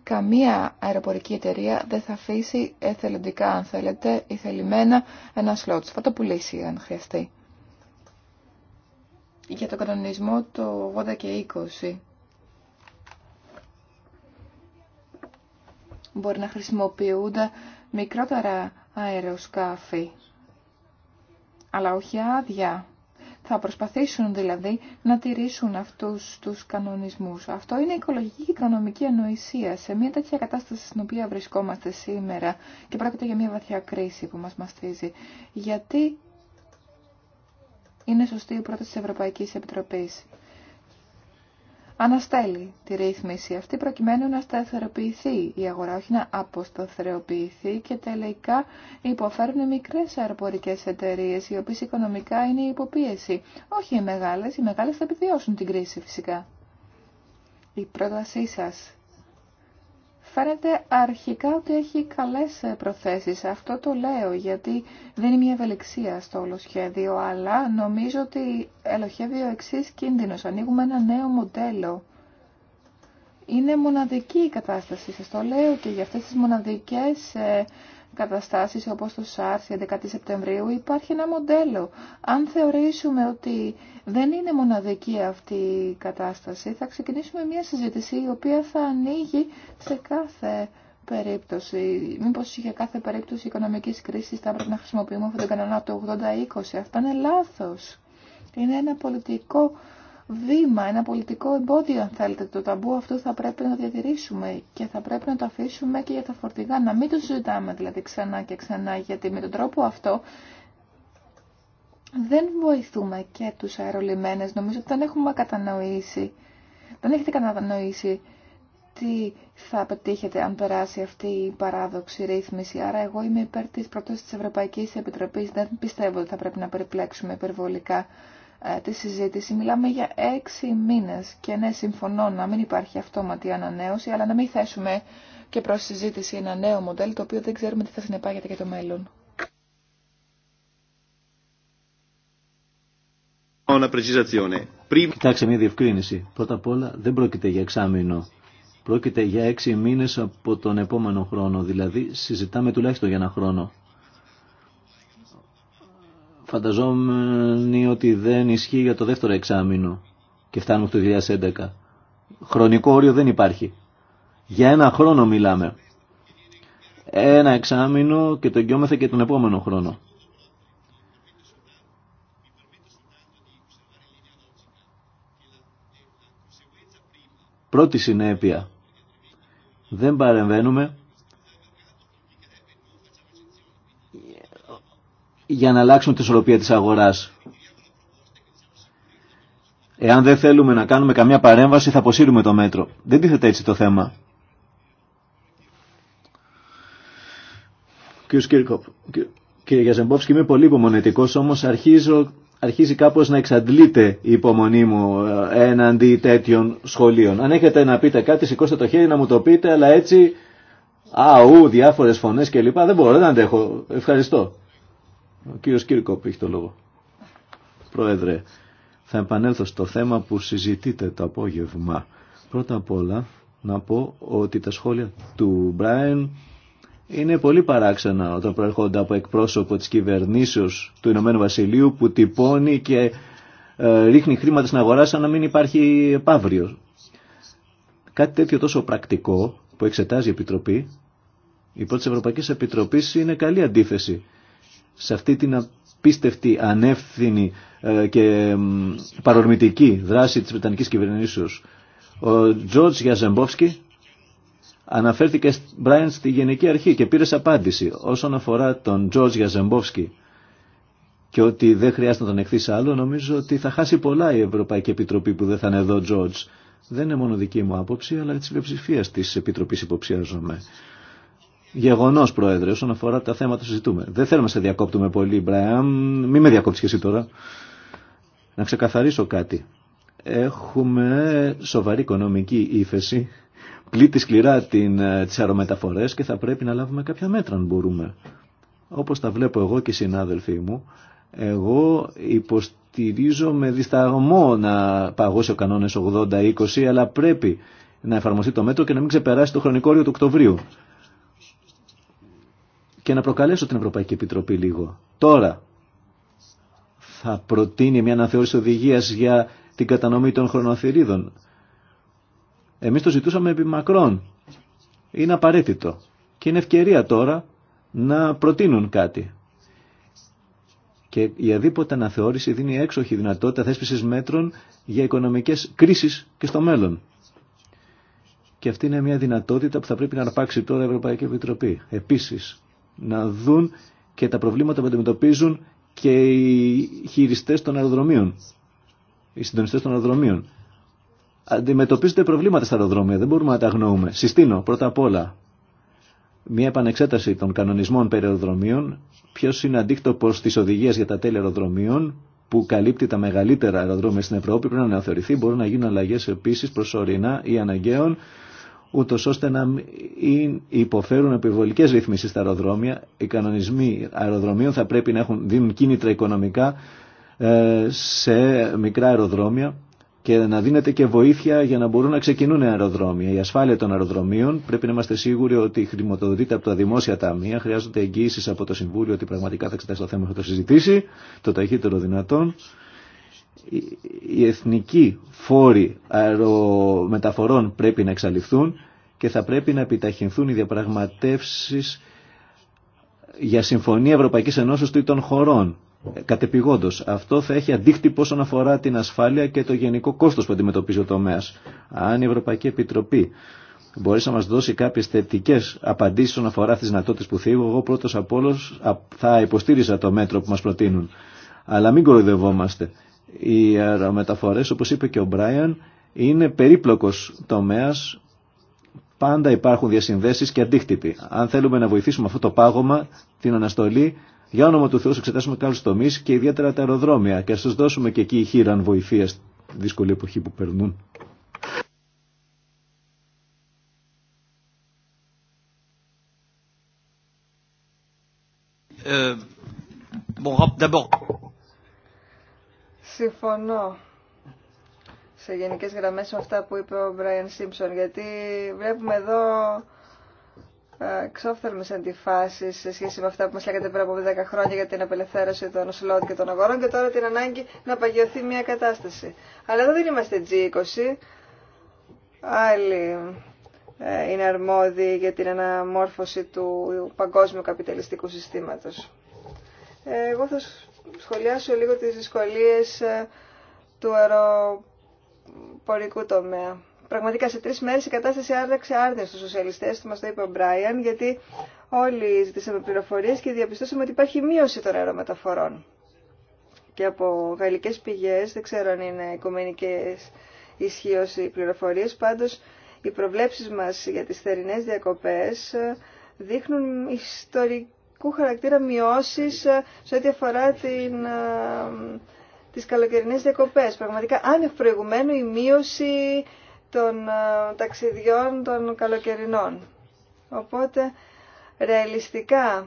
καμία αεροπορική εταιρεία δεν θα αφήσει εθελοντικά, αν θέλετε, ή θελημένα ένα σλότ. Θα το πουλήσει αν χρειαστεί για τον κανονισμό το 80 και 20. Μπορεί να χρησιμοποιούνται μικρότερα αεροσκάφη, αλλά όχι άδεια. Θα προσπαθήσουν δηλαδή να τηρήσουν αυτούς τους κανονισμούς. Αυτό είναι οικολογική και οικονομική ανοησία σε μια τέτοια κατάσταση στην οποία βρισκόμαστε σήμερα και πρόκειται για μια βαθιά κρίση που μας μαστίζει. Γιατί είναι σωστή η πρόταση της Ευρωπαϊκής Επιτροπής. Αναστέλει τη ρύθμιση αυτή προκειμένου να σταθεροποιηθεί η αγορά, όχι να αποσταθεροποιηθεί και τελικά υποφέρουν μικρές αεροπορικές εταιρείες, οι οποίες οικονομικά είναι υποπίεση. Όχι οι μεγάλες, οι μεγάλες θα επιβιώσουν την κρίση φυσικά. Η πρότασή σας φαίνεται αρχικά ότι έχει καλές προθέσεις. Αυτό το λέω γιατί δεν είναι μια ευελιξία στο όλο σχέδιο, αλλά νομίζω ότι ελοχεύει ο εξή κίνδυνος. Ανοίγουμε ένα νέο μοντέλο. Είναι μοναδική η κατάσταση, σας το λέω και για αυτές τις μοναδικές ε, καταστάσεις όπως το ΣΑΡΣ 11 Σεπτεμβρίου υπάρχει ένα μοντέλο. Αν θεωρήσουμε ότι δεν είναι μοναδική αυτή η κατάσταση θα ξεκινήσουμε μια συζήτηση η οποία θα ανοίγει σε κάθε περίπτωση. Μήπως για κάθε περίπτωση οικονομικής κρίσης θα πρέπει να χρησιμοποιούμε αυτόν τον κανόνα το 80-20. Αυτό είναι λάθος. Είναι ένα πολιτικό βήμα, ένα πολιτικό εμπόδιο αν θέλετε. Το ταμπού αυτό θα πρέπει να διατηρήσουμε και θα πρέπει να το αφήσουμε και για τα φορτηγά, να μην το συζητάμε δηλαδή ξανά και ξανά, γιατί με τον τρόπο αυτό δεν βοηθούμε και τους αερολιμένες. Νομίζω ότι δεν έχουμε κατανοήσει, δεν έχετε κατανοήσει τι θα πετύχετε αν περάσει αυτή η παράδοξη ρύθμιση. Άρα εγώ είμαι υπέρ της πρόταση της Ευρωπαϊκής Επιτροπής. Δεν πιστεύω ότι θα πρέπει να περιπλέξουμε υπερβολικά ε, τη συζήτηση μιλάμε για έξι μήνες και ναι συμφωνώ να μην υπάρχει αυτόματη ανανέωση αλλά να μην θέσουμε και προς συζήτηση ένα νέο μοντέλο το οποίο δεν ξέρουμε τι θα συνεπάγεται για το μέλλον. Κοιτάξτε μια διευκρίνηση. Πρώτα απ' όλα δεν πρόκειται για εξάμεινο. Πρόκειται για έξι μήνες από τον επόμενο χρόνο. Δηλαδή συζητάμε τουλάχιστον για ένα χρόνο φανταζόμενοι ότι δεν ισχύει για το δεύτερο εξάμεινο και φτάνουμε το 2011. Χρονικό όριο δεν υπάρχει. Για ένα χρόνο μιλάμε. Ένα εξάμεινο και το εγγυόμεθα και τον επόμενο χρόνο. Πρώτη συνέπεια. Δεν παρεμβαίνουμε για να αλλάξουμε τη ισορροπία της αγοράς. Εάν δεν θέλουμε να κάνουμε καμία παρέμβαση θα αποσύρουμε το μέτρο. Δεν τίθεται έτσι το θέμα. Κύριος κύριε Γιαζεμπόφσκι, είμαι πολύ υπομονετικός, όμως αρχίζω, αρχίζει κάπως να εξαντλείται η υπομονή μου ε, έναντι τέτοιων σχολείων. Αν έχετε να πείτε κάτι, σηκώστε το χέρι να μου το πείτε, αλλά έτσι, αού, διάφορες φωνές κλπ. Δεν μπορώ, δεν αντέχω. Ευχαριστώ. Ο κύριος Κύρκοπ έχει το λόγο. Πρόεδρε, θα επανέλθω στο θέμα που συζητείτε το απόγευμα. Πρώτα απ' όλα να πω ότι τα σχόλια του Μπράιν είναι πολύ παράξενα όταν προέρχονται από εκπρόσωπο της κυβερνήσεως του Ηνωμένου Βασιλείου που τυπώνει και ε, ρίχνει χρήματα στην αγορά σαν να μην υπάρχει επαύριο. Κάτι τέτοιο τόσο πρακτικό που εξετάζει η Επιτροπή, η πρώτη Ευρωπαϊκή Επιτροπή είναι καλή αντίθεση σε αυτή την απίστευτη, ανεύθυνη ε, και παρορμητική δράση της Βρετανικής κυβερνήσεως. Ο Τζορτζ Γιαζεμπόφσκι αναφέρθηκε Μπράιν στη Γενική Αρχή και πήρε απάντηση όσον αφορά τον Τζορτζ Γιαζεμπόφσκι και ότι δεν χρειάζεται να τον εκθεί άλλο, νομίζω ότι θα χάσει πολλά η Ευρωπαϊκή Επιτροπή που δεν θα είναι εδώ, Τζορτζ. Δεν είναι μόνο δική μου άποψη, αλλά τη πλειοψηφία τη Επιτροπή υποψιάζομαι. Γεγονό, Πρόεδρε, όσον αφορά τα θέματα που συζητούμε. Δεν θέλουμε να σε διακόπτουμε πολύ, Μπραάμ. Μην με διακόψει και εσύ τώρα. Να ξεκαθαρίσω κάτι. Έχουμε σοβαρή οικονομική ύφεση. Πλήττει σκληρά ε, τι αερομεταφορέ και θα πρέπει να λάβουμε κάποια μέτρα αν μπορούμε. Όπω τα βλέπω εγώ και οι συνάδελφοί μου, εγώ υποστηρίζω με δισταγμό να παγώσει ο κανονε 80 80-20, αλλά πρέπει να εφαρμοστεί το μέτρο και να μην ξεπεράσει το χρονικό όριο του Οκτωβρίου και να προκαλέσω την Ευρωπαϊκή Επιτροπή λίγο. Τώρα θα προτείνει μια αναθεώρηση οδηγία για την κατανομή των χρονοθυρίδων. Εμείς το ζητούσαμε επί μακρόν. Είναι απαραίτητο. Και είναι ευκαιρία τώρα να προτείνουν κάτι. Και η αδίποτα αναθεώρηση δίνει έξοχη δυνατότητα θέσπισης μέτρων για οικονομικές κρίσεις και στο μέλλον. Και αυτή είναι μια δυνατότητα που θα πρέπει να αρπάξει τώρα η Ευρωπαϊκή Επιτροπή. Επίσης, να δουν και τα προβλήματα που αντιμετωπίζουν και οι χειριστές των αεροδρομίων, οι συντονιστές των αεροδρομίων. Αντιμετωπίζονται προβλήματα στα αεροδρόμια, δεν μπορούμε να τα αγνοούμε. Συστήνω πρώτα απ' όλα μια επανεξέταση των κανονισμών περί αεροδρομίων, ποιο είναι αντίκτοπο τη οδηγία για τα τέλη αεροδρομίων που καλύπτει τα μεγαλύτερα αεροδρόμια στην Ευρώπη, πρέπει να αναθεωρηθεί. Μπορούν να γίνουν αλλαγέ επίση προσωρινά ή αναγκαίων ούτω ώστε να μην υποφέρουν επιβολικέ ρυθμίσει στα αεροδρόμια. Οι κανονισμοί αεροδρομίων θα πρέπει να έχουν, δίνουν κίνητρα οικονομικά ε, σε μικρά αεροδρόμια και να δίνεται και βοήθεια για να μπορούν να ξεκινούν αεροδρόμια. Η ασφάλεια των αεροδρομίων πρέπει να είμαστε σίγουροι ότι χρηματοδοτείται από τα δημόσια ταμεία. Χρειάζονται εγγύησει από το Συμβούλιο ότι πραγματικά θα εξετάσει το θέμα, θα το συζητήσει το ταχύτερο δυνατόν οι εθνικοί φόροι αερομεταφορών πρέπει να εξαλειφθούν και θα πρέπει να επιταχυνθούν οι διαπραγματεύσεις για συμφωνία Ευρωπαϊκής ή των χωρών. Ε, κατεπηγόντως, αυτό θα έχει αντίκτυπο όσον αφορά την ασφάλεια και το γενικό κόστος που αντιμετωπίζει ο τομέας. Αν η Ευρωπαϊκή Επιτροπή μπορεί να μας δώσει κάποιες θετικές απαντήσεις όσον αφορά τις δυνατότητες που θίγω, εγώ πρώτος απ' όλους θα υποστήριζα το μέτρο που μας προτείνουν. Αλλά μην κοροϊδευόμαστε. Οι αερομεταφορές, όπως είπε και ο Μπράιαν, είναι περίπλοκος τομέας. Πάντα υπάρχουν διασυνδέσεις και αντίκτυποι. Αν θέλουμε να βοηθήσουμε αυτό το πάγωμα, την αναστολή, για όνομα του Θεού, εξετάσουμε κάποιου τομεί και ιδιαίτερα τα αεροδρόμια και α του δώσουμε και εκεί χείραν βοηθεία στη δύσκολη εποχή που περνούν. Ε, bon, Συμφωνώ σε γενικές γραμμές με αυτά που είπε ο Μπράιν Σίμψον, γιατί βλέπουμε εδώ εξόφθαλμες αντιφάσεις σε σχέση με αυτά που μας λέγατε πριν από 10 χρόνια για την απελευθέρωση των σλότ και των αγορών και τώρα την ανάγκη να παγιωθεί μια κατάσταση. Αλλά εδώ δεν είμαστε G20, άλλοι ε, είναι αρμόδιοι για την αναμόρφωση του παγκόσμιου καπιταλιστικού συστήματος. Ε, εγώ θα σχολιάσω λίγο τις δυσκολίες ε, του αεροπορικού τομέα. Πραγματικά σε τρεις μέρες η κατάσταση άρδεξε άρδια στους σοσιαλιστές, μας το είπε ο Μπράιαν, γιατί όλοι ζητήσαμε πληροφορίες και διαπιστώσαμε ότι υπάρχει μείωση των αερομεταφορών. Και από γαλλικές πηγές, δεν ξέρω αν είναι οικουμενικές ισχύω οι πληροφορίες, πάντως οι προβλέψεις μας για τις θερινές διακοπές ε, δείχνουν ιστορική χαρακτήρα μειώσεις ε, σε ό,τι αφορά την, ε, τις καλοκαιρινές διακοπές. Πραγματικά άνευ προηγουμένου η μείωση των ε, ταξιδιών των καλοκαιρινών. Οπότε ρεαλιστικά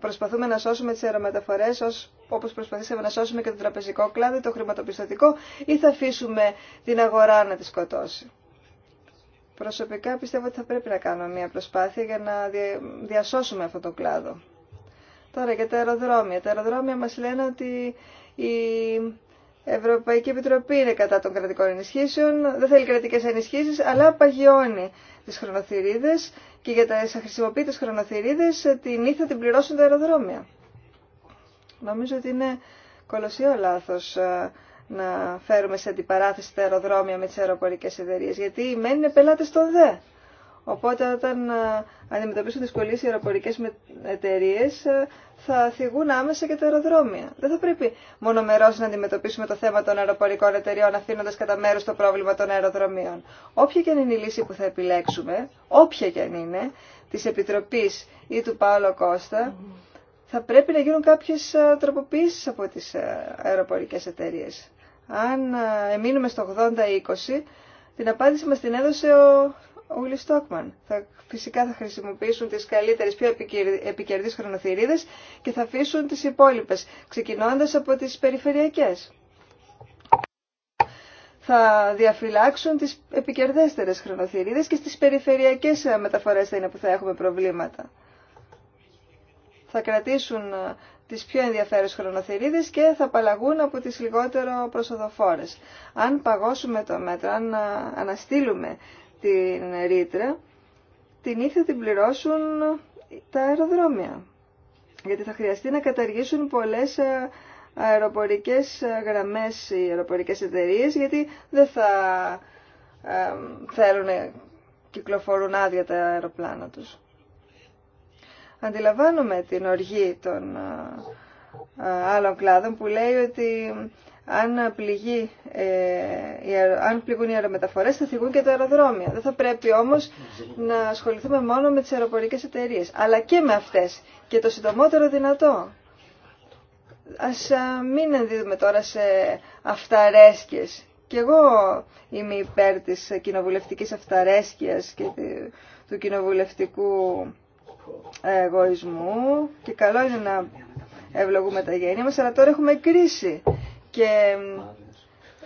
προσπαθούμε να σώσουμε τις αερομεταφορές όπω όπως προσπαθήσαμε να σώσουμε και το τραπεζικό κλάδο, το χρηματοπιστωτικό, ή θα αφήσουμε την αγορά να τη σκοτώσει. Προσωπικά πιστεύω ότι θα πρέπει να κάνουμε μια προσπάθεια για να διασώσουμε αυτό το κλάδο. Τώρα για τα αεροδρόμια. Τα αεροδρόμια μας λένε ότι η Ευρωπαϊκή Επιτροπή είναι κατά των κρατικών ενισχύσεων, δεν θέλει κρατικές ενισχύσεις, αλλά παγιώνει τις χρονοθυρίδες και για τα χρησιμοποιητές χρονοθυρίδες την ήθα την πληρώσουν τα αεροδρόμια. Νομίζω ότι είναι κολοσσίο λάθος ε, να φέρουμε σε αντιπαράθεση τα αεροδρόμια με τις αεροπορικές εταιρείε, γιατί οι μένουν πελάτες των ΔΕ. Οπότε όταν ε, αντιμετωπίσουν δυσκολίες οι αεροπορικές εταιρείε ε, θα θυγούν άμεσα και τα αεροδρόμια. Δεν θα πρέπει μονομερώς να αντιμετωπίσουμε το θέμα των αεροπορικών εταιρείων αφήνοντας κατά μέρος το πρόβλημα των αεροδρομίων. Όποια και αν είναι η λύση που θα επιλέξουμε, όποια και αν είναι, της Επιτροπής ή του Πάολο Κώστα, θα πρέπει να γίνουν κάποιες ε, τροποποιήσεις από τις αεροπορικές εταιρείε. Αν εμείνουμε στο 80-20, την απάντηση μας την έδωσε ο ο Στόκμαν. Θα, φυσικά θα χρησιμοποιήσουν τις καλύτερες, πιο επικερδείς χρονοθυρίδες και θα αφήσουν τις υπόλοιπες, ξεκινώντας από τις περιφερειακές. Θα διαφυλάξουν τις επικερδέστερες χρονοθυρίδες και στις περιφερειακές μεταφορές θα είναι που θα έχουμε προβλήματα. Θα κρατήσουν ε, τις πιο ενδιαφέρουσες χρονοθυρίδες και θα απαλλαγούν από τις λιγότερο προσοδοφόρες. Αν παγώσουμε το μέτρο, αν ε, αναστείλουμε την ρήτρα, την ήθε την πληρώσουν τα αεροδρόμια. Γιατί θα χρειαστεί να καταργήσουν πολλές ε, αεροπορικές ε, γραμμές οι αεροπορικές εταιρείες, γιατί δεν θα ε, θέλουν να κυκλοφορούν άδεια τα αεροπλάνα τους. Αντιλαμβάνομαι την οργή των άλλων κλάδων που λέει ότι αν, πληγεί, ε, αν πληγούν οι αερομεταφορές θα θυγούν και τα αεροδρόμια. Δεν θα πρέπει όμως να ασχοληθούμε μόνο με τις αεροπορικές εταιρείε, αλλά και με αυτές και το συντομότερο δυνατό. Ας ε, μην ενδίδουμε τώρα σε αυταρέσκειες. Κι εγώ είμαι υπέρ της κοινοβουλευτικής αυταρέσκειας και του κοινοβουλευτικού εγωισμού και καλό είναι να ευλογούμε τα γένεια μας, αλλά τώρα έχουμε κρίση και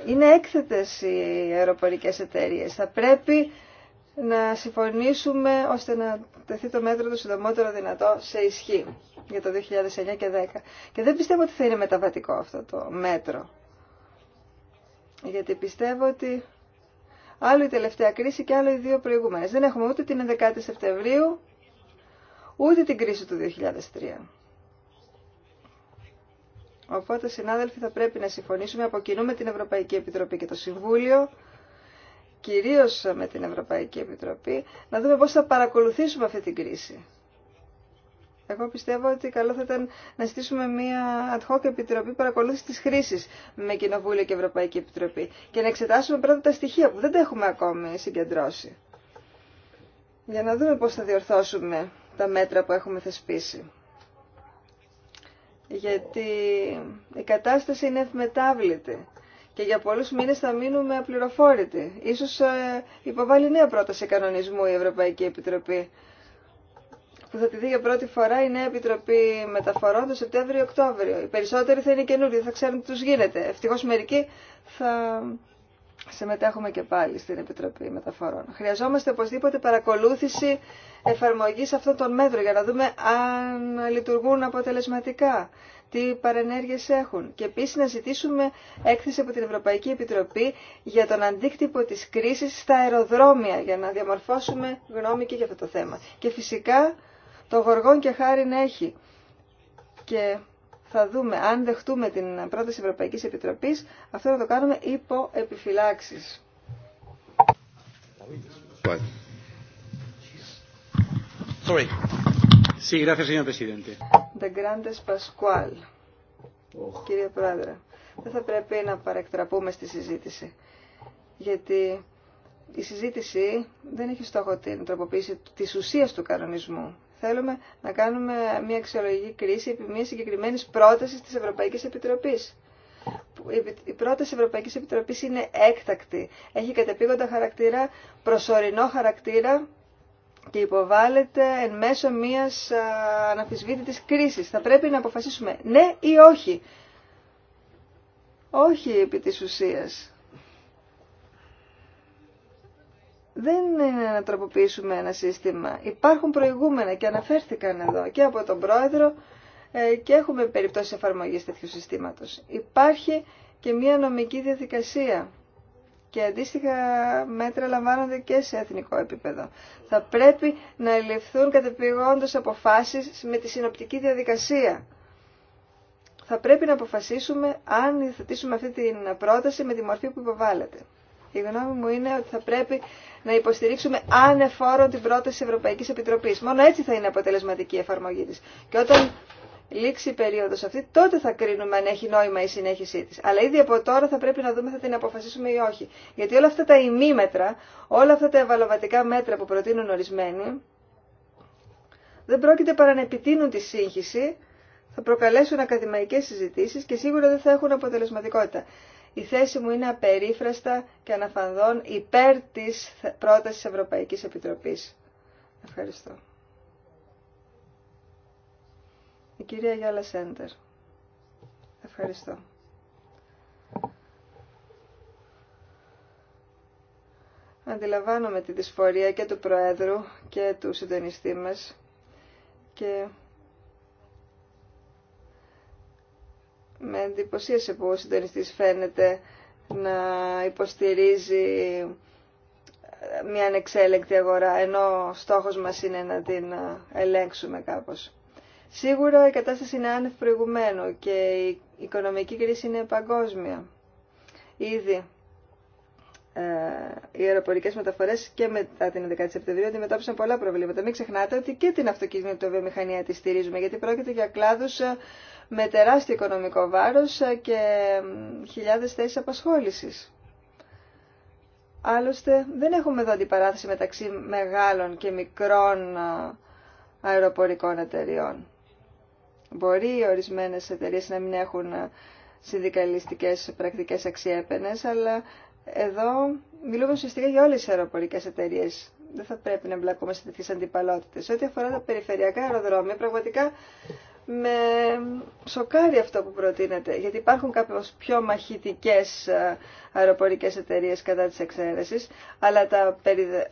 είναι έκθετες οι αεροπορικές εταιρείε. Θα πρέπει να συμφωνήσουμε ώστε να τεθεί το μέτρο το συντομότερο δυνατό σε ισχύ για το 2009 και 2010. Και δεν πιστεύω ότι θα είναι μεταβατικό αυτό το μέτρο. Γιατί πιστεύω ότι άλλο η τελευταία κρίση και άλλο οι δύο προηγούμενες. Δεν έχουμε ούτε την 11η Σεπτεμβρίου, ούτε την κρίση του 2003. Οπότε, συνάδελφοι, θα πρέπει να συμφωνήσουμε από κοινού με την Ευρωπαϊκή Επιτροπή και το Συμβούλιο, κυρίω με την Ευρωπαϊκή Επιτροπή, να δούμε πώ θα παρακολουθήσουμε αυτή την κρίση. Εγώ πιστεύω ότι καλό θα ήταν να στήσουμε μια ad hoc επιτροπή παρακολούθηση τη χρήση με Κοινοβούλιο και Ευρωπαϊκή Επιτροπή και να εξετάσουμε πρώτα τα στοιχεία που δεν τα έχουμε ακόμη συγκεντρώσει. Για να δούμε πώ θα διορθώσουμε τα μέτρα που έχουμε θεσπίσει γιατί η κατάσταση είναι ευμετάβλητη και για πολλούς μήνες θα μείνουμε απληροφόρητοι. Ίσως ε, υποβάλει νέα πρόταση κανονισμού η Ευρωπαϊκή Επιτροπή που θα τη δει για πρώτη φορά η νέα Επιτροπή Μεταφορών το Σεπτέμβριο-Οκτώβριο. Οι περισσότεροι θα είναι καινούριοι, θα ξέρουν τι τους γίνεται. Ευτυχώς μερικοί θα συμμετέχουμε και πάλι στην Επιτροπή Μεταφορών. Χρειαζόμαστε οπωσδήποτε παρακολούθηση εφαρμογής αυτών των μέτρων για να δούμε αν λειτουργούν αποτελεσματικά, τι παρενέργειες έχουν. Και επίσης να ζητήσουμε έκθεση από την Ευρωπαϊκή Επιτροπή για τον αντίκτυπο της κρίσης στα αεροδρόμια για να διαμορφώσουμε γνώμη και για αυτό το θέμα. Και φυσικά το γοργόν και να έχει. Και θα δούμε αν δεχτούμε την πρόταση Ευρωπαϊκής Επιτροπής, αυτό θα το κάνουμε υπό επιφυλάξεις. Oh. Κύριε Πρόεδρε, δεν θα πρέπει να παρεκτραπούμε στη συζήτηση. Γιατί η συζήτηση δεν έχει στόχο την τροποποίηση της ουσίας του κανονισμού θέλουμε να κάνουμε μια αξιολογική κρίση επί μια συγκεκριμένη πρόταση τη Ευρωπαϊκή Επιτροπή. Η πρόταση Ευρωπαϊκή Επιτροπή είναι έκτακτη. Έχει κατεπήγοντα χαρακτήρα, προσωρινό χαρακτήρα και υποβάλλεται εν μέσω μια αναφυσβήτητης κρίση. Θα πρέπει να αποφασίσουμε ναι ή όχι. Όχι επί της ουσίας. δεν είναι να τροποποιήσουμε ένα σύστημα. Υπάρχουν προηγούμενα και αναφέρθηκαν εδώ και από τον πρόεδρο ε, και έχουμε περιπτώσεις εφαρμογή τέτοιου συστήματος. Υπάρχει και μια νομική διαδικασία και αντίστοιχα μέτρα λαμβάνονται και σε εθνικό επίπεδο. Θα πρέπει να ληφθούν κατεπηγόντως αποφάσεις με τη συνοπτική διαδικασία. Θα πρέπει να αποφασίσουμε αν υιοθετήσουμε αυτή την πρόταση με τη μορφή που υποβάλλεται. Η γνώμη μου είναι ότι θα πρέπει να υποστηρίξουμε ανεφόρον την πρόταση της Ευρωπαϊκής Επιτροπής. Μόνο έτσι θα είναι αποτελεσματική η εφαρμογή της. Και όταν λήξει η περίοδος αυτή, τότε θα κρίνουμε αν έχει νόημα η συνέχισή της. Αλλά ήδη από τώρα θα πρέπει να δούμε θα την αποφασίσουμε ή όχι. Γιατί όλα αυτά τα ημίμετρα, όλα αυτά τα ευαλωβατικά μέτρα που προτείνουν ορισμένοι, δεν πρόκειται παρά να επιτείνουν τη σύγχυση, θα προκαλέσουν ακαδημαϊκές συζητήσεις και σίγουρα δεν θα έχουν αποτελεσματικότητα η θέση μου είναι απερίφραστα και αναφανδόν υπέρ της πρότασης Ευρωπαϊκής Επιτροπής. Ευχαριστώ. Η κυρία Γιάλα Σέντερ. Ευχαριστώ. Αντιλαμβάνομαι τη δυσφορία και του Προέδρου και του συντονιστή μας και με εντυπωσίασε που ο συντονιστής φαίνεται να υποστηρίζει μια ανεξέλεγκτη αγορά, ενώ στόχος μας είναι να την ε, ελέγξουμε κάπως. Σίγουρα η κατάσταση είναι άνευ προηγουμένου και η οικονομική κρίση είναι παγκόσμια. Ήδη ε, οι αεροπορικέ μεταφορέ και μετά την 11η Σεπτεμβρίου αντιμετώπισαν πολλά προβλήματα. Μην ξεχνάτε ότι και την αυτοκινητοβιομηχανία τη στηρίζουμε, γιατί πρόκειται για κλάδου ε, με τεράστιο οικονομικό βάρος και χιλιάδες θέσεις απασχόλησης. Άλλωστε δεν έχουμε εδώ αντιπαράθεση μεταξύ μεγάλων και μικρών αεροπορικών εταιριών. Μπορεί ορισμένες εταιρείες να μην έχουν συνδικαλιστικές πρακτικές αξιέπαινες, αλλά εδώ μιλούμε ουσιαστικά για όλες τις αεροπορικές εταιρείες. Δεν θα πρέπει να εμπλακούμε σε τέτοιες αντιπαλότητες. Ό,τι αφορά τα περιφερειακά αεροδρόμια, πραγματικά με σοκάρει αυτό που προτείνεται, γιατί υπάρχουν κάποιες πιο μαχητικές ε, αεροπορικές εταιρείες κατά της εξαίρεσης, αλλά τα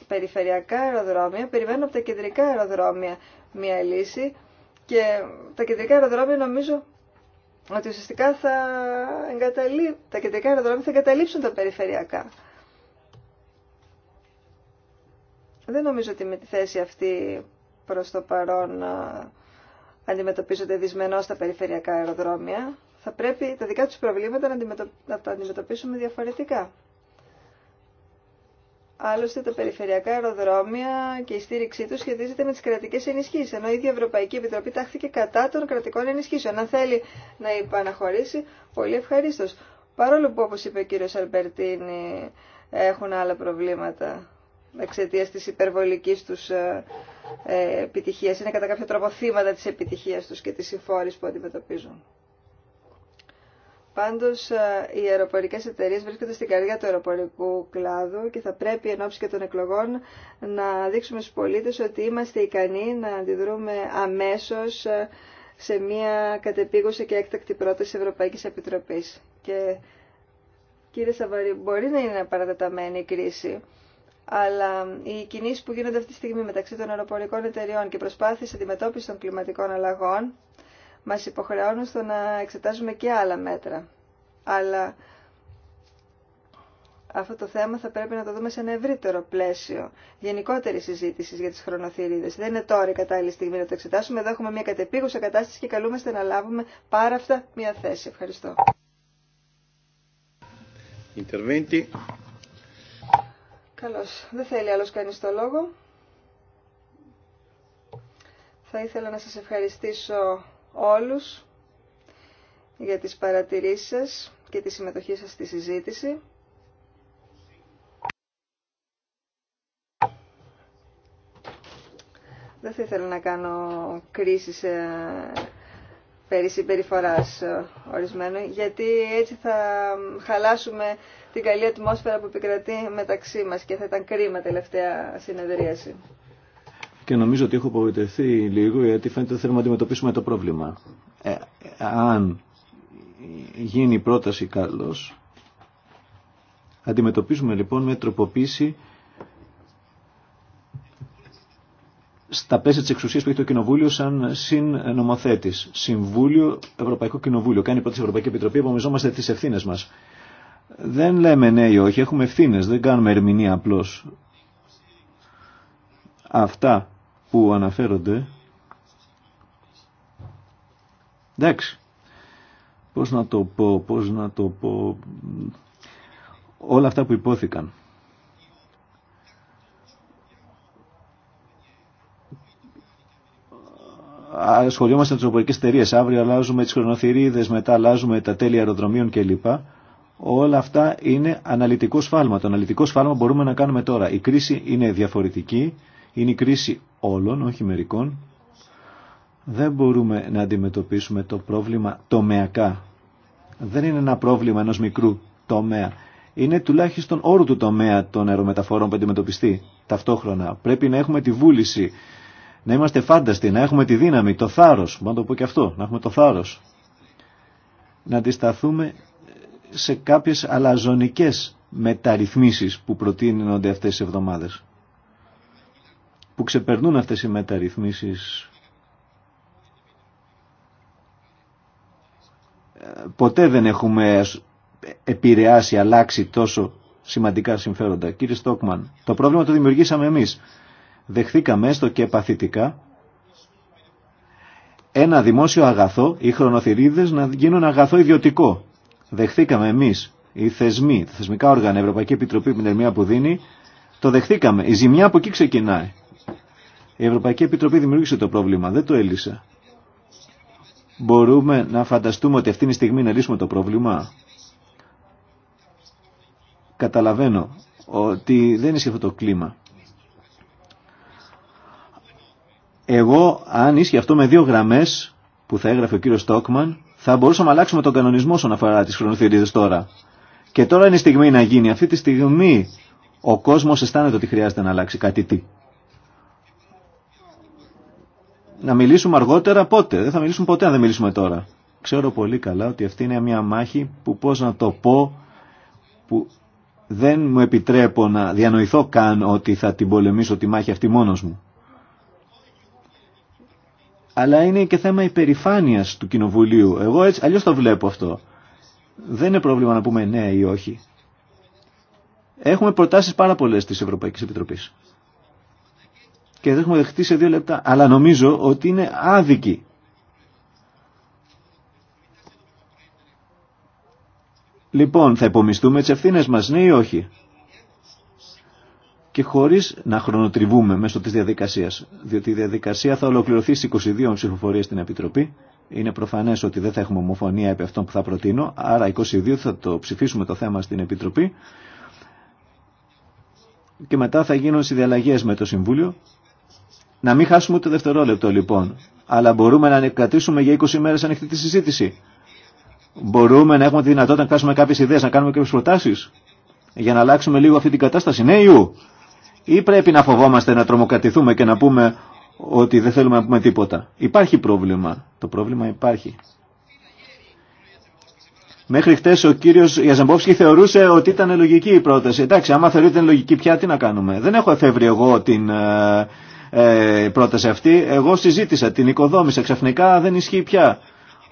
περιφερειακά αεροδρόμια περιμένουν από τα κεντρικά αεροδρόμια μια λύση και τα κεντρικά αεροδρόμια νομίζω ότι ουσιαστικά θα τα κεντρικά αεροδρόμια θα εγκαταλείψουν τα περιφερειακά. Δεν νομίζω ότι με τη θέση αυτή προς το παρόν ε, αντιμετωπίζονται δυσμενώ τα περιφερειακά αεροδρόμια, θα πρέπει τα δικά τους προβλήματα να, τα αντιμετωπίσουμε διαφορετικά. Άλλωστε τα περιφερειακά αεροδρόμια και η στήριξή του σχετίζεται με τι κρατικέ ενισχύσει. Ενώ η ίδια Ευρωπαϊκή Επιτροπή τάχθηκε κατά των κρατικών ενισχύσεων. Αν θέλει να υπαναχωρήσει, πολύ ευχαρίστω. Παρόλο που, όπω είπε ο κύριο Αλμπερτίνη, έχουν άλλα προβλήματα εξαιτία τη υπερβολική τους ε, ε, επιτυχία. Είναι κατά κάποιο τρόπο θύματα τη επιτυχία τους και τη συμφόρης που αντιμετωπίζουν. Πάντως, ε, οι αεροπορικέ εταιρείε βρίσκονται στην καρδιά του αεροπορικού κλάδου και θα πρέπει εν ώψη και των εκλογών να δείξουμε στου πολίτε ότι είμαστε ικανοί να αντιδρούμε αμέσω σε μια κατεπίγουσα και έκτακτη πρόταση Ευρωπαϊκή Επιτροπή. Και κύριε Σαββαρή, μπορεί να είναι παρατεταμένη η κρίση, αλλά οι κινήσεις που γίνονται αυτή τη στιγμή μεταξύ των αεροπορικών εταιριών και προσπάθειες αντιμετώπισης των κλιματικών αλλαγών μας υποχρεώνουν στο να εξετάζουμε και άλλα μέτρα. Αλλά αυτό το θέμα θα πρέπει να το δούμε σε ένα ευρύτερο πλαίσιο γενικότερη συζήτηση για τι χρονοθυρίδε. Δεν είναι τώρα η κατάλληλη στιγμή να το εξετάσουμε. Εδώ έχουμε μια κατεπίγουσα κατάσταση και καλούμαστε να λάβουμε πάρα αυτά μια θέση. Ευχαριστώ. Καλώς. Δεν θέλει άλλος κανείς το λόγο. Θα ήθελα να σας ευχαριστήσω όλους για τις παρατηρήσεις σας και τη συμμετοχή σας στη συζήτηση. Δεν θα ήθελα να κάνω κρίση σε περί συμπεριφοράς ε, ορισμένων, γιατί έτσι θα χαλάσουμε την καλή ατμόσφαιρα που επικρατεί μεταξύ μας και θα ήταν κρίμα τελευταία συνεδρίαση. Και νομίζω ότι έχω απογοητευτεί λίγο γιατί φαίνεται ότι θέλουμε να αντιμετωπίσουμε το πρόβλημα. Ε, αν γίνει η πρόταση καλώς, αντιμετωπίζουμε λοιπόν με τροποποίηση στα πλαίσια τη εξουσία που έχει το Κοινοβούλιο σαν συνομοθέτη. Συμβούλιο, Ευρωπαϊκό Κοινοβούλιο. Κάνει πρώτη Ευρωπαϊκή Επιτροπή, απομοιζόμαστε τι ευθύνε μα. Δεν λέμε ναι ή όχι, έχουμε ευθύνε, δεν κάνουμε ερμηνεία απλώ. Αυτά που αναφέρονται. Εντάξει. Πώς να το πω, πώς να το πω. Όλα αυτά που υπόθηκαν. ασχολιόμαστε με τι αεροπορικέ εταιρείε. Αύριο αλλάζουμε τι χρονοθυρίδε, μετά αλλάζουμε τα τέλη αεροδρομίων κλπ. Όλα αυτά είναι αναλυτικό σφάλμα. Το αναλυτικό σφάλμα μπορούμε να κάνουμε τώρα. Η κρίση είναι διαφορετική. Είναι η κρίση όλων, όχι μερικών. Δεν μπορούμε να αντιμετωπίσουμε το πρόβλημα τομεακά. Δεν είναι ένα πρόβλημα ενό μικρού τομέα. Είναι τουλάχιστον όρου του τομέα των αερομεταφορών που αντιμετωπιστεί ταυτόχρονα. Πρέπει να έχουμε τη βούληση να είμαστε φάνταστοι, να έχουμε τη δύναμη, το θάρρος, μπορώ να το πω και αυτό, να έχουμε το θάρρος, να αντισταθούμε σε κάποιες αλαζονικές μεταρρυθμίσεις που προτείνονται αυτές τις εβδομάδες, που ξεπερνούν αυτές οι μεταρρυθμίσεις. Ποτέ δεν έχουμε επηρεάσει, αλλάξει τόσο σημαντικά συμφέροντα. Κύριε Στόκμαν, το πρόβλημα το δημιουργήσαμε εμείς δεχθήκαμε έστω και παθητικά ένα δημόσιο αγαθό, οι χρονοθυρίδες να γίνουν αγαθό ιδιωτικό. Δεχθήκαμε εμείς, οι θεσμοί, τα θεσμικά όργανα, η Ευρωπαϊκή Επιτροπή με την που δίνει, το δεχθήκαμε. Η ζημιά από εκεί ξεκινάει. Η Ευρωπαϊκή Επιτροπή δημιούργησε το πρόβλημα, δεν το έλυσε. Μπορούμε να φανταστούμε ότι αυτήν τη στιγμή να λύσουμε το πρόβλημα. Καταλαβαίνω ότι δεν είναι αυτό το κλίμα. Εγώ, αν ίσχυε αυτό με δύο γραμμέ που θα έγραφε ο κύριο Στόκμαν, θα μπορούσαμε να αλλάξουμε τον κανονισμό όσον αφορά τι χρονοθυρίδε τώρα. Και τώρα είναι η στιγμή να γίνει. Αυτή τη στιγμή ο κόσμο αισθάνεται ότι χρειάζεται να αλλάξει κάτι τι. Να μιλήσουμε αργότερα πότε. Δεν θα μιλήσουμε ποτέ αν δεν μιλήσουμε τώρα. Ξέρω πολύ καλά ότι αυτή είναι μια μάχη που πώς να το πω που δεν μου επιτρέπω να διανοηθώ καν ότι θα την πολεμήσω τη μάχη αυτή μόνος μου αλλά είναι και θέμα υπερηφάνειας του Κοινοβουλίου. Εγώ έτσι αλλιώς το βλέπω αυτό. Δεν είναι πρόβλημα να πούμε ναι ή όχι. Έχουμε προτάσεις πάρα πολλές της Ευρωπαϊκής Επιτροπής. Και δεν έχουμε δεχτεί σε δύο λεπτά. Αλλά νομίζω ότι είναι άδικη. Λοιπόν, θα υπομιστούμε τις ευθύνες μας, ναι ή όχι και χωρίς να χρονοτριβούμε μέσω της διαδικασίας. Διότι η διαδικασία θα ολοκληρωθεί στις 22 ψηφοφορίες στην Επιτροπή. Είναι προφανές ότι δεν θα έχουμε ομοφωνία επί αυτών που θα προτείνω, άρα 22 θα το ψηφίσουμε το θέμα στην Επιτροπή και μετά θα γίνουν συνδιαλλαγές με το Συμβούλιο. Να μην χάσουμε ούτε δευτερόλεπτο λοιπόν, αλλά μπορούμε να κρατήσουμε για 20 μέρες ανοιχτή τη συζήτηση. Μπορούμε να έχουμε τη δυνατότητα να κάσουμε κάποιε ιδέε, να κάνουμε κάποιες προτάσεις για να αλλάξουμε λίγο αυτή την κατάσταση. Ναι, Ιού, ή πρέπει να φοβόμαστε να τρομοκατηθούμε και να πούμε ότι δεν θέλουμε να πούμε τίποτα. Υπάρχει πρόβλημα. Το πρόβλημα υπάρχει. Μέχρι χτε ο κύριο Γιαζεμπόφσκι θεωρούσε ότι ήταν λογική η πρόταση. Εντάξει, άμα θεωρεί ήταν λογική πια, τι να κάνουμε. Δεν έχω εφεύρει εγώ την ε, ε, πρόταση αυτή. Εγώ συζήτησα, την οικοδόμησα. Ξαφνικά δεν ισχύει πια.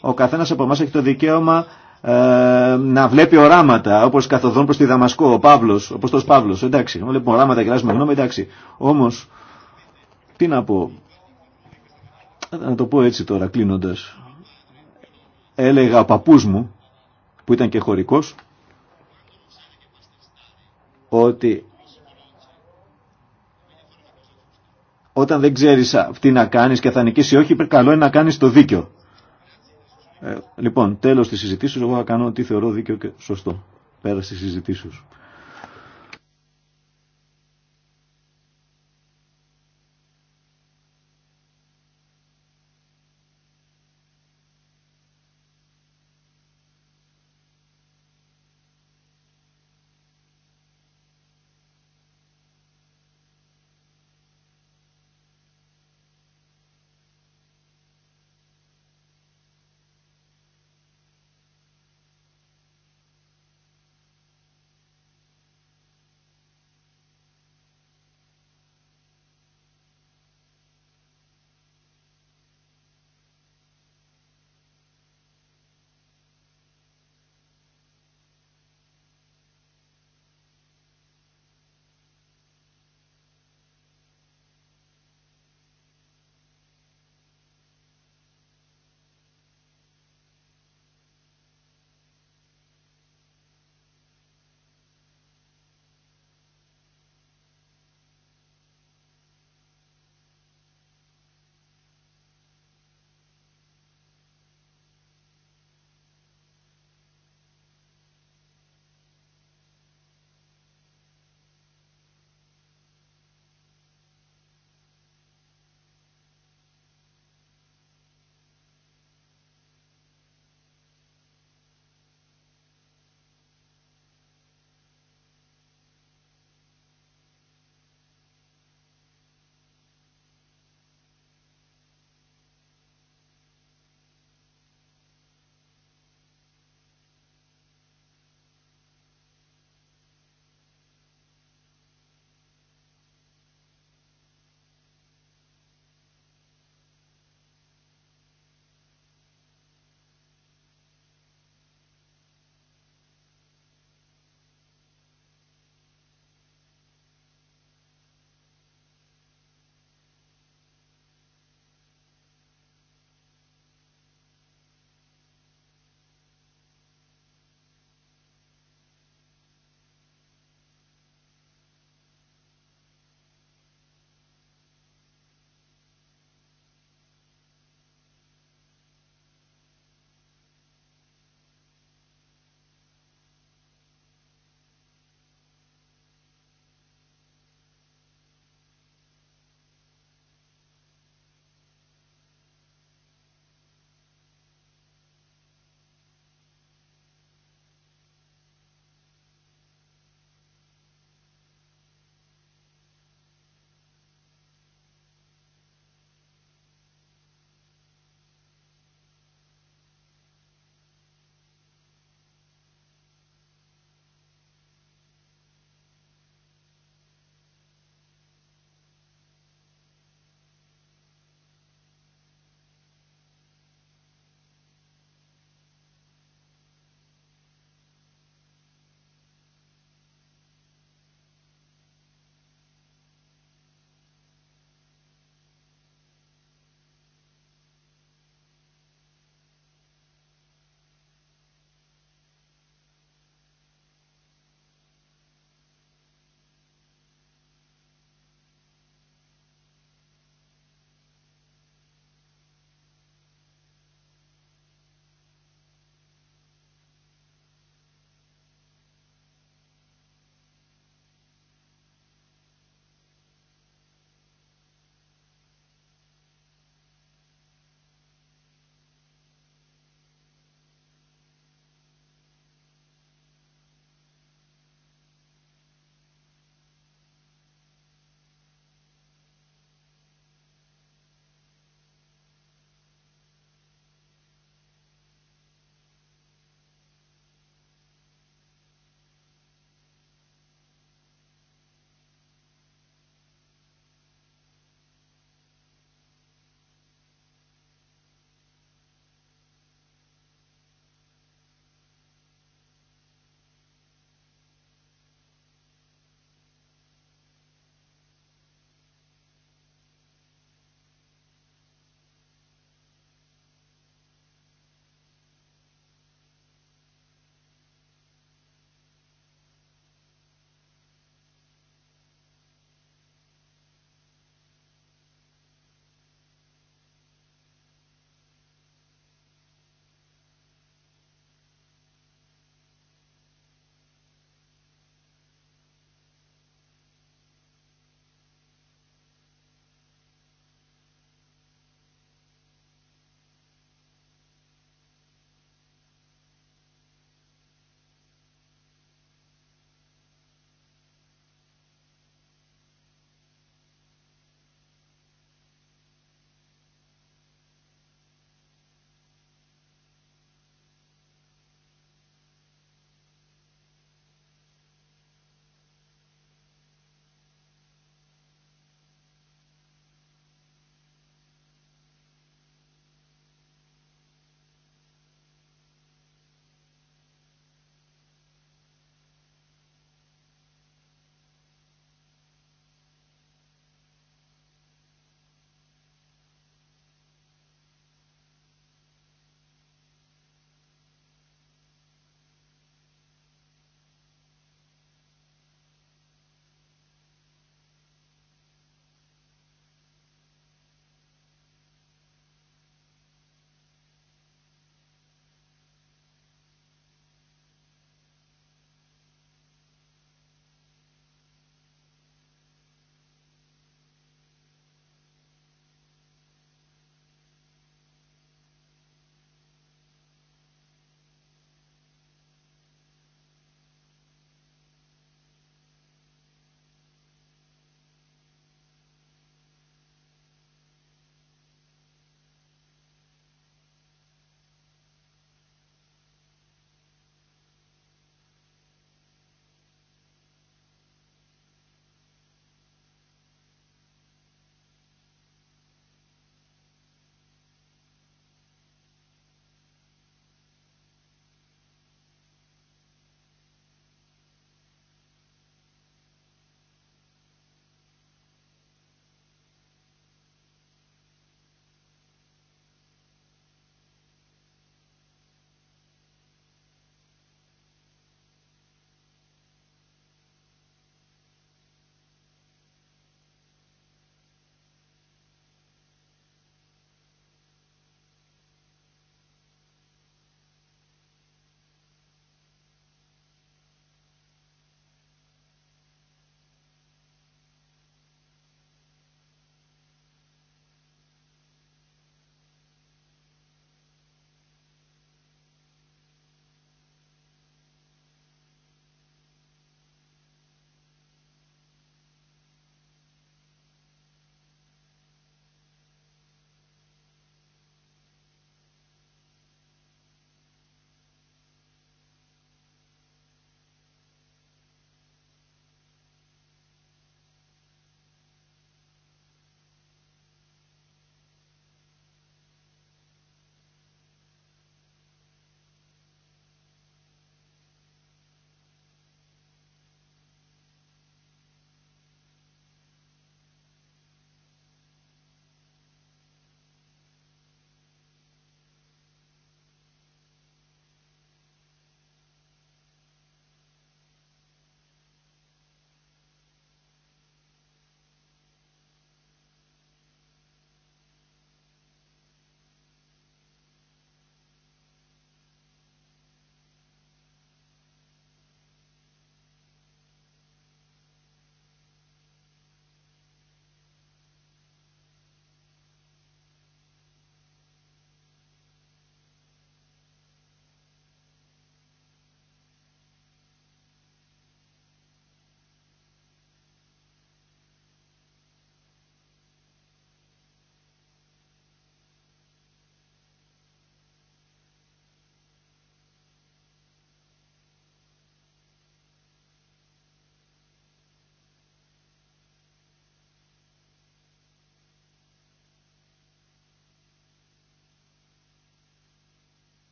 Ο καθένα από εμά έχει το δικαίωμα ε, να βλέπει οράματα, όπω καθοδόν προ τη Δαμασκό, ο Παύλος, ο Πόστο Παύλος Εντάξει, όταν βλέπουμε οράματα και αλλάζουμε γνώμη, εντάξει. Όμω, τι να πω. Να το πω έτσι τώρα, κλείνοντα. Έλεγα ο παππού μου, που ήταν και χωρικό, ότι όταν δεν ξέρεις τι να κάνεις και θα νικήσει όχι, καλό είναι να κάνεις το δίκιο. Ε, λοιπόν, τέλος της συζητήσεως, εγώ θα κάνω τι θεωρώ δίκαιο και σωστό. Πέρα στις συζητήσεις.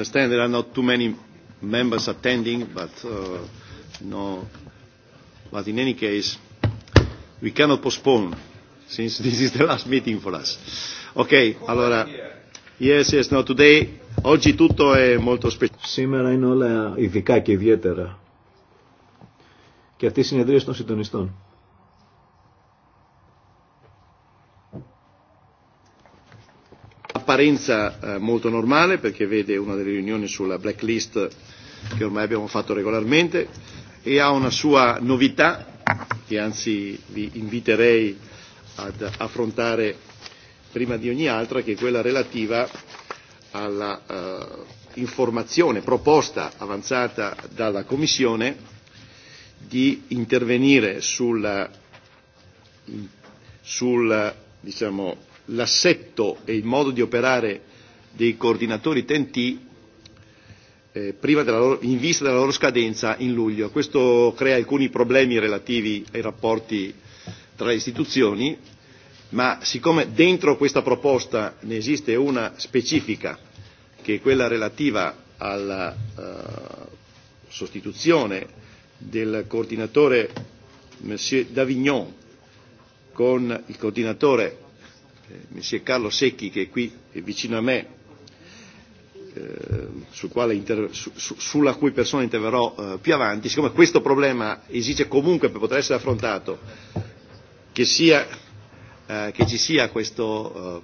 understand there are not too many members attending, but no. But in any case, we cannot postpone, since this is the last meeting for us. Okay. allora. Yes, yes, no, today, oggi tutto è molto speciale. Σήμερα είναι όλα ειδικά και ιδιαίτερα. Και αυτή η των συντονιστών. apparenza molto normale perché vede una delle riunioni sulla blacklist che ormai abbiamo fatto regolarmente e ha una sua novità che anzi vi inviterei ad affrontare prima di ogni altra che è quella relativa alla informazione proposta avanzata dalla Commissione di intervenire sulla sul diciamo l'assetto e il modo di operare dei coordinatori TNT in vista della loro scadenza in luglio. Questo crea alcuni problemi relativi ai rapporti tra le istituzioni, ma siccome dentro questa proposta ne esiste una specifica, che è quella relativa alla sostituzione del coordinatore Monsieur Davignon con il coordinatore M. Carlo Secchi che è qui vicino a me sulla cui persona interverrò più avanti, siccome questo problema esige comunque per poter essere affrontato che ci sia questo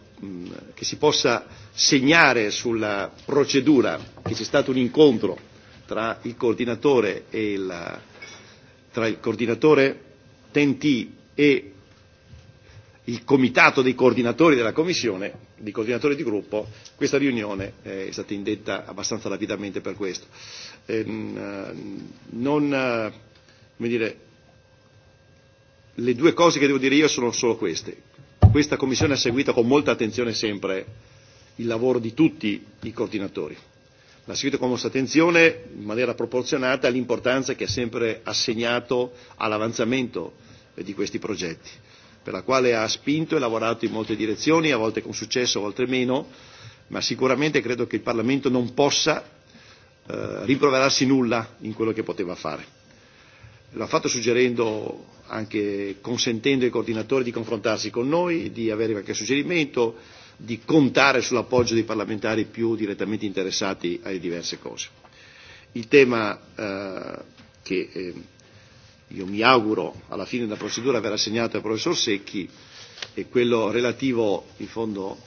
che si possa segnare sulla procedura che c'è stato un incontro tra il coordinatore e il tra il coordinatore TNT e il comitato dei coordinatori della commissione, dei coordinatori di gruppo, questa riunione è stata indetta abbastanza rapidamente per questo. Non, come dire, le due cose che devo dire io sono solo queste. Questa commissione ha seguito con molta attenzione sempre il lavoro di tutti i coordinatori. L'ha seguito con molta attenzione in maniera proporzionata all'importanza che ha sempre assegnato all'avanzamento di questi progetti per la quale ha spinto e lavorato in molte direzioni, a volte con successo, a volte meno, ma sicuramente credo che il Parlamento non possa riproverarsi nulla in quello che poteva fare. L'ha fatto suggerendo, anche consentendo ai coordinatori di confrontarsi con noi, di avere qualche suggerimento, di contare sull'appoggio dei parlamentari più direttamente interessati alle diverse cose. Il tema che io mi auguro alla fine della procedura verrà assegnato al professor Secchi e quello relativo in fondo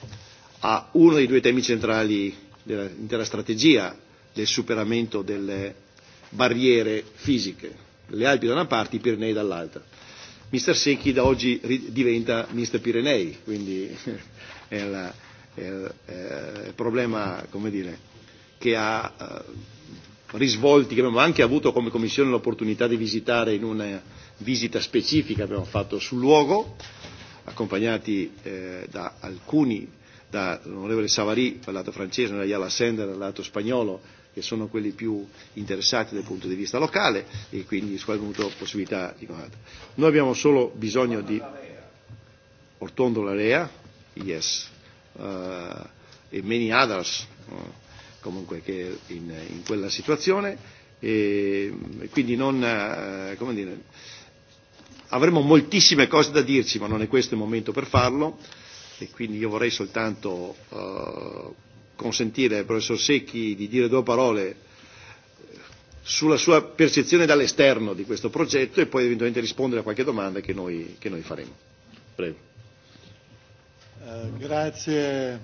a uno dei due temi centrali dell'intera strategia del superamento delle barriere fisiche le Alpi da una parte, i Pirenei dall'altra. Mister Secchi da oggi diventa Mr. Pirenei, quindi è il problema come dire, che ha risvolti che abbiamo anche avuto come Commissione l'opportunità di visitare in una visita specifica che abbiamo fatto sul luogo, accompagnati da alcuni, dall'onorevole Savary, lato francese, da Yala Sender, lato spagnolo, che sono quelli più interessati dal punto di vista locale e quindi su cui abbiamo avuto possibilità di Noi abbiamo solo bisogno di Ortondo Larea, yes, e many others comunque che in, in quella situazione e quindi non come dire, avremo moltissime cose da dirci ma non è questo il momento per farlo e quindi io vorrei soltanto consentire al professor Secchi di dire due parole sulla sua percezione dall'esterno di questo progetto e poi eventualmente rispondere a qualche domanda che noi, che noi faremo. Prego. grazie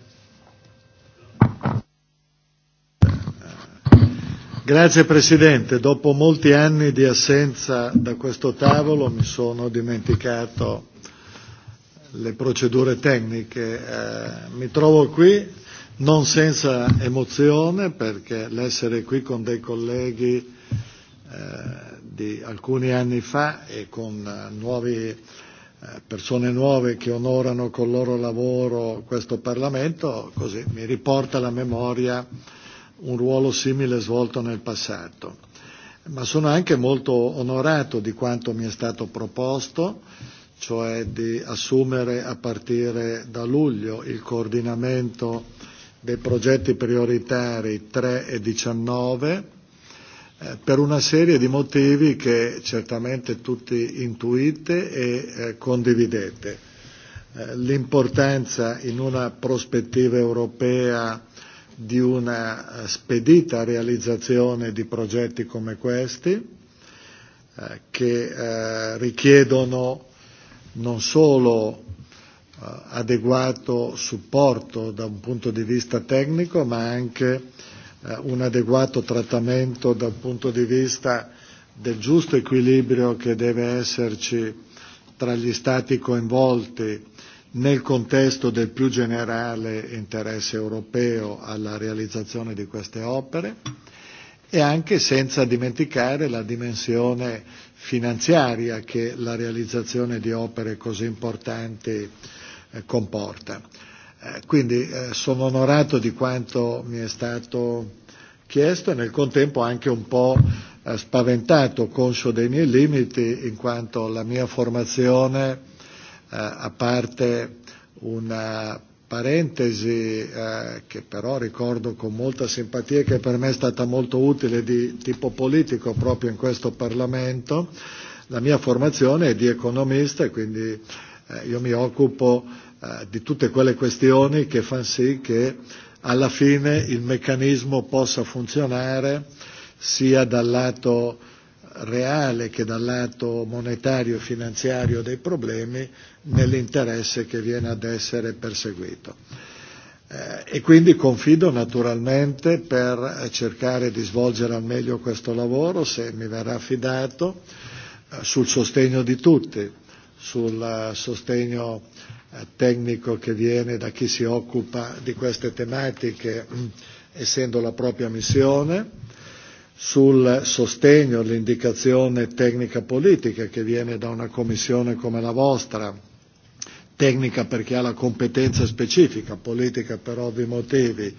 Grazie Presidente, dopo molti anni di assenza da questo tavolo mi sono dimenticato le procedure tecniche. Mi trovo qui non senza emozione perché l'essere qui con dei colleghi di alcuni anni fa e con nuovi persone nuove che onorano col loro lavoro questo Parlamento, così mi riporta la memoria un ruolo simile svolto nel passato, ma sono anche molto onorato di quanto mi è stato proposto, cioè di assumere a partire da luglio il coordinamento dei progetti prioritari 3 e 19 per una serie di motivi che certamente tutti intuite e condividete. L'importanza in una prospettiva europea di una spedita realizzazione di progetti come questi che richiedono non solo adeguato supporto da un punto di vista tecnico ma anche un adeguato trattamento dal punto di vista del giusto equilibrio che deve esserci tra gli stati coinvolti nel contesto del più generale interesse europeo alla realizzazione di queste opere e anche senza dimenticare la dimensione finanziaria che la realizzazione di opere così importanti comporta. Quindi sono onorato di quanto mi è stato chiesto e nel contempo anche un po' spaventato, conscio dei miei limiti, in quanto la mia formazione a parte una parentesi che però ricordo con molta simpatia che per me è stata molto utile di tipo politico proprio in questo Parlamento. La mia formazione è di economista e quindi io mi occupo di tutte quelle questioni che fanno sì che alla fine il meccanismo possa funzionare sia dal lato reale che dal lato monetario e finanziario dei problemi nell'interesse che viene ad essere perseguito. E quindi confido naturalmente per cercare di svolgere al meglio questo lavoro, se mi verrà affidato, sul sostegno di tutti, sul sostegno tecnico che viene da chi si occupa di queste tematiche essendo la propria missione sul sostegno, l'indicazione tecnica politica che viene da una commissione come la vostra, tecnica perché ha la competenza specifica, politica per ovvi motivi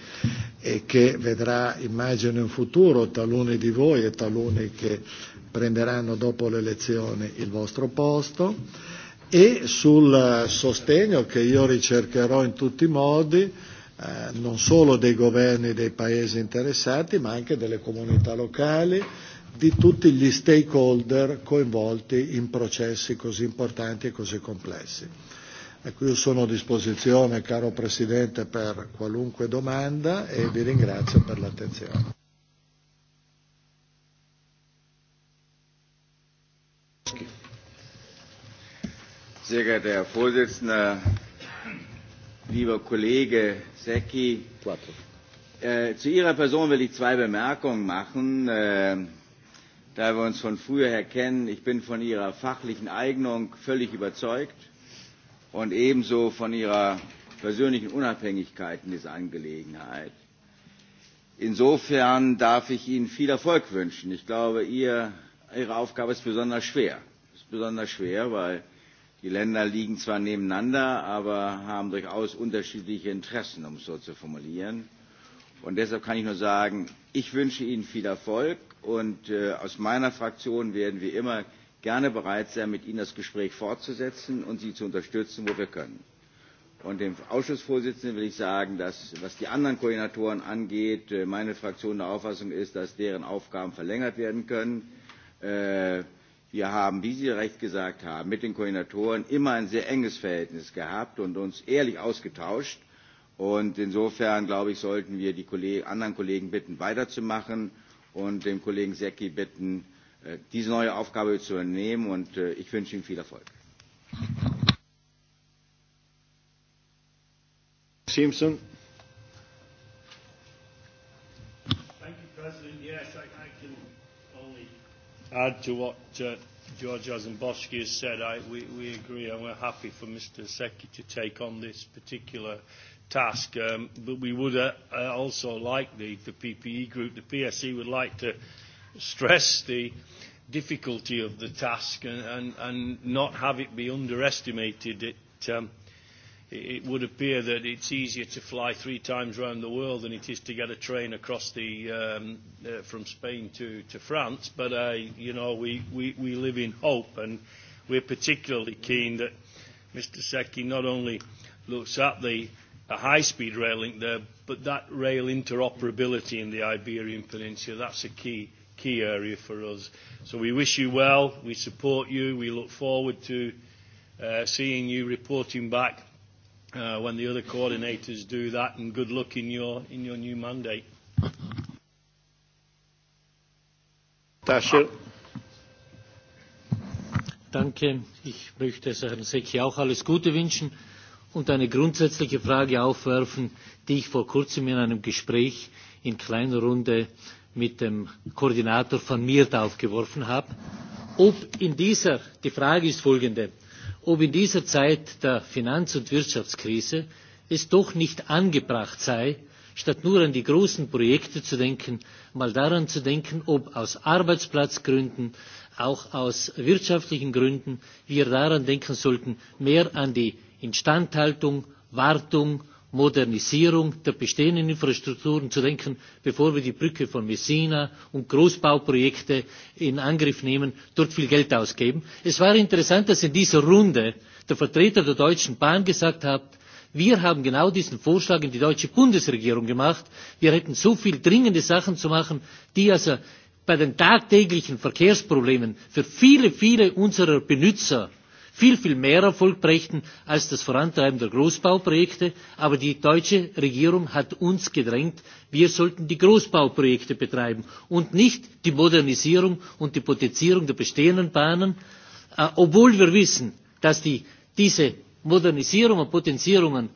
e che vedrà immagino in futuro taluni di voi e taluni che prenderanno dopo le elezioni il vostro posto e sul sostegno che io ricercherò in tutti i modi non solo dei governi dei paesi interessati ma anche delle comunità locali, di tutti gli stakeholder coinvolti in processi così importanti e così complessi. Ecco, io sono a disposizione, caro Presidente, per qualunque domanda e vi ringrazio per l'attenzione. Sehr lieber Kollege Secchi. Zu Ihrer Person will ich zwei Bemerkungen machen. Da wir uns von früher her kennen, ich bin von Ihrer fachlichen Eignung völlig überzeugt und ebenso von Ihrer persönlichen Unabhängigkeit in dieser Angelegenheit. Insofern darf ich Ihnen viel Erfolg wünschen. Ich glaube, Ihre Aufgabe ist besonders schwer. Ist besonders schwer, weil Die Länder liegen zwar nebeneinander, aber haben durchaus unterschiedliche Interessen, um es so zu formulieren. Und deshalb kann ich nur sagen, ich wünsche Ihnen viel Erfolg und aus meiner Fraktion werden wir immer gerne bereit sein, mit Ihnen das Gespräch fortzusetzen und Sie zu unterstützen, wo wir können. Und dem Ausschussvorsitzenden will ich sagen, dass, was die anderen Koordinatoren angeht, meine Fraktion der Auffassung ist, dass deren Aufgaben verlängert werden können Wir haben, wie Sie recht gesagt haben, mit den Koordinatoren immer ein sehr enges Verhältnis gehabt und uns ehrlich ausgetauscht. Und insofern, glaube ich, sollten wir die anderen Kollegen bitten, weiterzumachen und den Kollegen Secki bitten, diese neue Aufgabe zu übernehmen. Und ich wünsche ihm viel Erfolg. Simpson. add to what George Ozenboski has said. I, we, we agree and we're happy for Mr. Secchi to take on this particular task. but we would uh, also like the, the PPE group, the PSE would like to stress the difficulty of the task and, and, and not have it be underestimated. It, um, it would appear that it's easier to fly three times around the world than it is to get a train across the from Spain to to France. But you know we we we live in hope, and we're particularly keen that Mr. Secchi not only looks at the high-speed rail link there, but that rail interoperability in the Iberian Peninsula. That's a key key area for us. So we wish you well. We support you. We look forward to seeing you reporting back when the other coordinators do that, and good luck in your in your new mandate. Danke. Ich möchte Herrn Secchi auch alles Gute wünschen und eine grundsätzliche Frage aufwerfen, die ich vor kurzem in einem Gespräch in kleiner Runde mit dem Koordinator von MIRT aufgeworfen habe. Ob in dieser, die Frage ist folgende, ob in dieser Zeit der Finanz- und Wirtschaftskrise es doch nicht angebracht sei, statt nur an die großen Projekte zu denken, mal daran zu denken, ob aus Arbeitsplatzgründen, auch aus wirtschaftlichen Gründen wir daran denken sollten, mehr an die Instandhaltung, Wartung Modernisierung der bestehenden Infrastrukturen zu denken, bevor wir die Brücke von Messina und Großbauprojekte in Angriff nehmen, dort viel Geld ausgeben. Es war interessant, dass in dieser Runde der Vertreter der Deutschen Bahn gesagt hat, wir haben genau diesen Vorschlag in die deutsche Bundesregierung gemacht. Wir hätten so viel dringende Sachen zu machen, die also bei den tagtäglichen Verkehrsproblemen für viele, viele unserer Benutzer viel, viel mehr Erfolg brächten als das Vorantreiben der Großbauprojekte. Aber die deutsche Regierung hat uns gedrängt, wir sollten die Großbauprojekte betreiben und nicht die Modernisierung und die Potenzierung der bestehenden Bahnen, obwohl wir wissen, dass diese Modernisierung und Potenzierungen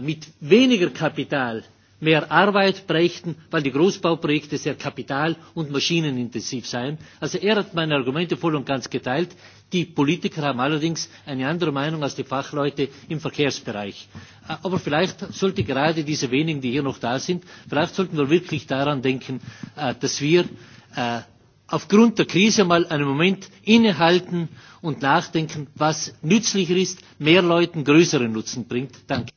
mit weniger Kapital mehr Arbeit brächten, weil die Großbauprojekte sehr kapital- und maschinenintensiv seien. Also er hat meine Argumente voll und ganz geteilt. Die Politiker haben allerdings eine andere Meinung als die Fachleute im Verkehrsbereich. Aber vielleicht sollte gerade diese wenigen, die hier noch da sind, vielleicht sollten wir wirklich daran denken, dass wir aufgrund der Krise mal einen Moment innehalten und nachdenken, was nützlicher ist, mehr Leuten größeren Nutzen bringt. Danke.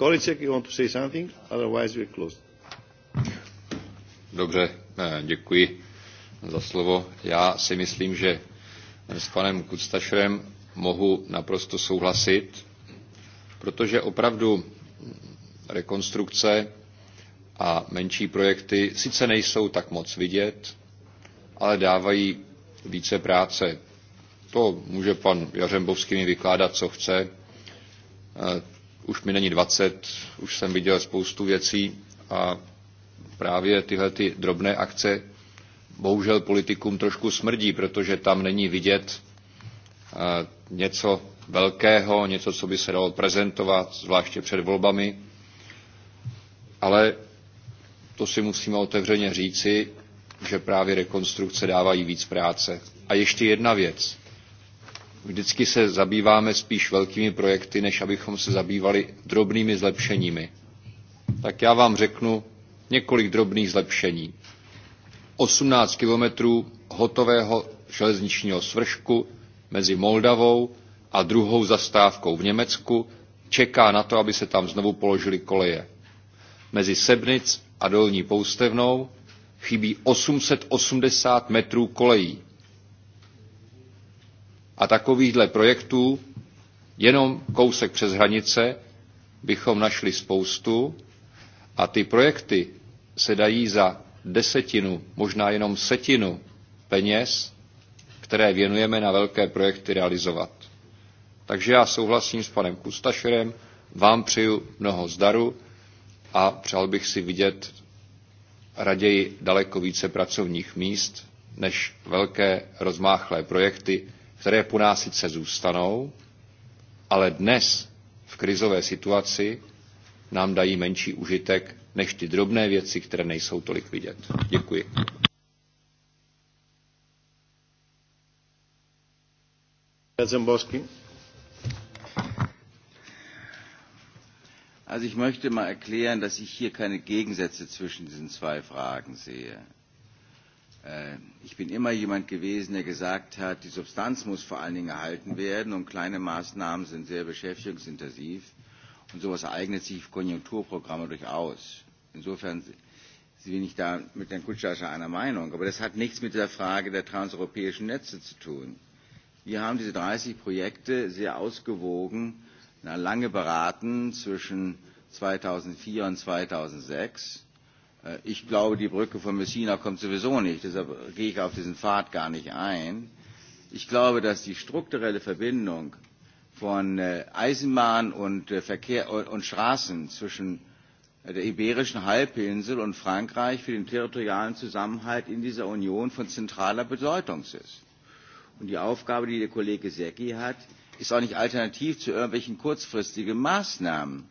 Kolicek, to say something? Otherwise Dobře, děkuji za slovo. Já si myslím, že s panem Kustašerem mohu naprosto souhlasit, protože opravdu rekonstrukce a menší projekty sice nejsou tak moc vidět, ale dávají více práce. To může pan Jařembovský mi vykládat, co chce už mi není 20, už jsem viděl spoustu věcí a právě tyhle ty drobné akce bohužel politikům trošku smrdí, protože tam není vidět něco velkého, něco, co by se dalo prezentovat, zvláště před volbami. Ale to si musíme otevřeně říci, že právě rekonstrukce dávají víc práce. A ještě jedna věc vždycky se zabýváme spíš velkými projekty, než abychom se zabývali drobnými zlepšeními. Tak já vám řeknu několik drobných zlepšení. 18 kilometrů hotového železničního svršku mezi Moldavou a druhou zastávkou v Německu čeká na to, aby se tam znovu položily koleje. Mezi Sebnic a Dolní Poustevnou chybí 880 metrů kolejí A takovýchhle projektů jenom kousek přes hranice bychom našli spoustu a ty projekty se dají za desetinu, možná jenom setinu peněz, které věnujeme na velké projekty realizovat. Takže já souhlasím s panem Kustašerem, vám přeju mnoho zdaru a přál bych si vidět raději daleko více pracovních míst než velké rozmáchlé projekty, které po nás sice zůstanou, ale dnes v krizové situaci nám dají menší užitek než ty drobné věci, které nejsou tolik vidět. Děkuji. Also ich möchte mal erklären, dass ich hier keine Gegensätze zwischen diesen zwei Fragen sehe. Ich bin immer jemand gewesen, der gesagt hat, die Substanz muss vor allen Dingen erhalten werden und kleine Maßnahmen sind sehr beschäftigungsintensiv und sowas eignet sich für Konjunkturprogramme durchaus. Insofern bin ich da mit Herrn Kutschascher einer Meinung. Aber das hat nichts mit der Frage der transeuropäischen Netze zu tun. Wir haben diese 30 Projekte sehr ausgewogen, lange beraten zwischen 2004 und 2006 Ich glaube, die Brücke von Messina kommt sowieso nicht, deshalb gehe ich auf diesen Pfad gar nicht ein. Ich glaube, dass die strukturelle Verbindung von Eisenbahn und Verkehr und Straßen zwischen der Iberischen Halbinsel und Frankreich für den territorialen Zusammenhalt in dieser Union von zentraler Bedeutung ist. Und die Aufgabe, die der Kollege Secki hat, ist auch nicht alternativ zu irgendwelchen kurzfristigen Maßnahmen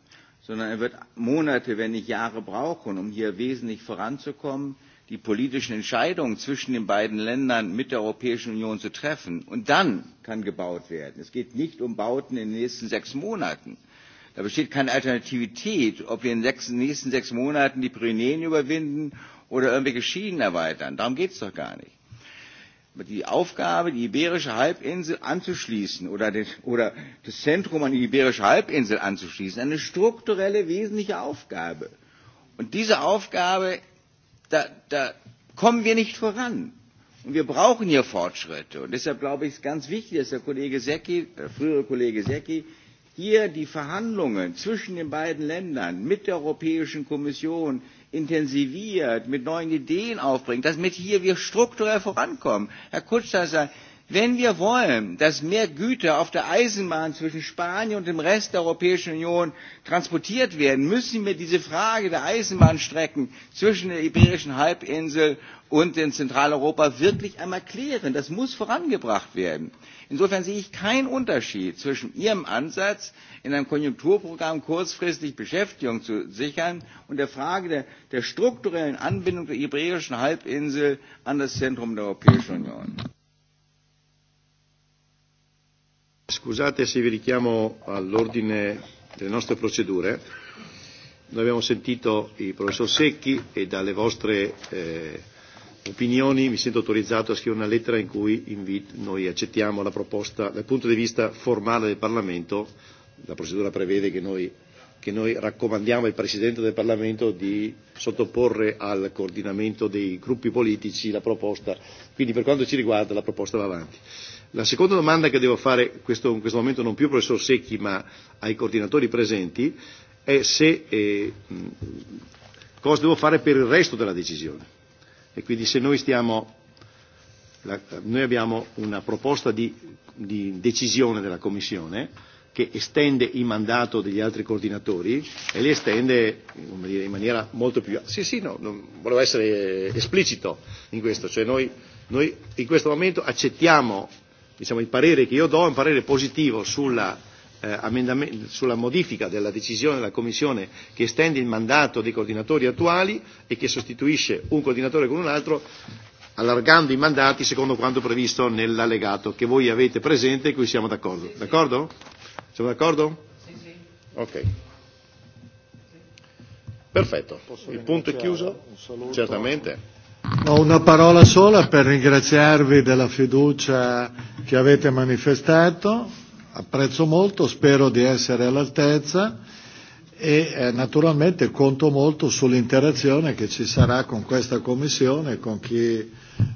sondern er wird Monate, wenn nicht Jahre brauchen, um hier wesentlich voranzukommen, die politischen Entscheidungen zwischen den beiden Ländern mit der Europäischen Union zu treffen. Und dann kann gebaut werden. Es geht nicht um Bauten in den nächsten sechs Monaten. Da besteht keine Alternativität, ob wir in den nächsten sechs Monaten die Pyrenäen überwinden oder irgendwelche Schienen erweitern. Darum geht es doch gar nicht die Aufgabe, die Iberische Halbinsel anzuschließen oder das Zentrum an die Iberische Halbinsel anzuschließen, eine strukturelle, wesentliche Aufgabe. Und diese Aufgabe, da kommen wir nicht voran. Und wir brauchen hier Fortschritte. Und deshalb glaube ich, ist ganz wichtig, dass der Kollege Secki, der frühere Kollege Secki, hier die Verhandlungen zwischen den beiden Ländern mit der Europäischen Kommission intensiviert, mit neuen Ideen aufbringt, damit hier wir strukturell vorankommen. Herr Kutscher Wenn wir wollen, dass mehr Güter auf der Eisenbahn zwischen Spanien und dem Rest der Europäischen Union transportiert werden, müssen wir diese Frage der Eisenbahnstrecken zwischen der Iberischen Halbinsel und in Zentraleuropa wirklich einmal klären. Das muss vorangebracht werden. Insofern sehe ich keinen Unterschied zwischen Ihrem Ansatz, in einem Konjunkturprogramm kurzfristig Beschäftigung zu sichern und der Frage der strukturellen Anbindung der Iberischen Halbinsel an das Zentrum der Europäischen Union. Scusate se vi richiamo all'ordine delle nostre procedure. Noi abbiamo sentito il professor Secchi e dalle vostre opinioni mi sento autorizzato a scrivere una lettera in cui noi accettiamo la proposta dal punto di vista formale del Parlamento. La procedura prevede che noi che noi raccomandiamo al Presidente del Parlamento di sottoporre al coordinamento dei gruppi politici la proposta. Quindi per quanto ci riguarda la proposta va avanti. La seconda domanda che devo fare in questo momento non più al professor Secchi ma ai coordinatori presenti è se cosa devo fare per il resto della decisione. E quindi se noi stiamo noi abbiamo una proposta di decisione della Commissione che estende il mandato degli altri coordinatori e li estende in maniera molto più sì sì no volevo essere esplicito in questo cioè noi in questo momento accettiamo diciamo, il parere che io do è un parere positivo sulla sulla modifica della decisione della Commissione che estende il mandato dei coordinatori attuali e che sostituisce un coordinatore con un altro allargando i mandati secondo quanto previsto nell'allegato che voi avete presente e cui siamo d'accordo. D'accordo? Siamo d'accordo? Sì, sì. Ok. Perfetto. Il punto è chiuso? Certamente. Ho una parola sola per ringraziarvi della fiducia che avete manifestato, apprezzo molto, spero di essere all'altezza e naturalmente conto molto sull'interazione che ci sarà con questa Commissione, con chi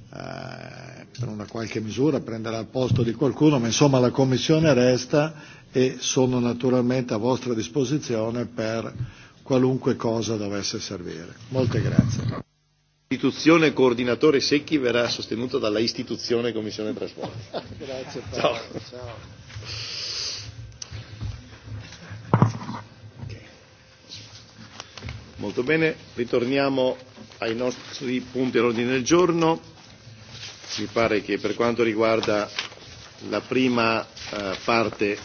per una qualche misura prenderà il posto di qualcuno, ma insomma la Commissione resta e sono naturalmente a vostra disposizione per qualunque cosa dovesse servire. Molte grazie. L'istituzione coordinatore Secchi verrà sostenuta dalla istituzione Commissione Trasporti. Grazie Paolo. Ciao. Molto bene, ritorniamo ai nostri punti all'ordine del giorno. Mi pare che per quanto riguarda la prima parte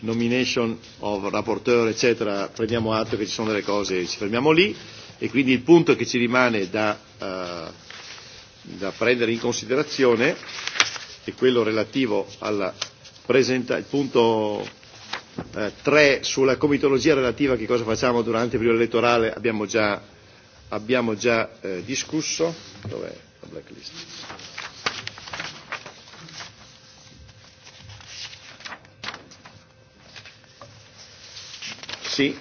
nomination of rapporteur eccetera prendiamo atto che ci sono delle cose e ci fermiamo lì e quindi il punto che ci rimane da, da prendere in considerazione è quello relativo al punto 3 sulla comitologia relativa a che cosa facciamo durante il periodo elettorale abbiamo già, abbiamo già discusso. Dov'è la blacklist? Sì,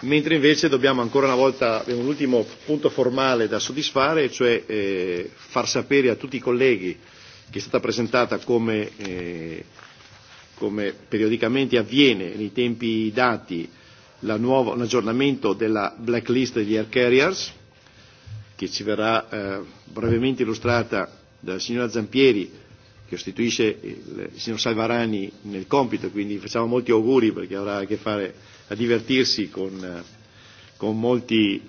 mentre invece dobbiamo ancora una volta, abbiamo ultimo punto formale da soddisfare, cioè far sapere a tutti i colleghi che è stata presentata come, come periodicamente avviene nei tempi dati la nuova, un aggiornamento della blacklist degli air carriers, che ci verrà brevemente illustrata dalla signora Zampieri, che sostituisce il signor Salvarani nel compito, quindi facciamo molti auguri perché avrà a che fare a divertirsi con, con molti,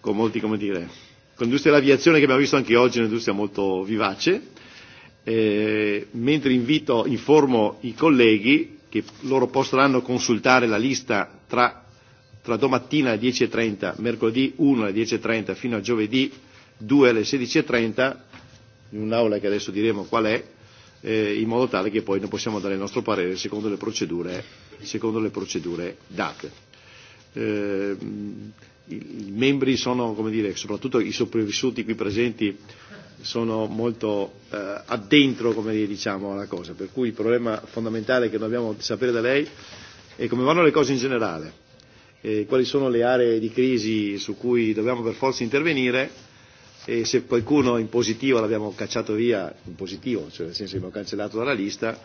con molti come dire, con l'industria dell'aviazione che abbiamo visto anche oggi, un'industria molto vivace, eh, mentre invito, informo i colleghi che loro potranno consultare la lista tra, tra domattina alle 10.30, mercoledì 1 alle 10.30 fino a giovedì 2 alle 16.30, in un'aula che adesso diremo qual è, in modo tale che poi noi possiamo dare il nostro parere secondo le procedure, secondo le procedure date. I membri sono, come dire, soprattutto i sopravvissuti qui presenti sono molto addentro, come diciamo, alla cosa, per cui il problema fondamentale che dobbiamo sapere da lei è come vanno le cose in generale, quali sono le aree di crisi su cui dobbiamo per forza intervenire e se qualcuno in positivo l'abbiamo cacciato via in positivo, cioè nel senso che abbiamo cancellato dalla lista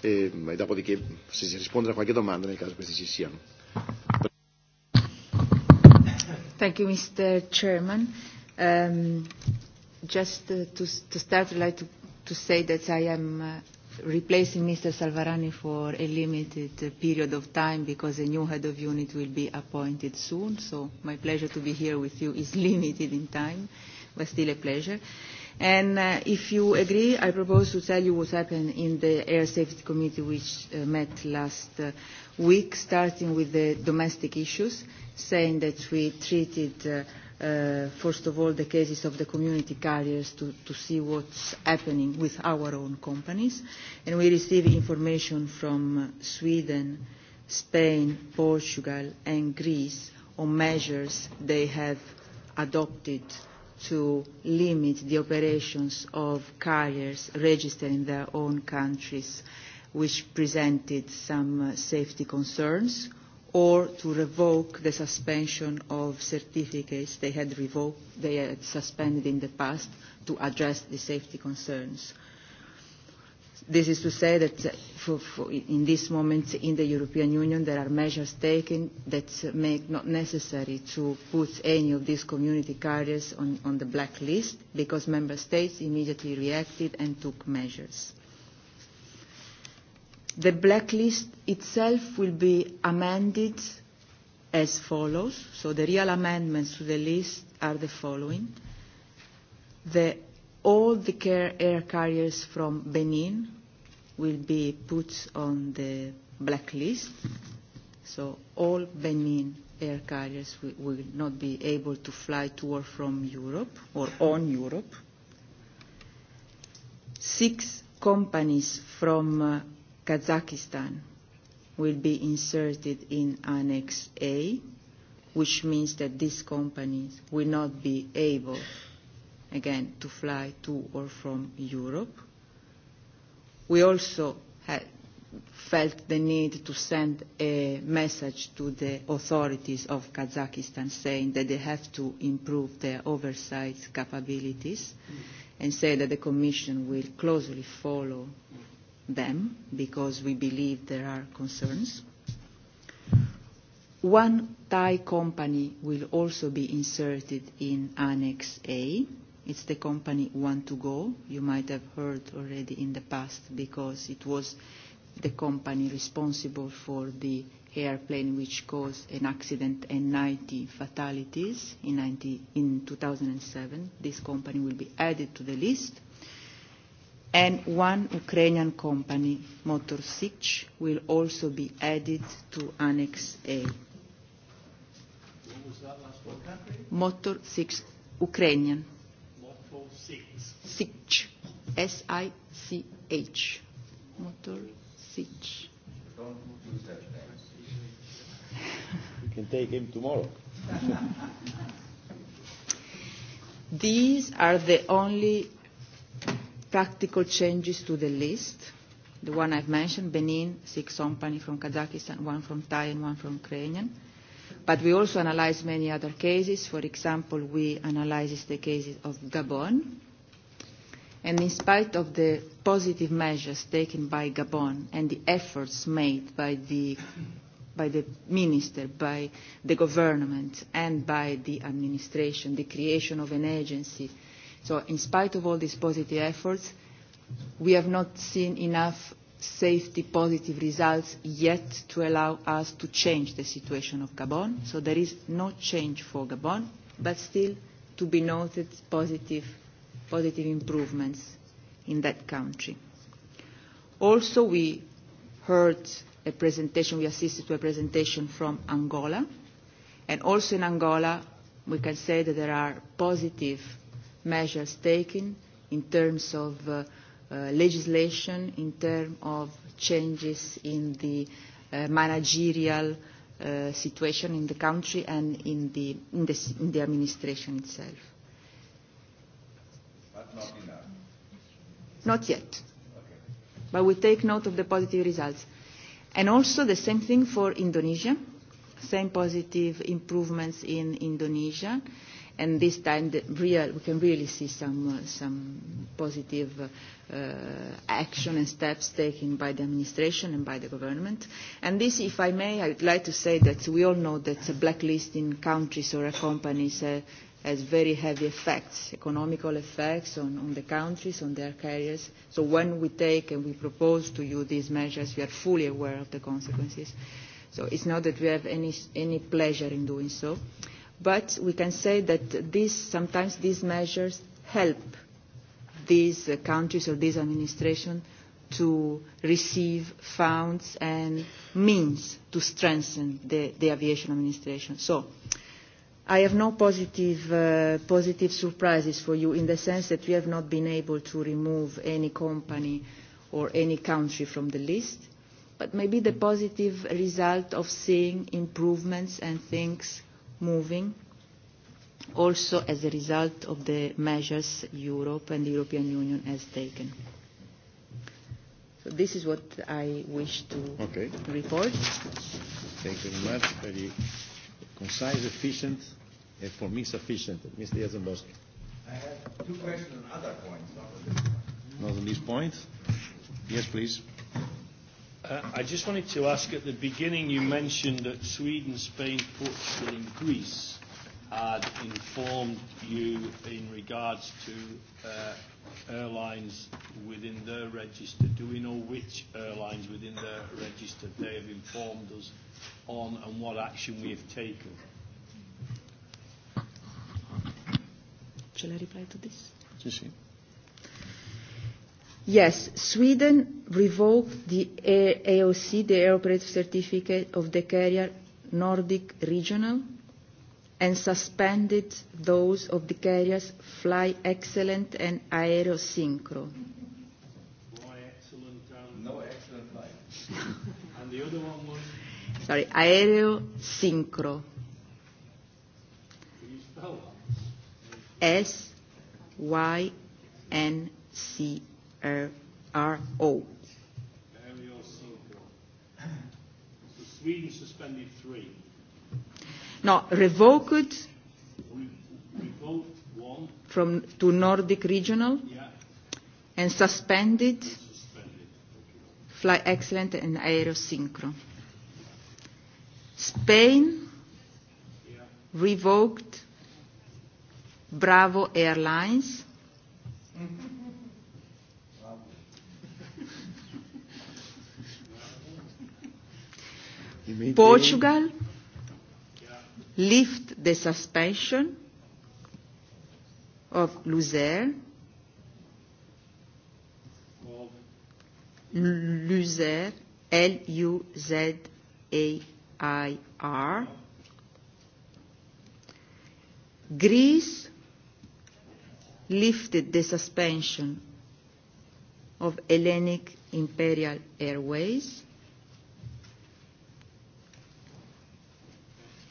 e, e dopodiché se si risponde a qualche domanda nel caso questi ci siano. Thank you, Mr. Chairman. Um, just uh, to, to start, I'd like to, to say that I am uh, replacing Mr. Salvarani for a limited period of time because a new head of unit will be appointed soon, so my pleasure to be here with you is limited in time was still a pleasure. And if you agree, I propose to tell you what happened in the Air Safety Committee, which met last week, starting with the domestic issues, saying that we treated, first of all, the cases of the community carriers to see what's happening with our own companies. And we received information from Sweden, Spain, Portugal, and Greece on measures they have adopted to limit the operations of carriers registered in their own countries which presented some safety concerns or to revoke the suspension of certificates they had revoked they had suspended in the past to address the safety concerns This is to say that in this moment in the European Union there are measures taken that make not necessary to put any of these community carriers on the black list because Member States immediately reacted and took measures. The blacklist itself will be amended as follows. So the real amendments to the list are the following. All the care air carriers from Benin will be put on the blacklist, so all Benin air carriers will not be able to fly to or from Europe or on Europe. Six companies from Kazakhstan will be inserted in Annex A, which means that these companies will not be able, again, to fly to or from Europe we also felt the need to send a message to the authorities of Kazakhstan saying that they have to improve their oversight capabilities and say that the Commission will closely follow them because we believe there are concerns. One Thai company will also be inserted in Annex A It's the company Want to Go. You might have heard already in the past because it was the company responsible for the airplane which caused an accident and 90 fatalities in 2007. This company will be added to the list. And one Ukrainian company, Motor will also be added to Annex A. Motor Ukrainian. SICH. S-I-C-H. Motor SICH. You can take him tomorrow. These are the only practical changes to the list. The one I've mentioned, Benin, six companies from Kazakhstan, one from Thai and one from Ukrainian. But we also analyze many other cases. For example, we analyze the cases of Gabon. And in spite of the positive measures taken by Gabon and the efforts made by the by the minister, by the government and by the administration, the creation of an agency. So in spite of all these positive efforts, we have not seen enough safety positive results yet to allow us to change the situation of Gabon. So there is no change for Gabon, but still to be noted positive improvements in that country. Also we heard a presentation, we assisted to a presentation from Angola, and also in Angola we can say that there are positive measures taken in terms of legislation in terms of changes in the managerial situation in the country and in the in the in the administration itself. not Not yet. But we take note of the positive results. And also the same thing for Indonesia, same positive improvements in Indonesia and this time real we can really see some some positive action and steps taken by the administration and by the government and this if i may i would like to say that we all know that blacklisting countries or companies has very heavy effects economical effects on the countries on their carriers so when we take and we propose to you these measures we are fully aware of the consequences so it's not that we have any any pleasure in doing so but we can say that sometimes these measures help these countries or these administrations to receive funds and means to strengthen the aviation administration. So I have no positive surprises for you in the sense that we have not been able to remove any company or any country from the list, but maybe the positive result of seeing improvements and things moving also as a result of the measures Europe and the European Union has taken. So this is what I wish to report. Thank you very much. Very concise, efficient, and for me sufficient. Mr. Jasenbowski. I have two questions on other points, not on this point. Not on this point? Yes, please. I just wanted to ask at the beginning you mentioned that Sweden, Spain, Portugal and Greece had informed you in regards to airlines within their register. Do we know which airlines within their register they have informed us on and what action we have taken? Shall I reply to this? Yes, Yes, Sweden revoked the AOC, the Air Operative Certificate of the carrier Nordic Regional, and suspended those of the carriers Fly Excellent and Aerosynchro. No excellent And the other one was? Sorry, Aerosynchro. s y n c RO. Sweden suspended three. No, revoked from to Nordic regional and suspended Fly Excellent and Aerosynchro. Spain revoked Bravo Airlines Portugal lift the suspension of Luzerne. Luzer, L-U-Z-A-I-R. Greece lifted the suspension of Hellenic Imperial Airways.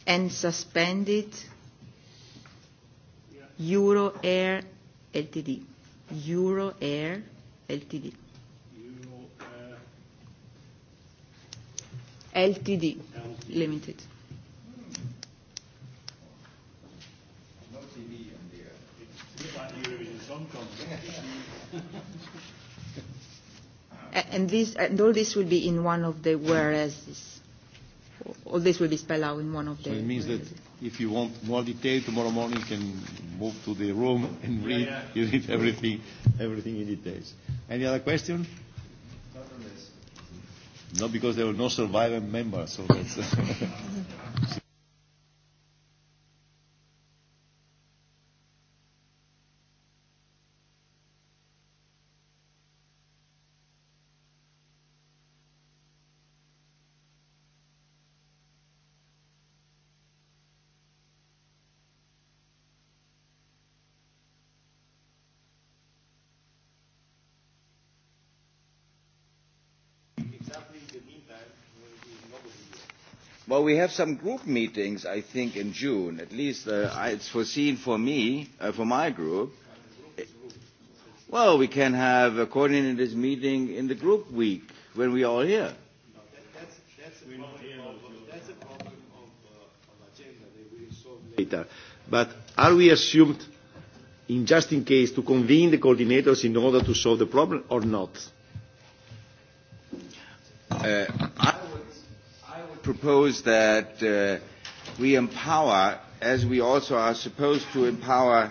and suspended Euro Air Ltd. Euro Air Ltd. Ltd. Limited. And and all this will be in one of the whereas all this will be spelled out in one of the. So it means that if you want more detail tomorrow morning, you can move to the room and read. You read everything, everything in details. Any other question? Not because there were no surviving members, so that's. we have some group meetings, I think, in June. At least it's foreseen for me, for my group. Well, we can have a coordinators meeting in the group week when we are all here. That's a problem of agenda later. But are we assumed, in just in case, to convene the coordinators in order to solve the problem or not? propose that we empower, as we also are supposed to empower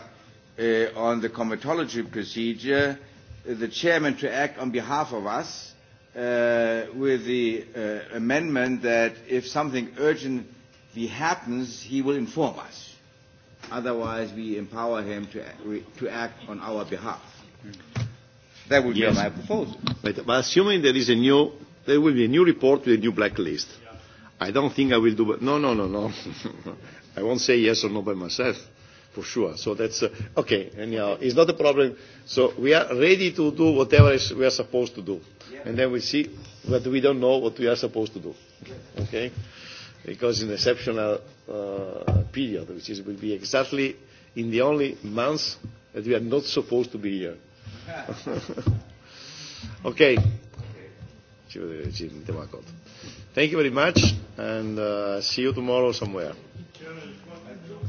on the comitology procedure, the chairman to act on behalf of us with the amendment that if something urgent happens, he will inform us. Otherwise, we empower him to act on our behalf. That would be my proposal. But assuming there is a new, there will be a new report with a new blacklist I don't think I will do. No, no, no, no. I won't say yes or no by myself, for sure. So that's okay. Anyhow, it's not a problem. So we are ready to do whatever is we are supposed to do, and then we see, but we don't know what we are supposed to do. Okay, because in exceptional period, which is will be exactly in the only months that we are not supposed to be here. Okay. Thank you very much and uh, see you tomorrow somewhere.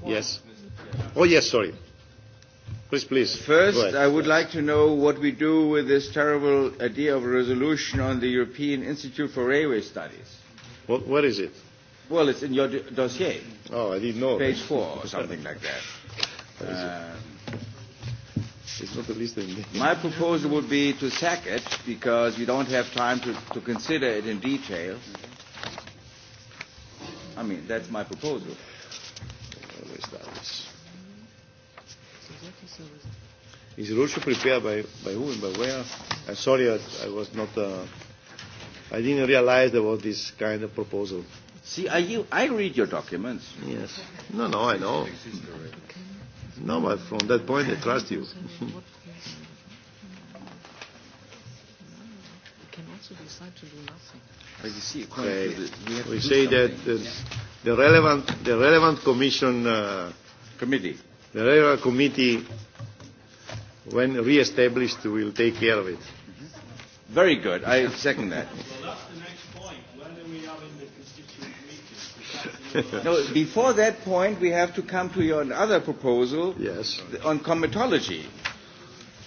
Yes. Oh, yes, sorry. Please, please. First, I would like to know what we do with this terrible idea of a resolution on the European Institute for Railway Studies. What, what is it? Well, it's in your dossier. Oh, I didn't know. Page four or something like that. It's not the least My proposal would be to sack it because we don't have time to, to consider it in detail I mean, that's my proposal. Is Russia prepared by, by who and by where? I'm sorry, I, I was not, uh, I didn't realize there was this kind of proposal. See, I, you, I read your documents. Yes. No, no, I know. No, but from that point, I trust you. we, say that the, relevant, the relevant commission committee, the relevant committee, when re-established, will take care of it. Very good. I second that. No, before that point, we have to come to your other proposal yes. on comitology.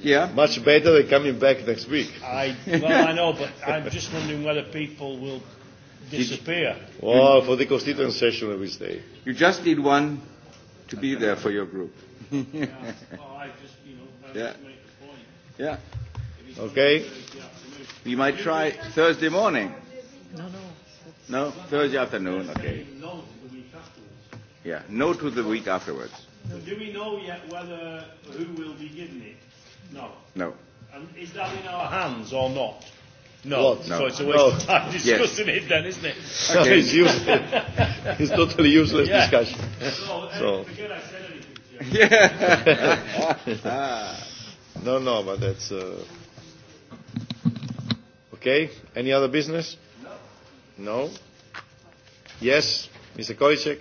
Yeah. Much better than coming back next week. I, well, I know, but I'm just wondering whether people will disappear. Oh, for the constituent session we stay. You just need one to be there for your group. yeah. Okay. We might try Thursday morning. No, no. No, Thursday afternoon. Okay. Yeah. No to the week afterwards. Do we know yet whether who will be given it? No. No. And is that in our hands or not? No. So it's a waste of time discussing it then, isn't it? Okay. it's useless. it's totally useless discussion. So, so. forget I said anything. Yeah. no, no, but that's. Uh... Okay. Any other business? No. No. Yes, Mr. Kolicek.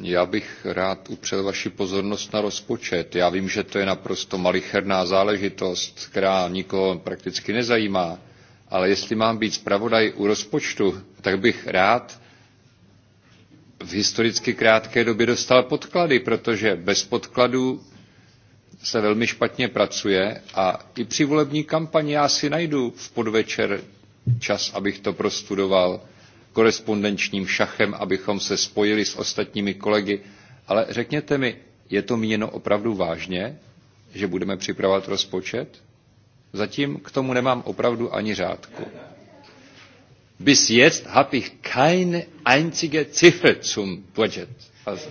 Já bych rád upřel vaši pozornost na rozpočet. Já vím, že to je naprosto malicherná záležitost, která nikoho prakticky nezajímá, ale jestli mám být zpravodaj u rozpočtu, tak bych rád v historicky krátké době dostal podklady, protože bez podkladů se velmi špatně pracuje a i při volební kampani já si najdu v podvečer čas, abych to prostudoval korespondenčním šachem, abychom se spojili s ostatními kolegy, ale řekněte mi, je to míněno opravdu vážně, že budeme připravovat rozpočet? Zatím k tomu nemám opravdu ani řádku. Bis jetzt habe ich keine einzige Ziffer zum Budget. Also.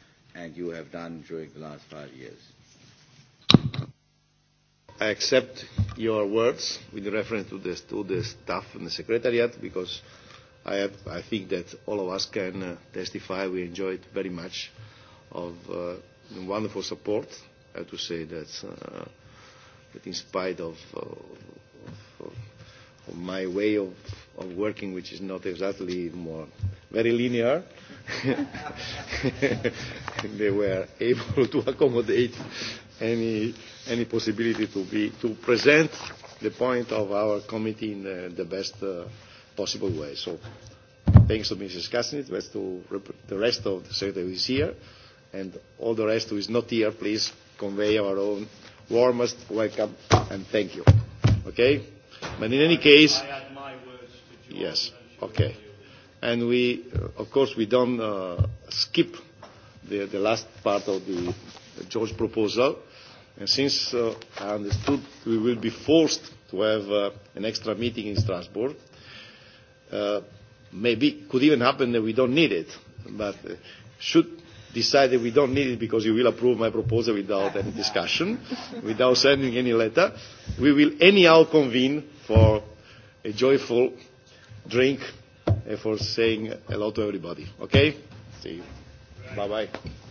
and you have done during the last five years. I accept your words with reference to the, to the staff and the secretariat because I, have, I think that all of us can testify we enjoyed very much of wonderful support. I have to say that, that in spite of my way of of working, which is not exactly more very linear, they were able to accommodate any any possibility to be to present the point of our committee in the, the best possible way. So, thanks to Mrs. Kasnit, thanks to the rest of the secretary who is here, and all the rest who is not here, please convey our own warmest welcome and thank you. Okay. But in any case, yes, okay. And we, of course, we don't skip the the last part of the George proposal. And since I understood we will be forced to have an extra meeting in Strasbourg, maybe could even happen that we don't need it. But should decided we don't need it because you will approve my proposal without any discussion, without sending any letter. We will anyhow convene for a joyful drink and for saying hello to everybody. Okay? See you. Bye-bye.